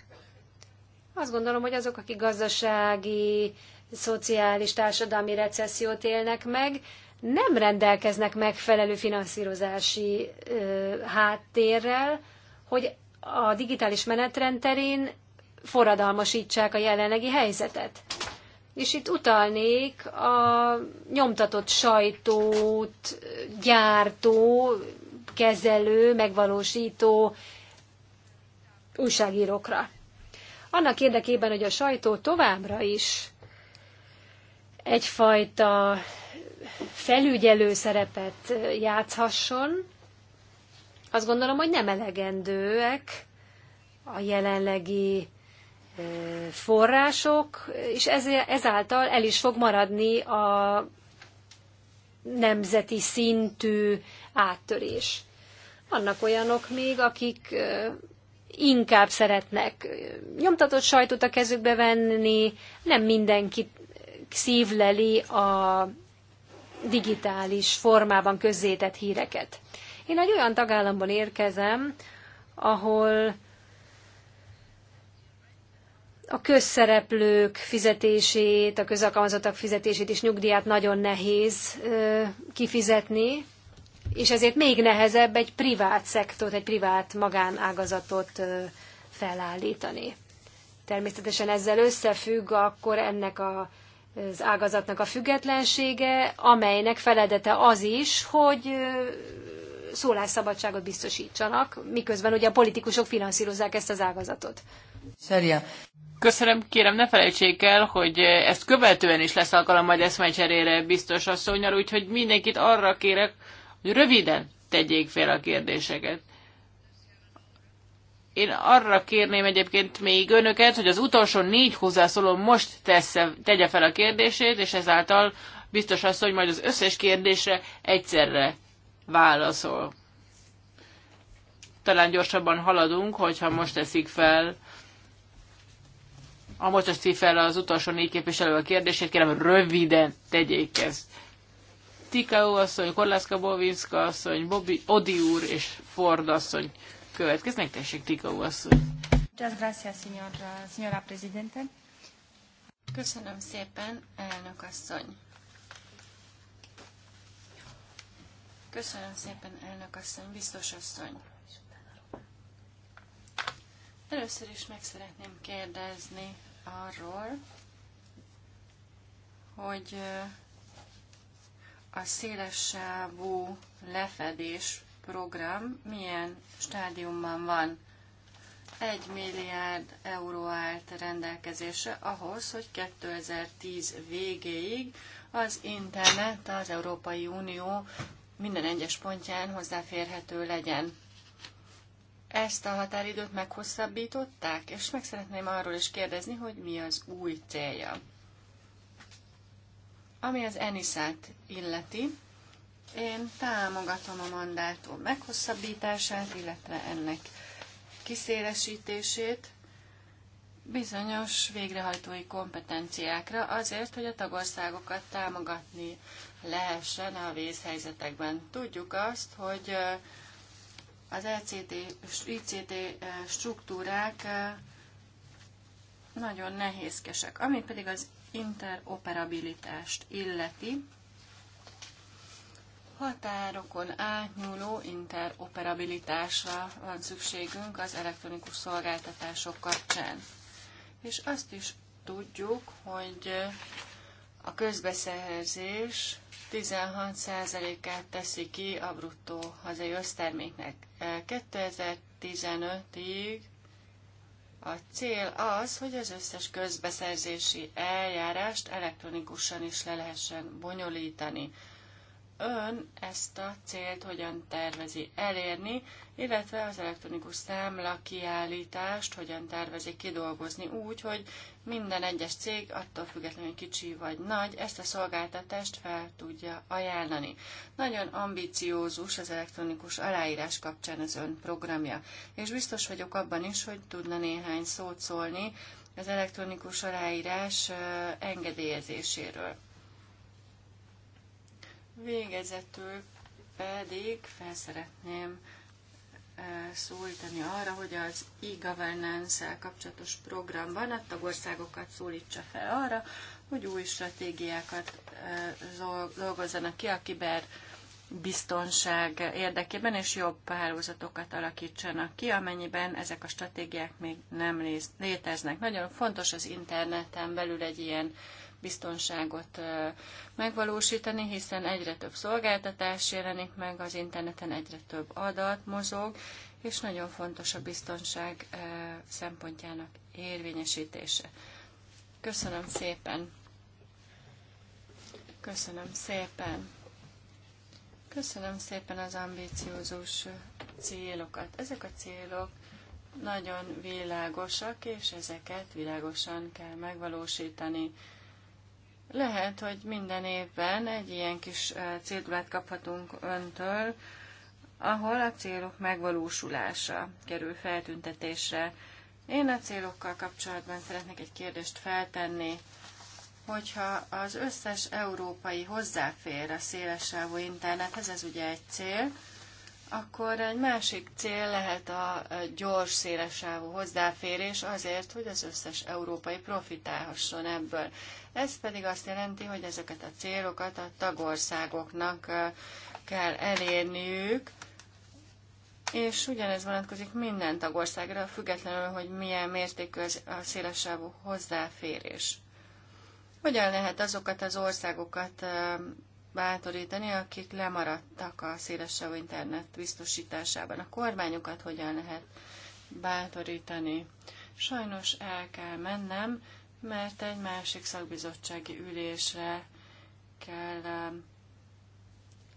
[SPEAKER 2] Azt gondolom, hogy azok, akik gazdasági szociális társadalmi recessziót élnek meg, nem rendelkeznek megfelelő finanszírozási ö, háttérrel, hogy a digitális menetrend terén forradalmasítsák a jelenlegi helyzetet. És itt utalnék a nyomtatott sajtót gyártó, kezelő, megvalósító újságírókra. Annak érdekében, hogy a sajtó továbbra is egyfajta felügyelő szerepet játszhasson, azt gondolom, hogy nem elegendőek a jelenlegi források, és ezáltal el is fog maradni a nemzeti szintű áttörés. Vannak olyanok még, akik inkább szeretnek nyomtatott sajtot a kezükbe venni, nem mindenkit szívleli a digitális formában közzétett híreket. Én egy olyan tagállamban érkezem, ahol a közszereplők fizetését, a közalkalmazottak fizetését és nyugdíját nagyon nehéz kifizetni, és ezért még nehezebb egy privát szektort, egy privát magánágazatot felállítani. Természetesen ezzel összefügg akkor ennek a az ágazatnak a függetlensége, amelynek feledete az is, hogy szólásszabadságot biztosítsanak, miközben ugye a politikusok finanszírozzák ezt az ágazatot.
[SPEAKER 1] Szerja.
[SPEAKER 3] Köszönöm, kérem, ne felejtsék el, hogy ezt követően is lesz alkalom majd eszmecserére biztos asszonynal, úgyhogy mindenkit arra kérek, hogy röviden tegyék fel a kérdéseket. Én arra kérném egyébként még önöket, hogy az utolsó négy hozzászóló most tesze, tegye fel a kérdését, és ezáltal biztos az, hogy majd az összes kérdésre egyszerre válaszol. Talán gyorsabban haladunk, hogyha most teszik fel a most teszik fel az utolsó négy képviselő a kérdését, kérem röviden tegyék ezt. Tikau asszony, Korlászka Bovinska asszony, Bobby, Odi úr és Ford asszony következnek. Tessék, Tikau asszony.
[SPEAKER 1] Köszönöm szépen, elnök asszony. Köszönöm szépen, elnök asszony, biztos asszony. Először is meg szeretném kérdezni arról, hogy a széles sávú lefedés program milyen stádiumban van. Egy milliárd euró állt rendelkezésre ahhoz, hogy 2010 végéig az internet az Európai Unió minden egyes pontján hozzáférhető legyen. Ezt a határidőt meghosszabbították, és meg szeretném arról is kérdezni, hogy mi az új célja. Ami az Enisát illeti, én támogatom a mandátum meghosszabbítását, illetve ennek kiszélesítését bizonyos végrehajtói kompetenciákra azért, hogy a tagországokat támogatni lehessen a vészhelyzetekben. Tudjuk azt, hogy az LCT, e ICT struktúrák nagyon nehézkesek, ami pedig az interoperabilitást illeti határokon átnyúló interoperabilitásra van szükségünk az elektronikus szolgáltatások kapcsán. És azt is tudjuk, hogy a közbeszerzés 16%-át teszi ki a bruttó hazai összterméknek. 2015-ig a cél az, hogy az összes közbeszerzési eljárást elektronikusan is le lehessen bonyolítani ön ezt a célt hogyan tervezi elérni, illetve az elektronikus számla kiállítást hogyan tervezik kidolgozni úgy, hogy minden egyes cég, attól függetlenül kicsi vagy nagy, ezt a szolgáltatást fel tudja ajánlani. Nagyon ambiciózus az elektronikus aláírás kapcsán az ön programja, és biztos vagyok abban is, hogy tudna néhány szót szólni az elektronikus aláírás engedélyezéséről. Végezetül pedig felszeretném eh, szólítani arra, hogy az e-governance kapcsolatos programban a tagországokat szólítsa fel arra, hogy új stratégiákat eh, dolgozzanak ki a kiber biztonság érdekében, és jobb hálózatokat alakítsanak ki, amennyiben ezek a stratégiák még nem léteznek. Nagyon fontos az interneten belül egy ilyen biztonságot megvalósítani, hiszen egyre több szolgáltatás jelenik meg, az interneten egyre több adat mozog, és nagyon fontos a biztonság szempontjának érvényesítése. Köszönöm szépen! Köszönöm szépen! Köszönöm szépen az ambíciózus célokat. Ezek a célok nagyon világosak, és ezeket világosan kell megvalósítani. Lehet, hogy minden évben egy ilyen kis cédulát kaphatunk öntől, ahol a célok megvalósulása kerül feltüntetésre. Én a célokkal kapcsolatban szeretnék egy kérdést feltenni, hogyha az összes európai hozzáfér a szélesávú internethez, ez ugye egy cél, akkor egy másik cél lehet a gyors, szélesávú hozzáférés azért, hogy az összes európai profitálhasson ebből. Ez pedig azt jelenti, hogy ezeket a célokat a tagországoknak kell elérniük, és ugyanez vonatkozik minden tagországra, függetlenül, hogy milyen mértékű a szélesávú hozzáférés. Hogyan lehet azokat az országokat bátorítani, akik lemaradtak a szélesebb internet biztosításában. A kormányokat hogyan lehet bátorítani? Sajnos el kell mennem, mert egy másik szakbizottsági ülésre kell um,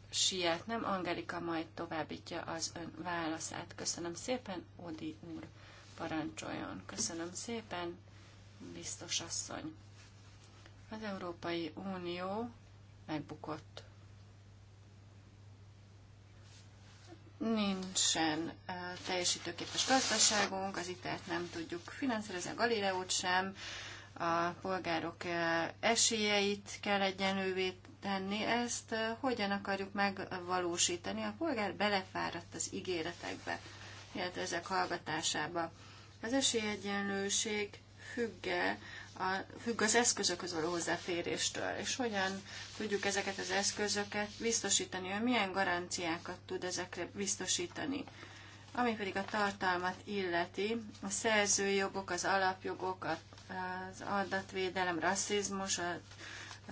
[SPEAKER 1] sietnem. Angelika majd továbbítja az ön válaszát. Köszönöm szépen, Odi úr, parancsoljon. Köszönöm szépen, biztos asszony. Az Európai Unió megbukott. Nincsen teljesítőképes gazdaságunk, az itt nem tudjuk finanszírozni, a Galileót sem, a polgárok esélyeit kell egyenlővé tenni. Ezt hogyan akarjuk megvalósítani? A polgár belefáradt az ígéretekbe, illetve ezek hallgatásába. Az esélyegyenlőség függe a, függ az eszközökhöz való hozzáféréstől, és hogyan tudjuk ezeket az eszközöket biztosítani, hogy milyen garanciákat tud ezekre biztosítani. Ami pedig a tartalmat illeti, a szerzőjogok, az alapjogok, az adatvédelem, rasszizmus,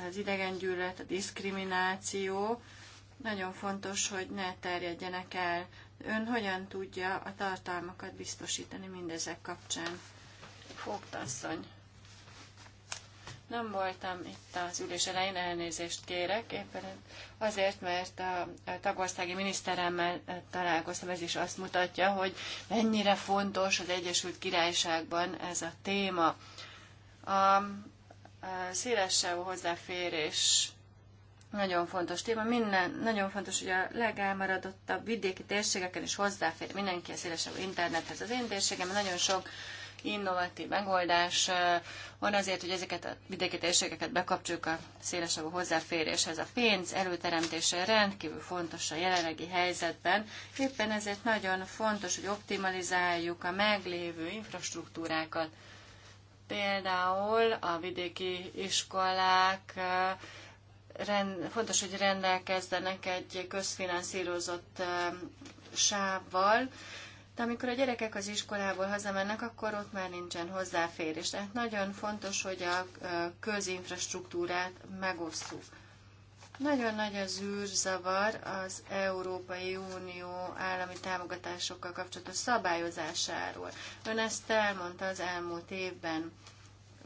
[SPEAKER 1] az idegengyűlölet, a diszkrimináció, nagyon fontos, hogy ne terjedjenek el. Ön hogyan tudja a tartalmakat biztosítani mindezek kapcsán? Fogtasszony. Nem voltam itt az ülés elején, elnézést kérek, éppen azért, mert a, tagországi miniszteremmel eh, találkoztam, ez is azt mutatja, hogy mennyire fontos az Egyesült Királyságban ez a téma. A, szélesebb hozzáférés nagyon fontos téma. Minden, nagyon fontos, hogy a legelmaradottabb vidéki térségeken is hozzáfér mindenki a szélesebb internethez. Az én térségem nagyon sok innovatív megoldás van azért, hogy ezeket a vidéki térségeket bekapcsoljuk a szélesebb hozzáféréshez. A pénz előteremtése rendkívül fontos a jelenlegi helyzetben, éppen ezért nagyon fontos, hogy optimalizáljuk a meglévő infrastruktúrákat. Például a vidéki iskolák rend, fontos, hogy rendelkezzenek egy közfinanszírozott sávval, de amikor a gyerekek az iskolából hazamennek, akkor ott már nincsen hozzáférés. Tehát nagyon fontos, hogy a közinfrastruktúrát megosszuk. Nagyon nagy a zűrzavar az Európai Unió állami támogatásokkal kapcsolatos szabályozásáról. Ön ezt elmondta az elmúlt évben.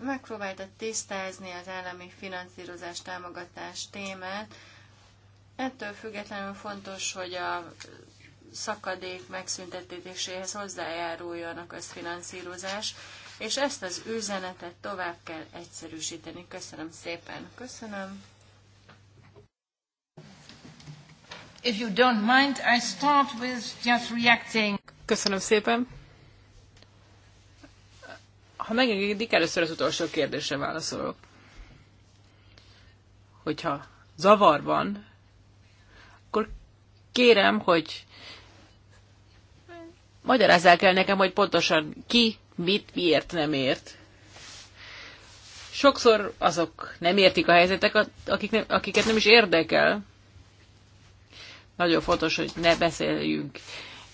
[SPEAKER 1] Megpróbálta tisztázni az állami finanszírozás támogatás témát. Ettől függetlenül fontos, hogy a szakadék megszüntetéséhez hozzájáruljon a közfinanszírozás, és ezt az üzenetet tovább kell egyszerűsíteni. Köszönöm szépen. Köszönöm. If you don't mind, I start with just reacting.
[SPEAKER 3] Köszönöm szépen. Ha megengedik, először az utolsó kérdésre válaszolok. Hogyha zavar van, akkor kérem, hogy Magyarázzál kell nekem, hogy pontosan ki, mit, miért nem ért. Sokszor azok nem értik a helyzetek, akik nem, akiket nem is érdekel. Nagyon fontos, hogy ne beszéljünk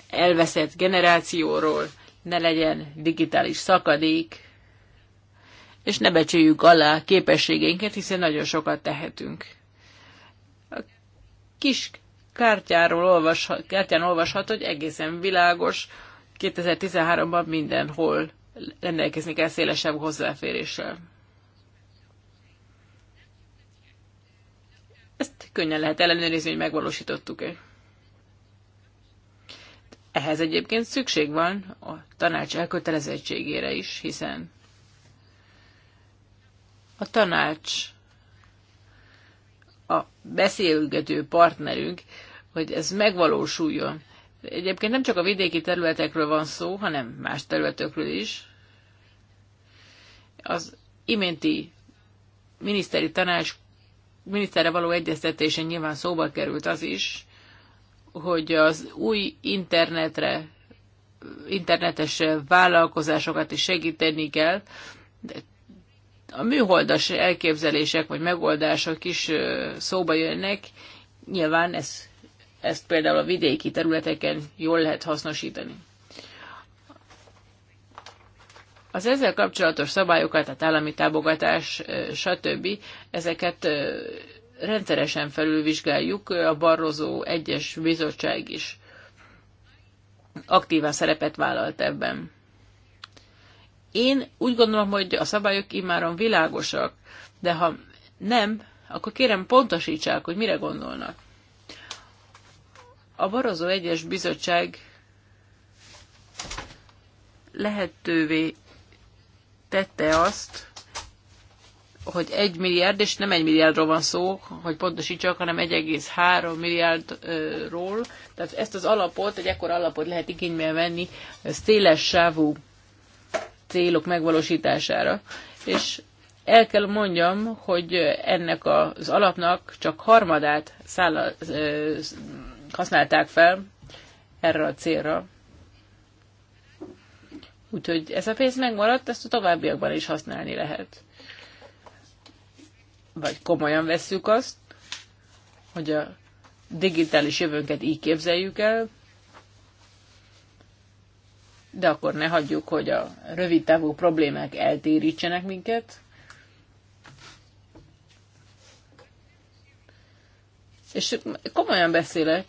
[SPEAKER 3] elveszett generációról, ne legyen digitális szakadék, és ne becsüljük alá képességeinket, hiszen nagyon sokat tehetünk. A kis kártyáról olvashat, kártyán olvashat, hogy egészen világos, 2013-ban mindenhol rendelkezni kell szélesebb hozzáféréssel. Ezt könnyen lehet ellenőrizni, hogy megvalósítottuk-e. Ehhez egyébként szükség van a tanács elkötelezettségére is, hiszen a tanács a beszélgető partnerünk, hogy ez megvalósuljon. Egyébként nem csak a vidéki területekről van szó, hanem más területekről is. Az iménti miniszteri tanács miniszterre való egyeztetésen nyilván szóba került az is, hogy az új internetre, internetes vállalkozásokat is segíteni kell, de a műholdas elképzelések vagy megoldások is szóba jönnek, nyilván ez ezt például a vidéki területeken jól lehet hasznosítani. Az ezzel kapcsolatos szabályokat, tehát állami támogatás, stb. ezeket rendszeresen felülvizsgáljuk, a Barrozó egyes bizottság is aktívan szerepet vállalt ebben. Én úgy gondolom, hogy a szabályok immáron világosak, de ha nem, akkor kérem pontosítsák, hogy mire gondolnak. A Barozó egyes bizottság lehetővé tette azt, hogy egy milliárd, és nem egy milliárdról van szó, hogy pontosítsak, hanem 1,3 milliárdról. Tehát ezt az alapot, egy ekkor alapot lehet igénybe venni széles sávú célok megvalósítására. És el kell mondjam, hogy ennek az alapnak csak harmadát száll, használták fel erre a célra. Úgyhogy ez a pénz megmaradt, ezt a továbbiakban is használni lehet. Vagy komolyan vesszük azt, hogy a digitális jövőnket így képzeljük el, de akkor ne hagyjuk, hogy a rövid távú problémák eltérítsenek minket. És komolyan beszélek,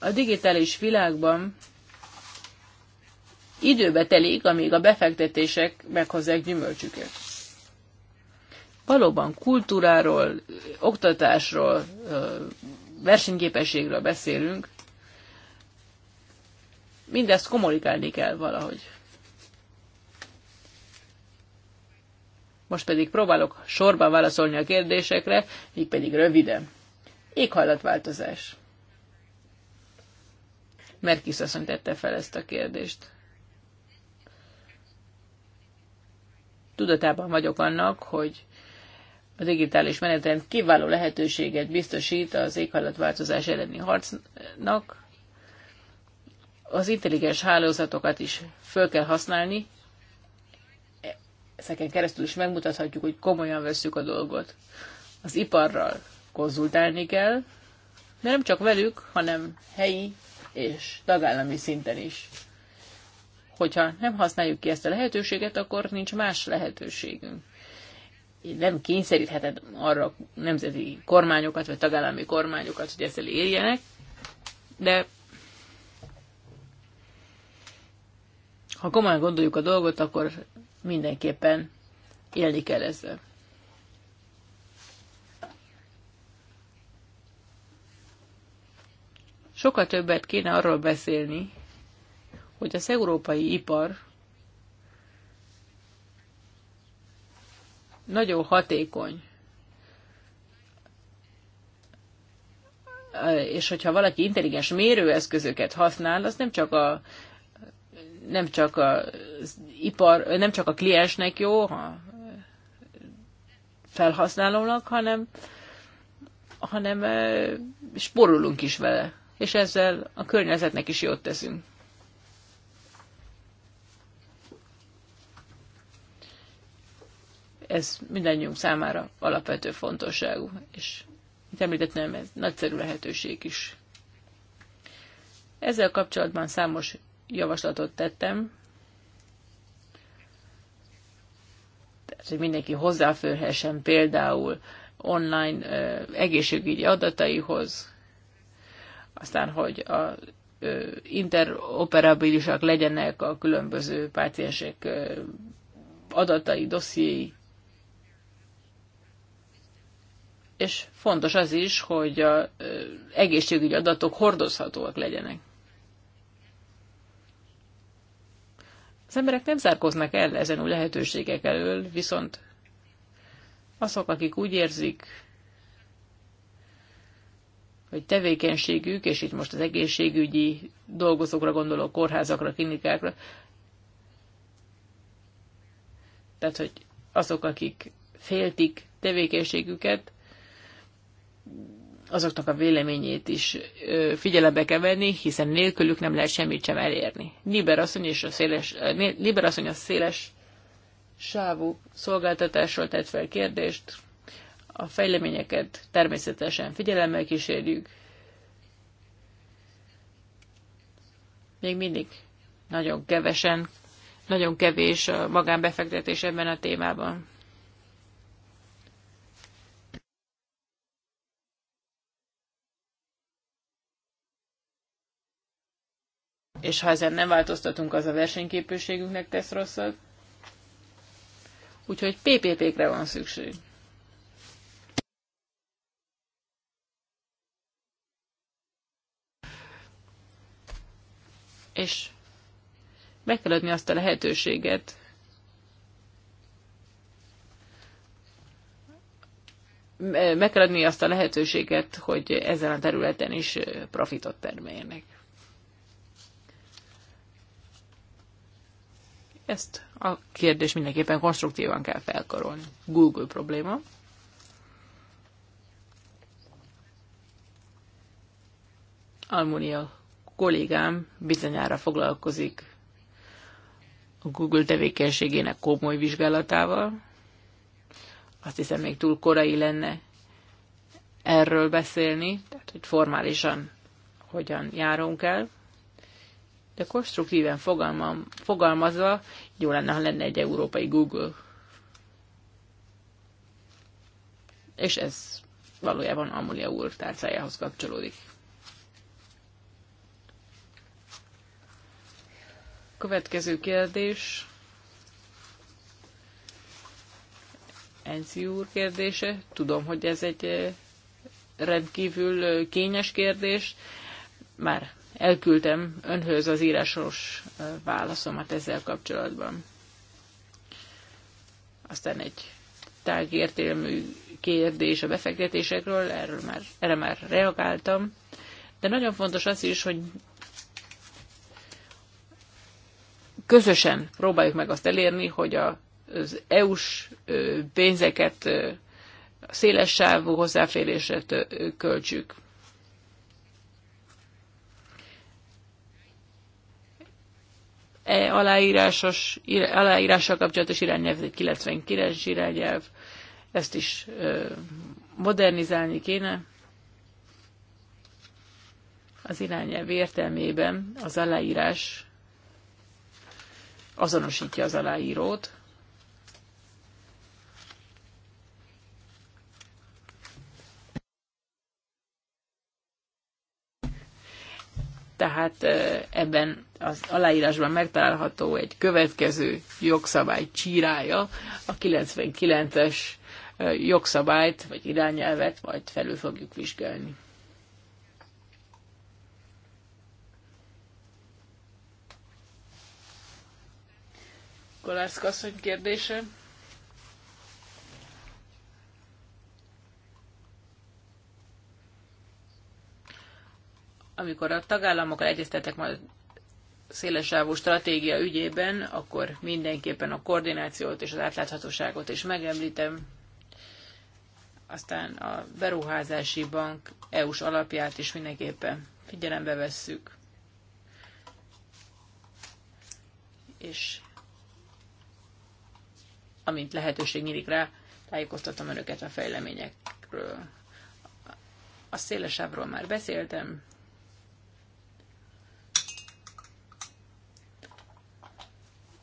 [SPEAKER 3] A digitális világban időbe telik, amíg a befektetések meghozzák gyümölcsüket. Valóban kultúráról, oktatásról, versenyképességről beszélünk, mindezt kommunikálni kell valahogy. Most pedig próbálok sorban válaszolni a kérdésekre, így pedig röviden. Éghajlatváltozás. Merkis asszony tette fel ezt a kérdést. Tudatában vagyok annak, hogy a digitális menetrend kiváló lehetőséget biztosít az éghajlatváltozás elleni harcnak. Az intelligens hálózatokat is föl kell használni, ezeken keresztül is megmutathatjuk, hogy komolyan veszük a dolgot. Az iparral konzultálni kell, de nem csak velük, hanem helyi, és tagállami szinten is. Hogyha nem használjuk ki ezt a lehetőséget, akkor nincs más lehetőségünk. Nem kényszerítheted arra nemzeti kormányokat, vagy tagállami kormányokat, hogy ezzel éljenek, de ha komolyan gondoljuk a dolgot, akkor mindenképpen élni kell ezzel. Sokkal többet kéne arról beszélni, hogy az európai ipar nagyon hatékony. És hogyha valaki intelligens mérőeszközöket használ, az nem csak a nem csak a ipar, nem csak a kliensnek jó, ha felhasználónak, hanem hanem spórolunk is vele és ezzel a környezetnek is jót teszünk. Ez mindannyiunk számára alapvető fontosságú, és mint említettem, ez nagyszerű lehetőség is. Ezzel kapcsolatban számos javaslatot tettem, tehát, hogy mindenki hozzáférhessen például online egészségügyi adataihoz, aztán, hogy a interoperabilisak legyenek a különböző páciensek adatai, dossziéi. És fontos az is, hogy a egészségügyi adatok hordozhatóak legyenek. Az emberek nem zárkoznak el ezen új lehetőségek elől, viszont azok, akik úgy érzik, hogy tevékenységük, és itt most az egészségügyi dolgozókra gondolok, kórházakra, klinikákra, tehát hogy azok, akik féltik tevékenységüket, azoknak a véleményét is figyelembe kell venni, hiszen nélkülük nem lehet semmit sem elérni. Liberasszony, és a széles, Liberasszony a széles sávú szolgáltatásról tett fel kérdést, a fejleményeket természetesen figyelemmel kísérjük. Még mindig nagyon kevesen, nagyon kevés a magánbefektetés ebben a témában. És ha ezen nem változtatunk, az a versenyképességünknek tesz rosszat. Úgyhogy PPP-kre van szükség. és meg kell adni azt a lehetőséget, meg kell adni azt a lehetőséget, hogy ezen a területen is profitot termeljenek. Ezt a kérdést mindenképpen konstruktívan kell felkarolni. Google probléma. Almunia kollégám bizonyára foglalkozik a Google tevékenységének komoly vizsgálatával. Azt hiszem, még túl korai lenne erről beszélni, tehát hogy formálisan hogyan járunk el. De konstruktíven fogalmam, fogalmazva, jó lenne, ha lenne egy európai Google. És ez valójában Amulia úr tárcájához kapcsolódik. Következő kérdés. Enci úr kérdése. Tudom, hogy ez egy eh, rendkívül eh, kényes kérdés. Már elküldtem önhöz az írásos eh, válaszomat ezzel kapcsolatban. Aztán egy tágértelmű kérdés a befektetésekről, erről már, erre már reagáltam. De nagyon fontos az is, hogy
[SPEAKER 1] közösen
[SPEAKER 3] próbáljuk meg azt elérni, hogy az EU-s pénzeket széles sávú hozzáférésre költsük. E aláírásos, aláírással kapcsolatos irányelv, egy 99-es irányelv, ezt is modernizálni kéne. Az irányelv értelmében az aláírás azonosítja az aláírót. Tehát ebben az aláírásban megtalálható egy következő jogszabály csírája, a 99-es jogszabályt, vagy irányelvet majd felül fogjuk vizsgálni. Kolárszka asszony kérdése. Amikor a tagállamokkal egyeztetek majd szélesávú stratégia ügyében, akkor mindenképpen a koordinációt és az átláthatóságot is megemlítem. Aztán a beruházási bank EU-s alapját is mindenképpen figyelembe vesszük. És amint lehetőség nyílik rá, tájékoztatom önöket a fejleményekről. A szélesávról már beszéltem.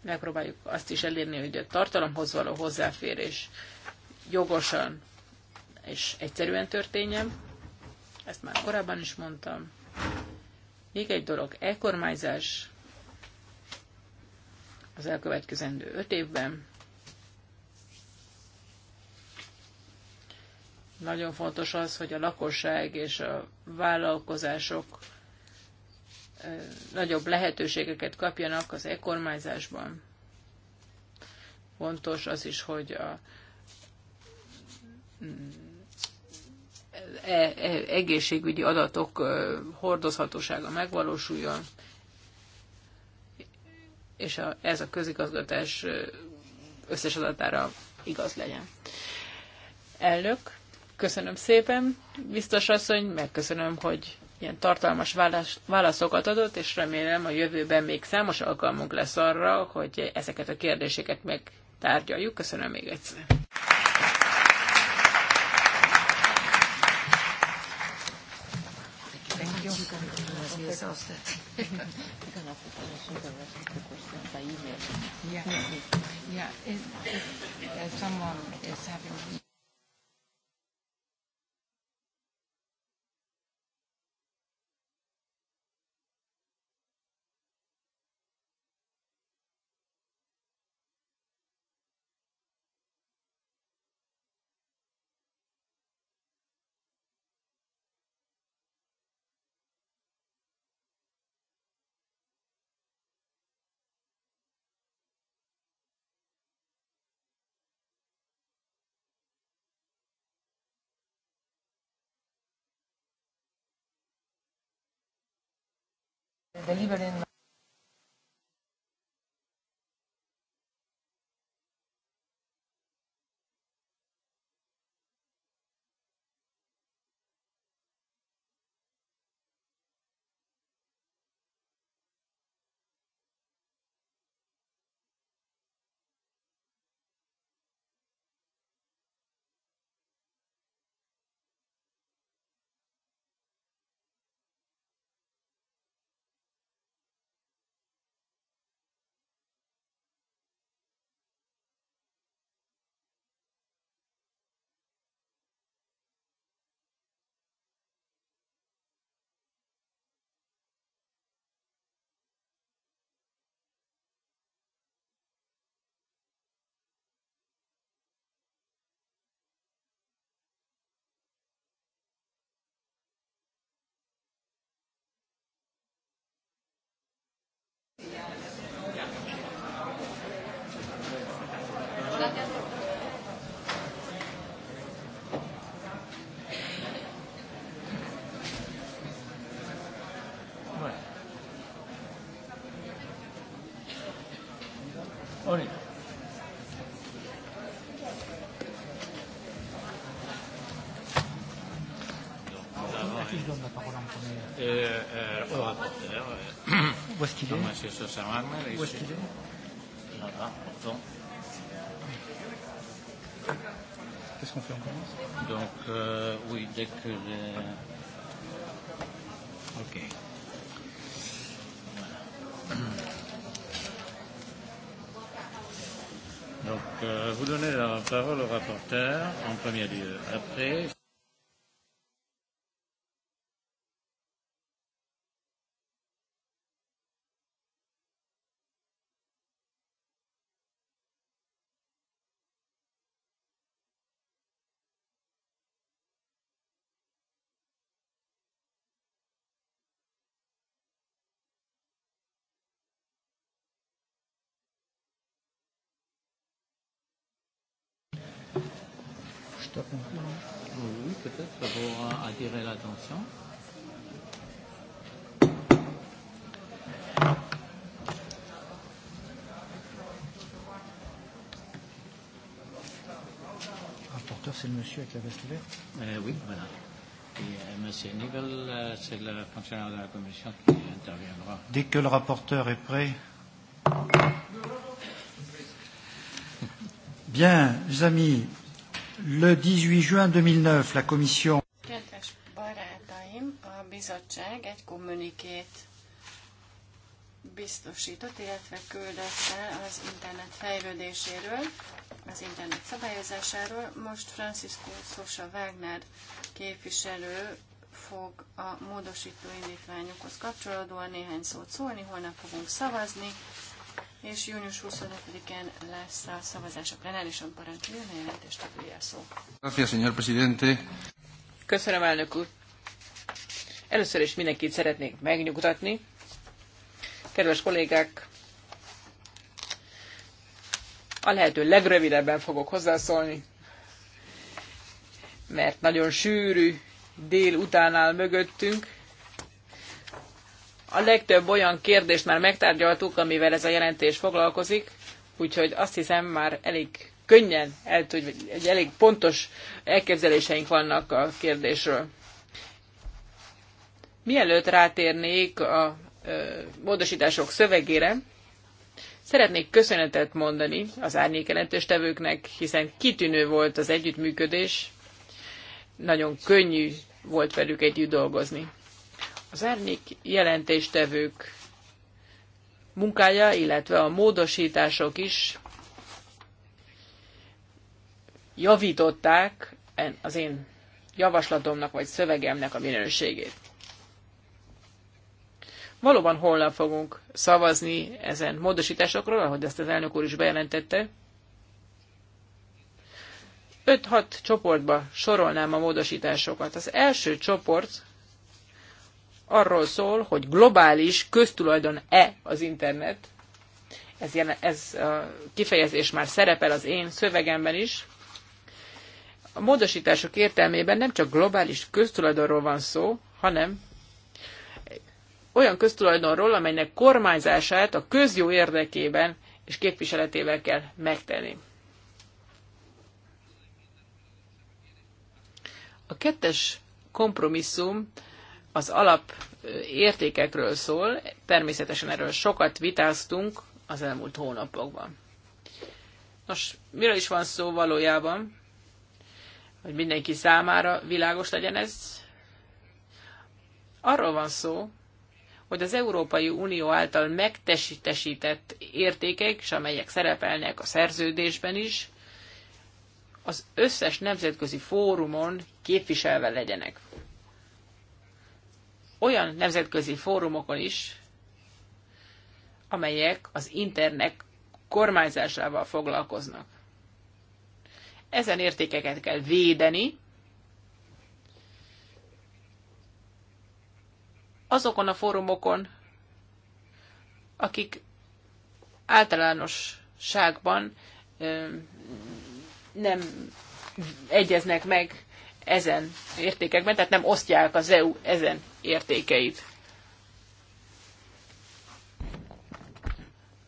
[SPEAKER 3] Megpróbáljuk azt is elérni, hogy a tartalomhoz való hozzáférés jogosan és egyszerűen történjen. Ezt már korábban is mondtam. Még egy dolog, e az elkövetkezendő öt évben Nagyon fontos az, hogy a lakosság és a vállalkozások nagyobb lehetőségeket kapjanak az e-kormányzásban. Fontos az is, hogy a mm, e, e, egészségügyi adatok hordozhatósága megvalósuljon, és ez a közigazgatás összes adatára igaz legyen. Elnök, Köszönöm szépen, biztos asszony, megköszönöm, hogy ilyen tartalmas válaszokat adott, és remélem a jövőben még számos alkalmunk lesz arra, hogy ezeket a kérdéseket megtárgyaljuk. Köszönöm még egyszer.
[SPEAKER 1] Yeah, yeah. someone is having delivering
[SPEAKER 2] est-ce qu'il est Où est-ce qu'il est Qu'est-ce qu'on fait On commence Donc, euh, oui, dès que. Le... Ok.
[SPEAKER 1] Donc, euh, vous donnez la parole au rapporteur en premier lieu. Après.
[SPEAKER 3] attirer l'attention.
[SPEAKER 1] Rapporteur, c'est le monsieur avec la veste verte
[SPEAKER 3] euh, Oui, voilà. Et euh, monsieur Nivel, euh, c'est le fonctionnaire
[SPEAKER 1] de la commission qui interviendra. Dès que le rapporteur est prêt. Bien, mes amis, le 18 juin 2009, la commission tőkét biztosított, illetve küldött el az internet fejlődéséről, az internet szabályozásáról. Most Francisco Sosa Wagner képviselő fog a módosító indítványokhoz kapcsolódóan néhány szót szólni, holnap fogunk szavazni, és június 25-en lesz a szavazás a plenárison parancsoljon, a jelentést a szó. Köszönöm, elnök úr.
[SPEAKER 3] Először is mindenkit szeretnék megnyugtatni. Kedves kollégák, a lehető legrövidebben fogok hozzászólni, mert nagyon sűrű dél áll mögöttünk. A legtöbb olyan kérdést már megtárgyaltuk, amivel ez a jelentés foglalkozik, úgyhogy azt hiszem már elég könnyen, el tud, egy elég pontos elképzeléseink vannak a kérdésről. Mielőtt rátérnék a módosítások szövegére, szeretnék köszönetet mondani az árnyék jelentőstevőknek, hiszen kitűnő volt az együttműködés, nagyon könnyű volt velük együtt dolgozni. Az árnyék jelentéstevők munkája, illetve a módosítások is javították az én javaslatomnak vagy szövegemnek a minőségét. Valóban holnap fogunk szavazni ezen módosításokról, ahogy ezt az elnök úr is bejelentette. 5-6 csoportba sorolnám a módosításokat. Az első csoport arról szól, hogy globális köztulajdon-e az internet. Ez, jelen, ez a kifejezés már szerepel az én szövegemben is. A módosítások értelmében nem csak globális köztulajdonról van szó, hanem olyan köztulajdonról, amelynek kormányzását a közjó érdekében és képviseletével kell megtenni. A kettes kompromisszum az alap értékekről szól, természetesen erről sokat vitáztunk az elmúlt hónapokban. Nos, miről is van szó valójában? Hogy mindenki számára világos legyen ez? Arról van szó, hogy az Európai Unió által megtesítesített értékek, és amelyek szerepelnek a szerződésben is, az összes nemzetközi fórumon képviselve legyenek. Olyan nemzetközi fórumokon is, amelyek az internet kormányzásával foglalkoznak. Ezen értékeket kell védeni, azokon a fórumokon, akik általánosságban nem egyeznek meg ezen értékekben, tehát nem osztják az EU ezen értékeit.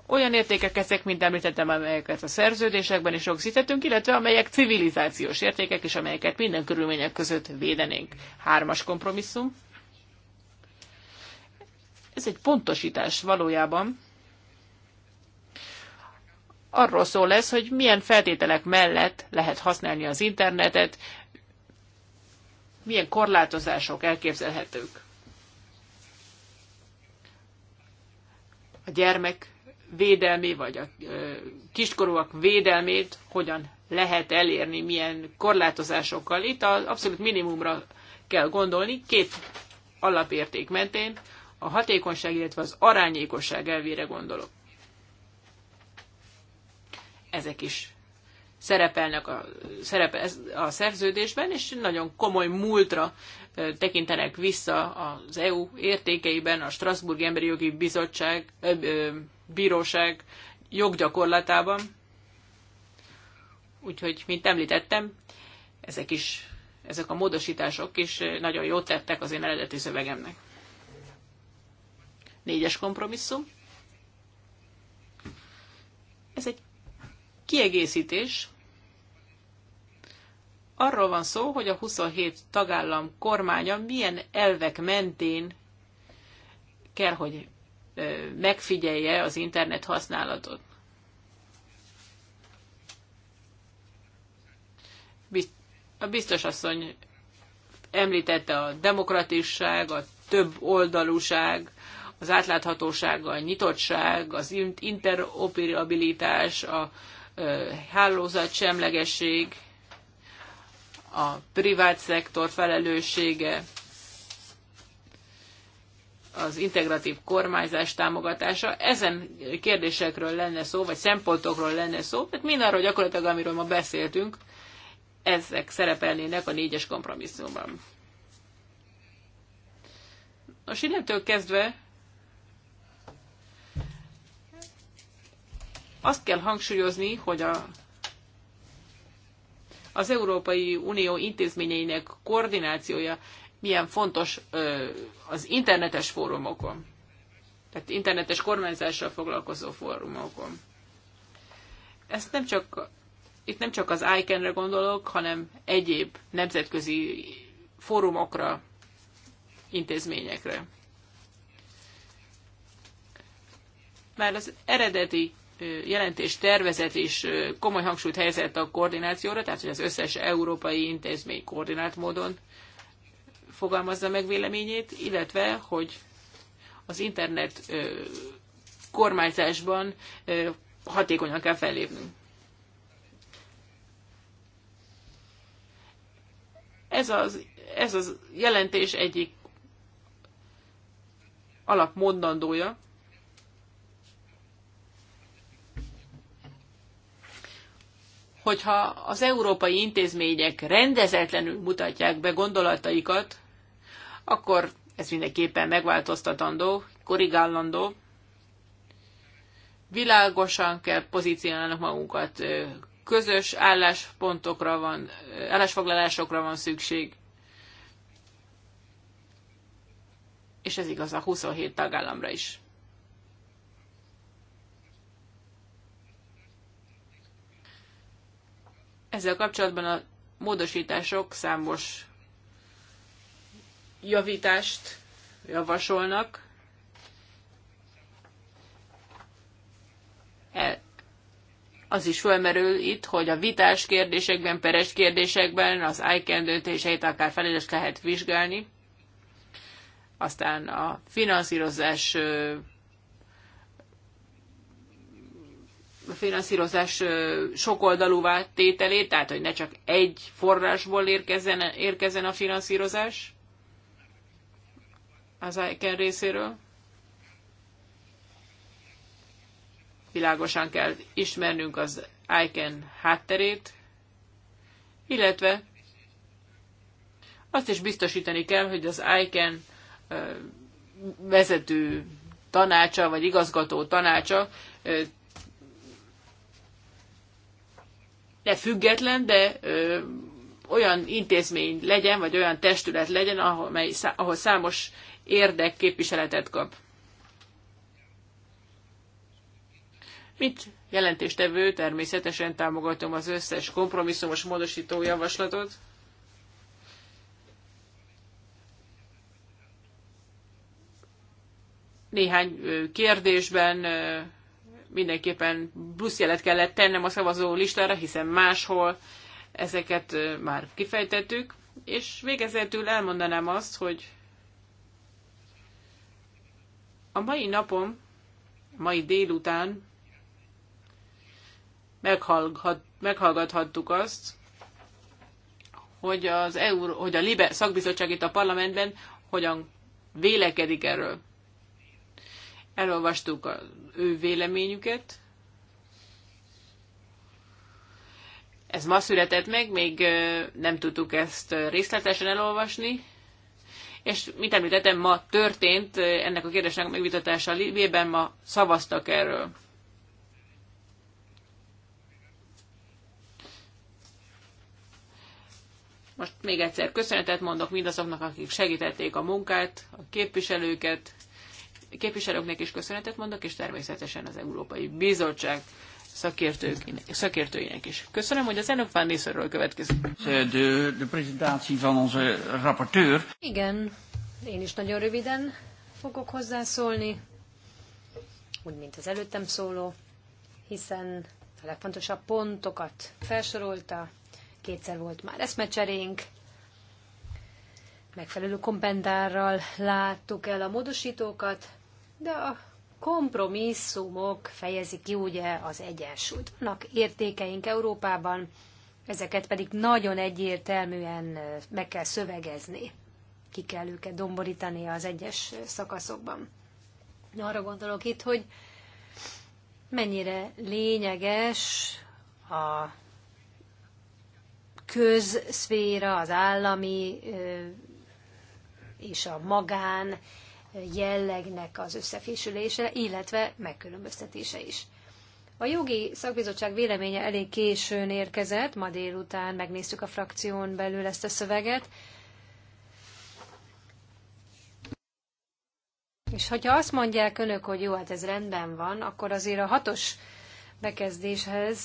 [SPEAKER 3] Olyan értékek ezek, mint említettem, amelyeket a szerződésekben is rögzítettünk, illetve amelyek civilizációs értékek, és amelyeket minden körülmények között védenénk. Hármas kompromisszum. Ez egy pontosítás valójában. Arról szól lesz, hogy milyen feltételek mellett lehet használni az internetet, milyen korlátozások elképzelhetők. A gyermek védelmi, vagy a kiskorúak védelmét hogyan lehet elérni, milyen korlátozásokkal. Itt az abszolút minimumra kell gondolni, két alapérték mentén, a hatékonyság, illetve az arányékosság elvére gondolok. Ezek is szerepelnek a, szerepe, a szerződésben, és nagyon komoly múltra tekintenek vissza az EU értékeiben, a Strasburgi Emberi Jogi Bizottság, Bíróság joggyakorlatában. Úgyhogy, mint említettem, ezek is, ezek a módosítások is nagyon jót tettek az én eredeti szövegemnek. Négyes kompromisszum. Ez egy kiegészítés. Arról van szó, hogy a 27 tagállam kormánya milyen elvek mentén kell, hogy megfigyelje az internet használatot. A biztos asszony említette a demokratisság, a több oldalúság, az átláthatóság, a nyitottság, az interoperabilitás, a hálózat semlegesség, a privát szektor felelőssége, az integratív kormányzás támogatása. Ezen kérdésekről lenne szó, vagy szempontokról lenne szó, tehát mindarról gyakorlatilag, amiről ma beszéltünk, ezek szerepelnének a négyes kompromisszumban. Nos, innentől kezdve Azt kell hangsúlyozni, hogy a, az Európai Unió intézményeinek koordinációja milyen fontos ö, az internetes fórumokon. Tehát internetes kormányzással foglalkozó fórumokon. Ezt nem csak, itt nem csak az ICANN-re gondolok, hanem egyéb nemzetközi fórumokra, intézményekre. Már az eredeti jelentés tervezet is komoly hangsúlyt helyezett a koordinációra, tehát hogy az összes európai intézmény koordinált módon fogalmazza meg véleményét, illetve hogy az internet kormányzásban hatékonyan kell fellépnünk. Ez az, ez az jelentés egyik alapmondandója, hogyha az európai intézmények rendezetlenül mutatják be gondolataikat, akkor ez mindenképpen megváltoztatandó, korrigálandó. Világosan kell pozícionálnunk magunkat, közös álláspontokra van, állásfoglalásokra van szükség. És ez igaz a 27 tagállamra is. Ezzel kapcsolatban a módosítások számos javítást javasolnak. El, az is felmerül itt, hogy a vitás kérdésekben, peres kérdésekben az ICAN döntéseit akár felül lehet vizsgálni. Aztán a finanszírozás finanszírozás sokoldalúvá tételét, tehát hogy ne csak egy forrásból érkezzen, érkezzen a finanszírozás az ICAN részéről. Világosan kell ismernünk az ICAN hátterét, illetve azt is biztosítani kell, hogy az ICAN vezető tanácsa, vagy igazgató tanácsa ne független, de ö, olyan intézmény legyen, vagy olyan testület legyen, ahol, mely, ahol számos érdek képviseletet kap. Mint jelentéstevő természetesen támogatom az összes kompromisszumos módosító javaslatot. Néhány kérdésben mindenképpen plusz jelet kellett tennem a szavazó listára, hiszen máshol ezeket már kifejtettük, és végezetül elmondanám azt, hogy a mai napom, mai délután meghallgat, meghallgathattuk azt, hogy, az EU, hogy a LIBE szakbizottság itt a parlamentben hogyan vélekedik erről. Elolvastuk az ő véleményüket. Ez ma született meg, még nem tudtuk ezt részletesen elolvasni, és mint említettem, ma történt ennek a kérdésnek megvitatása a Libében, ma szavaztak erről. Most még egyszer köszönetet mondok mindazoknak, akik segítették a munkát, a képviselőket, képviselőknek is köszönetet mondok, és természetesen az Európai Bizottság szakértőinek, szakértőinek is. Köszönöm, hogy az elnök Van következik. De,
[SPEAKER 1] de prezentáció van onze eh, rapportőr.
[SPEAKER 2] Igen, én is nagyon röviden fogok hozzászólni, úgy, mint az előttem szóló, hiszen a legfontosabb pontokat felsorolta, kétszer volt már eszmecserénk, megfelelő kompendárral láttuk el a módosítókat, de a kompromisszumok fejezik ki ugye az egyensúlyt. Vannak értékeink Európában, ezeket pedig nagyon egyértelműen meg kell szövegezni. Ki kell őket domborítani az egyes szakaszokban. Arra gondolok itt, hogy mennyire lényeges a közszféra, az állami és a magán jellegnek az összefésülése, illetve megkülönböztetése is. A jogi szakbizottság véleménye elég későn érkezett, ma délután megnéztük a frakción belül ezt a szöveget, És hogyha azt mondják önök, hogy jó, hát ez rendben van, akkor azért a hatos bekezdéshez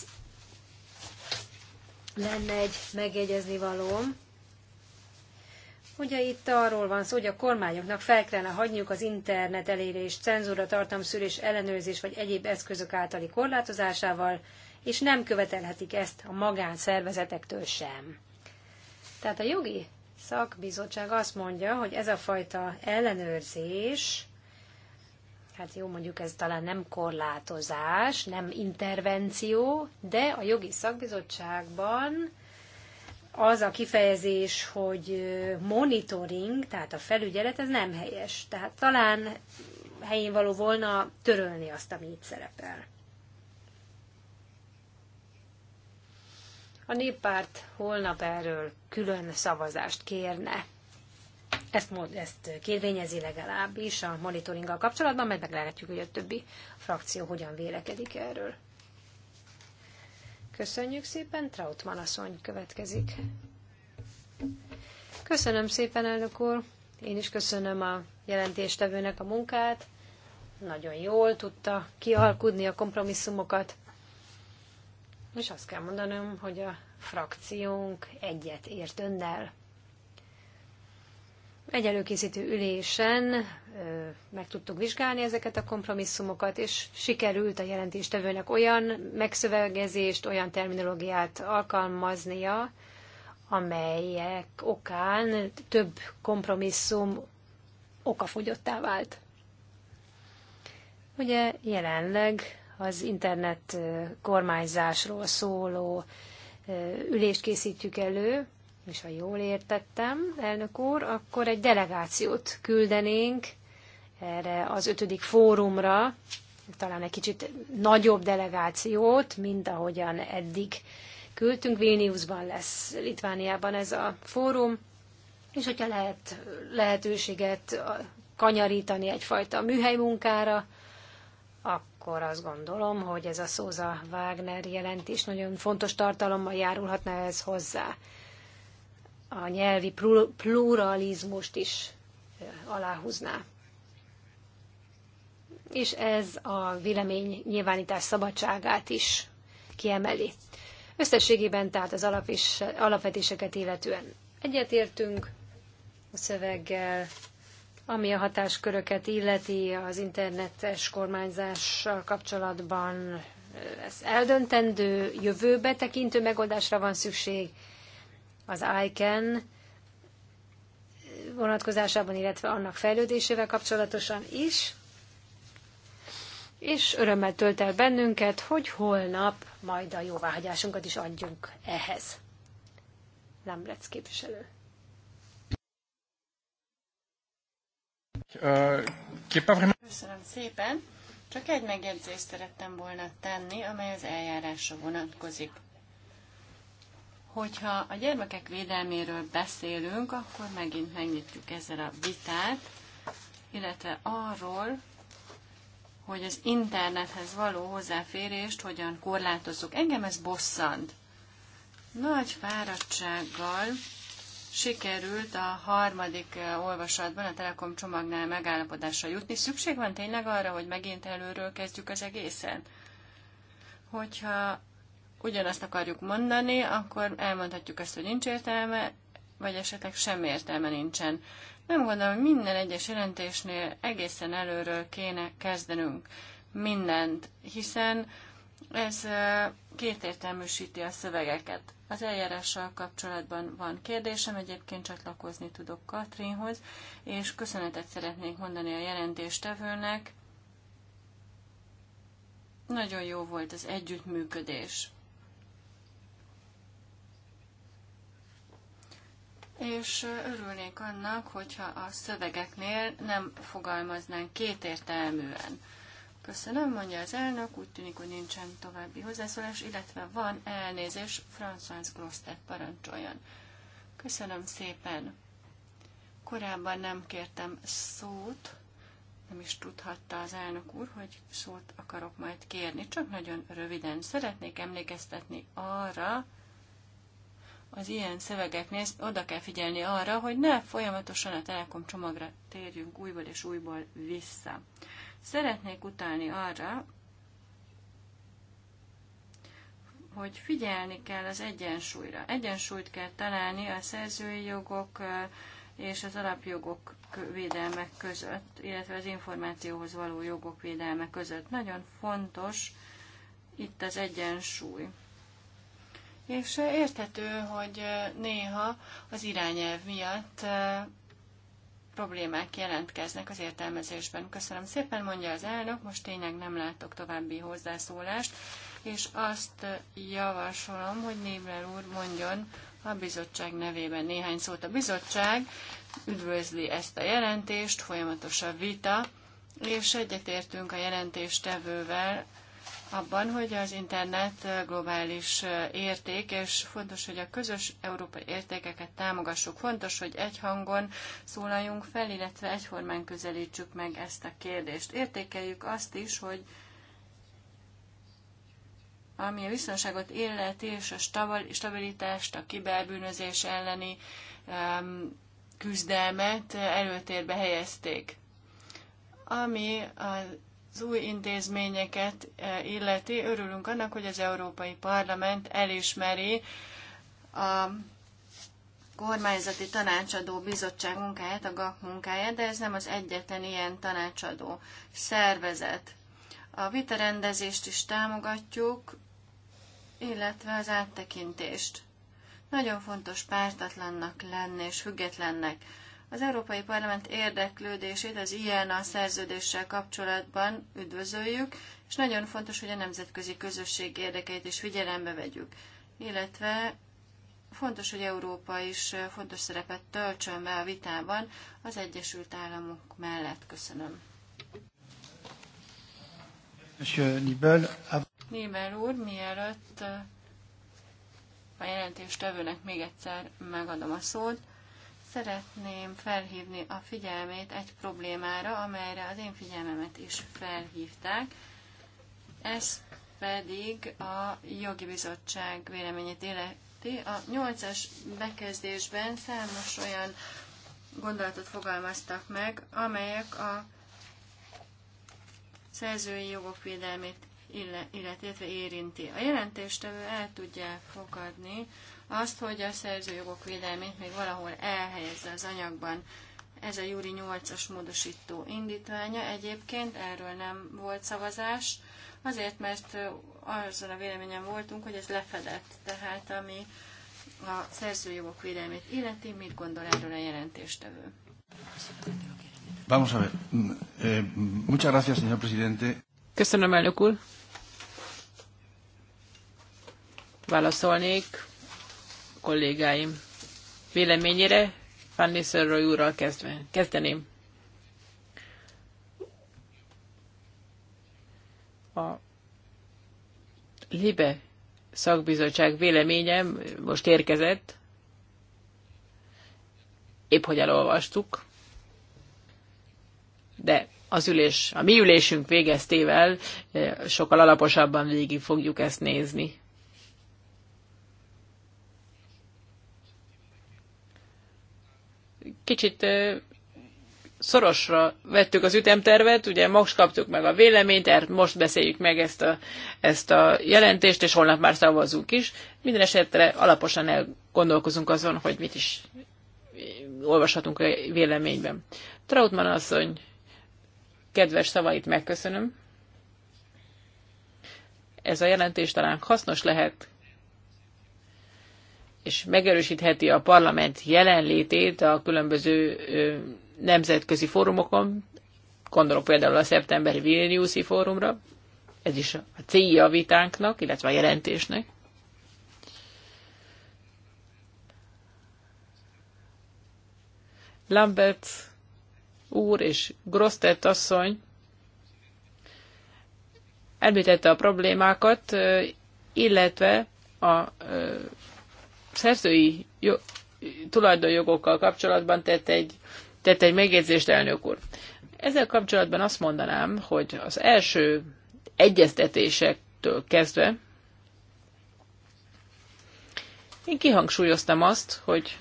[SPEAKER 2] lenne egy megjegyezni valóm, Ugye itt arról van szó, hogy a kormányoknak fel kellene hagyniuk az internet elérés, cenzúra, tartalomszűrés, ellenőrzés vagy egyéb eszközök általi korlátozásával, és nem követelhetik ezt a magánszervezetektől sem. Tehát a jogi szakbizottság azt mondja, hogy ez a fajta ellenőrzés, hát jó, mondjuk ez talán nem korlátozás, nem intervenció, de a jogi szakbizottságban az a kifejezés, hogy monitoring, tehát a felügyelet, ez nem helyes. Tehát talán helyén való volna törölni azt, ami itt szerepel. A néppárt holnap erről külön szavazást kérne. Ezt, ezt kérvényezi legalábbis a monitoringgal kapcsolatban, majd meglátjuk, hogy a többi frakció hogyan vélekedik erről. Köszönjük szépen, Trautmann asszony következik. Köszönöm szépen, elnök úr. Én is köszönöm a jelentéstevőnek a munkát. Nagyon jól tudta kialkudni a kompromisszumokat. És azt kell mondanom, hogy a frakciónk egyet ért önnel egy előkészítő ülésen meg tudtuk vizsgálni ezeket a kompromisszumokat, és sikerült a jelentéstevőnek olyan megszövegezést, olyan terminológiát alkalmaznia, amelyek okán több kompromisszum okafogyottá vált. Ugye jelenleg az internet kormányzásról szóló ülést készítjük elő, és ha jól értettem, elnök úr, akkor egy delegációt küldenénk erre az ötödik fórumra, talán egy kicsit nagyobb delegációt, mint ahogyan eddig küldtünk. Vilniusban lesz Litvániában ez a fórum, és hogyha lehet lehetőséget kanyarítani egyfajta műhelymunkára, akkor azt gondolom, hogy ez a Szóza Wagner jelentés nagyon fontos tartalommal járulhatna ez hozzá a nyelvi pluralizmust is aláhúzná. És ez a vélemény nyilvánítás szabadságát is kiemeli. Összességében tehát az alapis, alapvetéseket illetően egyetértünk a szöveggel, ami a hatásköröket illeti az internetes kormányzással kapcsolatban, ez eldöntendő, jövőbe tekintő megoldásra van szükség, az ICAN vonatkozásában, illetve annak fejlődésével kapcsolatosan is. És örömmel tölt el bennünket, hogy holnap majd a jóváhagyásunkat is adjunk ehhez. Lambrec képviselő.
[SPEAKER 1] Köszönöm szépen. Csak egy megjegyzést szerettem volna tenni, amely az eljárásra vonatkozik. Hogyha a gyermekek védelméről beszélünk, akkor megint megnyitjuk ezzel a vitát, illetve arról, hogy az internethez való hozzáférést hogyan korlátozzuk. Engem ez bosszant. Nagy fáradtsággal sikerült a harmadik eh, olvasatban a Telekom csomagnál megállapodásra jutni. Szükség van tényleg arra, hogy megint előről kezdjük az egészen? Hogyha ugyanazt akarjuk mondani, akkor elmondhatjuk ezt, hogy nincs értelme, vagy esetleg semmi értelme nincsen. Nem gondolom, hogy minden egyes jelentésnél egészen előről kéne kezdenünk mindent, hiszen ez kétértelműsíti a szövegeket. Az eljárással kapcsolatban van kérdésem, egyébként csatlakozni tudok Katrinhoz, és köszönetet szeretnék mondani a jelentéstevőnek. Nagyon jó volt az együttműködés. és örülnék annak, hogyha a szövegeknél nem fogalmaznánk kétértelműen. Köszönöm, mondja az elnök, úgy tűnik, hogy nincsen további hozzászólás, illetve van elnézés, François Grosztet parancsoljon. Köszönöm szépen. Korábban nem kértem szót, nem is tudhatta az elnök úr, hogy szót akarok majd kérni, csak nagyon röviden szeretnék emlékeztetni arra, az ilyen szövegeknél oda kell figyelni arra, hogy ne folyamatosan a Telekom csomagra térjünk újból és újból vissza. Szeretnék utálni arra, hogy figyelni kell az egyensúlyra. Egyensúlyt kell találni a szerzői jogok eh, és az alapjogok védelmek között, illetve az információhoz való jogok védelme között. Nagyon fontos itt az egyensúly. És érthető, hogy néha az irányelv miatt problémák jelentkeznek az értelmezésben. Köszönöm szépen, mondja az elnök, most tényleg nem látok további hozzászólást, és azt javasolom, hogy Nébler úr mondjon a bizottság nevében néhány szót. A bizottság üdvözli ezt a jelentést, folyamatos a vita, és egyetértünk a jelentéstevővel abban, hogy az internet globális érték, és fontos, hogy a közös európai értékeket támogassuk. Fontos, hogy egy hangon szólaljunk fel, illetve egyformán közelítsük meg ezt a kérdést. Értékeljük azt is, hogy ami a biztonságot illeti, és a stabilitást, a kiberbűnözés elleni küzdelmet előtérbe helyezték. Ami a az új intézményeket eh, illeti, örülünk annak, hogy az Európai Parlament elismeri a kormányzati tanácsadó bizottság munkáját, a GAK munkáját, de ez nem az egyetlen ilyen tanácsadó szervezet. A vitarendezést is támogatjuk, illetve az áttekintést. Nagyon fontos pártatlannak lenni és függetlennek. Az Európai Parlament érdeklődését az ilyen a szerződéssel kapcsolatban üdvözöljük, és nagyon fontos, hogy a nemzetközi közösség érdekeit is figyelembe vegyük, illetve fontos, hogy Európa is fontos szerepet töltsön be a vitában az Egyesült Államok mellett. Köszönöm. Nibel úr, mielőtt a jelentéstevőnek még egyszer megadom a szót, Szeretném felhívni a figyelmét egy problémára, amelyre az én figyelmemet is felhívták. Ez pedig a jogi bizottság véleményét illeti. A 8-as bekezdésben számos olyan gondolatot fogalmaztak meg, amelyek a szerzői jogok védelmét illetve érinti. A jelentéstevő el tudja fogadni azt, hogy a szerzőjogok védelmét még valahol elhelyezze az anyagban. Ez a júri 8-as módosító indítványa. Egyébként erről nem volt szavazás, azért mert azon a véleményen voltunk, hogy ez lefedett. Tehát ami a szerzőjogok védelmét illeti, mit gondol erről a jelentéstevő? Vamos a ver. Mm, eh,
[SPEAKER 2] muchas gracias, señor presidente.
[SPEAKER 3] Köszönöm, elnök úr. Válaszolnék kollégáim véleményére, Van Nistelrooy úrral kezdve. kezdeném. A Libe szakbizottság véleménye most érkezett, épp hogy elolvastuk, de az ülés, a mi ülésünk végeztével eh, sokkal alaposabban végig fogjuk ezt nézni. kicsit szorosra vettük az ütemtervet, ugye most kaptuk meg a véleményt, tehát er, most beszéljük meg ezt a, ezt a jelentést, és holnap már szavazunk is. Minden esetre alaposan elgondolkozunk azon, hogy mit is olvashatunk a véleményben. Trautmann asszony kedves szavait megköszönöm. Ez a jelentés talán hasznos lehet és megerősítheti a parlament jelenlétét a különböző nemzetközi fórumokon, gondolok például a szeptemberi Vilniuszi fórumra, ez is a célja a vitánknak, illetve a jelentésnek. Lambert úr és Grosztett asszony említette a problémákat, illetve a szerzői jo- tulajdonjogokkal kapcsolatban tett egy, tett egy megjegyzést elnök úr. Ezzel kapcsolatban azt mondanám, hogy az első egyeztetésektől kezdve én kihangsúlyoztam azt, hogy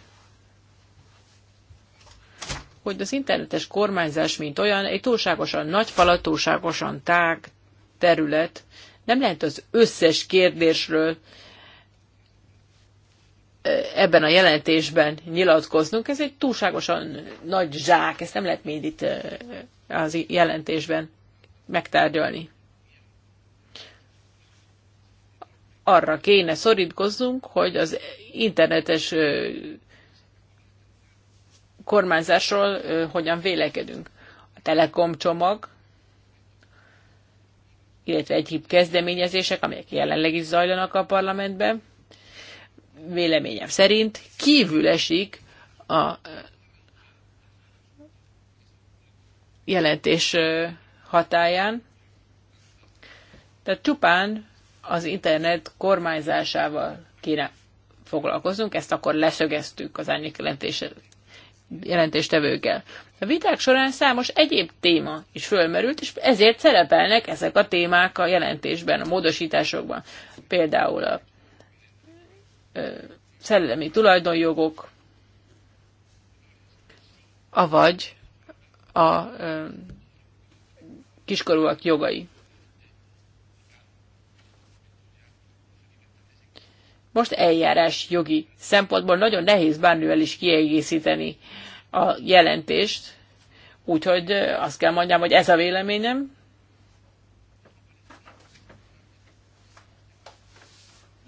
[SPEAKER 3] hogy az internetes kormányzás, mint olyan, egy túlságosan nagy falat, túlságosan tág terület, nem lehet az összes kérdésről ebben a jelentésben nyilatkoznunk, ez egy túlságosan nagy zsák, ezt nem lehet még itt az jelentésben megtárgyalni. Arra kéne szorítkozzunk, hogy az internetes kormányzásról hogyan vélekedünk. A Telekom csomag, illetve egyéb kezdeményezések, amelyek jelenleg is zajlanak a parlamentben, véleményem szerint kívül esik a jelentés hatáján. Tehát csupán az internet kormányzásával kéne foglalkozunk, ezt akkor leszögeztük az árnyék jelentéstevőkkel. A viták során számos egyéb téma is fölmerült, és ezért szerepelnek ezek a témák a jelentésben, a módosításokban. Például a szellemi tulajdonjogok, avagy a kiskorúak jogai. Most eljárás jogi szempontból nagyon nehéz bármivel is kiegészíteni a jelentést, úgyhogy azt kell mondjam, hogy ez a véleményem,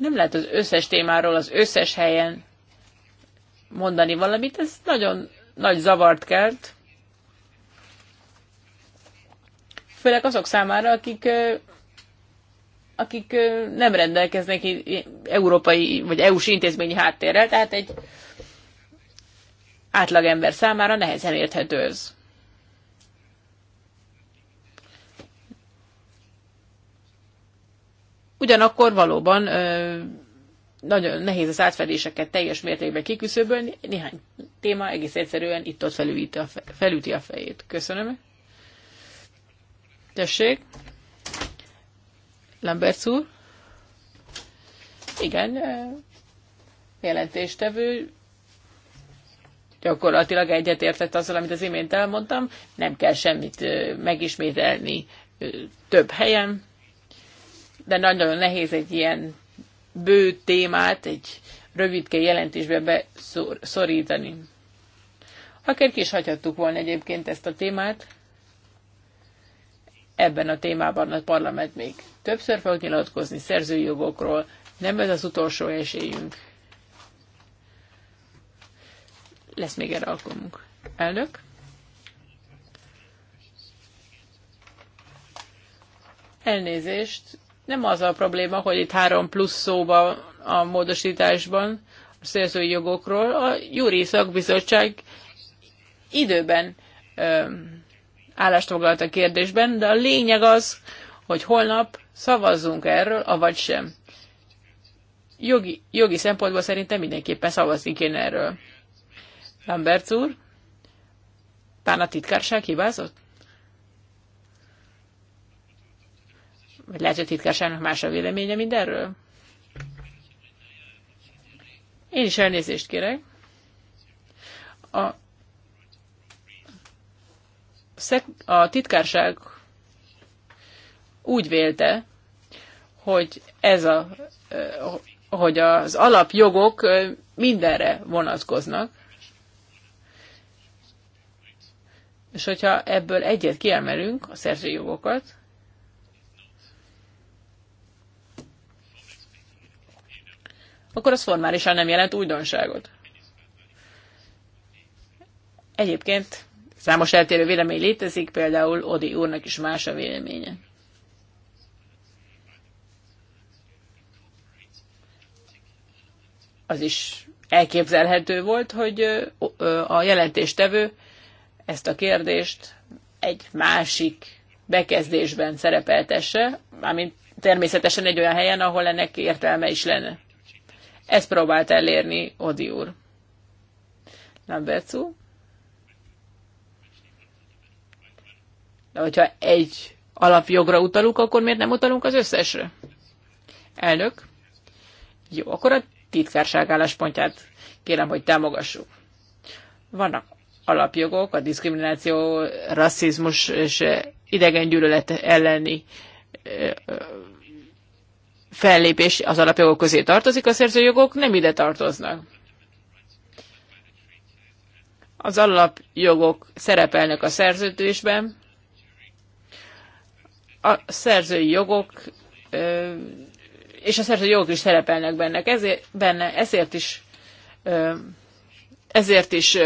[SPEAKER 3] nem lehet az összes témáról az összes helyen mondani valamit, ez nagyon nagy zavart kelt, főleg azok számára, akik akik nem rendelkeznek európai vagy EU-s intézményi háttérrel, tehát egy átlagember számára nehezen érthető ez. Ugyanakkor valóban nagyon nehéz az átfedéseket teljes mértékben kiküszöbölni, néhány téma egész egyszerűen itt-ott felüti a, felüti a fejét. Köszönöm. Tessék. Lamberts úr. Igen, jelentéstevő gyakorlatilag egyetértett azzal, amit az imént elmondtam, nem kell semmit megismételni több helyen de nagyon nehéz egy ilyen bő témát egy rövidke jelentésbe beszorítani. Akár ki is hagyhattuk volna egyébként ezt a témát, ebben a témában a parlament még többször fog nyilatkozni szerzői jogokról, nem ez az utolsó esélyünk. Lesz még erre alkalmunk. Elnök? Elnézést, nem az a probléma, hogy itt három plusz szóba a módosításban, a szerzői jogokról, a júri szakbizottság időben ö, állást foglalt a kérdésben, de a lényeg az, hogy holnap szavazzunk erről, avagy sem. Jogi, jogi szempontból szerintem mindenképpen szavazni kéne erről. Lambert úr, pán a titkárság hibázott?
[SPEAKER 2] vagy lehet, hogy a titkárságnak más a véleménye
[SPEAKER 3] mindenről? Én is elnézést kérek. A, a titkárság úgy vélte, hogy ez a, hogy az alapjogok mindenre vonatkoznak, és hogyha ebből egyet kiemelünk, a szerzői jogokat, akkor az formálisan nem jelent újdonságot. Egyébként számos eltérő vélemény létezik, például Odi úrnak is más a véleménye. Az is elképzelhető volt, hogy a jelentéstevő ezt a kérdést egy másik bekezdésben szerepeltesse, mármint természetesen egy olyan helyen, ahol ennek értelme is lenne. Ezt próbált elérni Odi úr. Lambertsu. De hogyha egy alapjogra utalunk, akkor miért nem utalunk az összesre? Elnök. Jó, akkor a titkárság álláspontját kérem, hogy támogassuk. Vannak alapjogok, a diszkrimináció, rasszizmus és idegen gyűlölet elleni fellépés az alapjogok közé tartozik, a szerzőjogok nem ide tartoznak. Az alapjogok szerepelnek a szerződésben, a szerzői jogok és a szerzői jogok is szerepelnek benne, ezért, benne, ezért is ezért is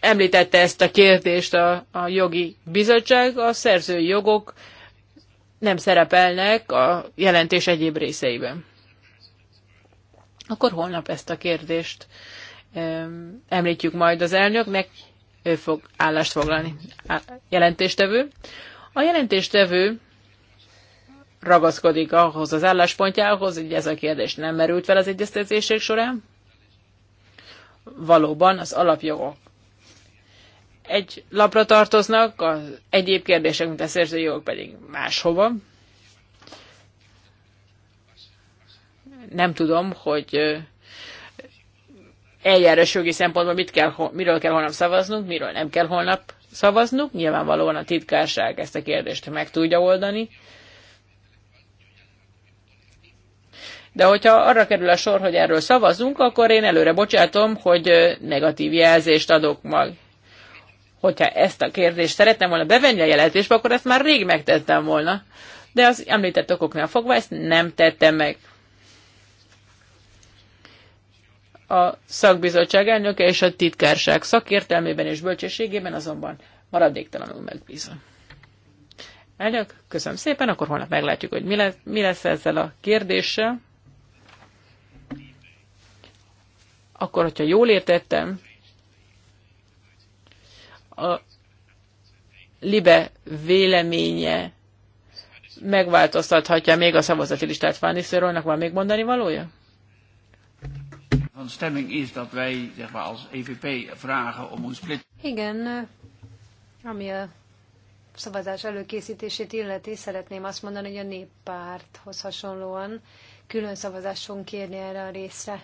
[SPEAKER 3] említette ezt a kérdést a, a jogi bizottság, a szerzői jogok nem szerepelnek a jelentés egyéb részeiben. Akkor holnap ezt a kérdést említjük majd az elnöknek, ő fog állást foglalni. Jelentéstevő. A jelentéstevő ragaszkodik ahhoz az álláspontjához, így ez a kérdés nem merült fel az egyeztetések során. Valóban az alapjogok egy lapra tartoznak, az egyéb kérdések, mint a szerzői jogok pedig máshova. Nem tudom, hogy eljárás jogi szempontból mit kell, miről kell holnap szavaznunk, miről nem kell holnap szavaznunk. Nyilvánvalóan a titkárság ezt a kérdést meg tudja oldani. De hogyha arra kerül a sor, hogy erről szavazunk, akkor én előre bocsátom, hogy negatív jelzést adok mag, Hogyha ezt a kérdést szerettem volna bevenni a jelentésbe, akkor ezt már rég megtettem volna. De az említett okoknál fogva ezt nem tettem meg. A szakbizottság elnöke és a titkárság szakértelmében és bölcsességében azonban maradéktalanul megbízom. Elnök, köszönöm szépen, akkor holnap meglátjuk, hogy mi lesz, mi lesz ezzel a kérdéssel. Akkor, hogyha jól értettem, a Libe véleménye megváltoztathatja még a szavazati listát. Fanny Szörolnak van még mondani valója?
[SPEAKER 1] is e
[SPEAKER 2] Igen, ami a szavazás előkészítését illeti, szeretném azt mondani, hogy a néppárthoz hasonlóan külön szavazást kérni erre a részre.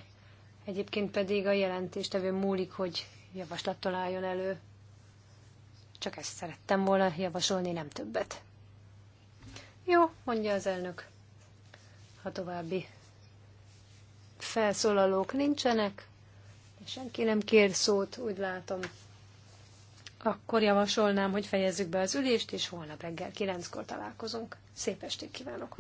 [SPEAKER 2] Egyébként pedig a jelentéstevő múlik, hogy javaslat találjon elő csak ezt szerettem volna javasolni, nem többet. Jó, mondja az elnök. Ha további felszólalók nincsenek, senki nem kér szót, úgy látom, akkor javasolnám, hogy fejezzük be az ülést, és holnap reggel kilenckor találkozunk. Szép estét kívánok!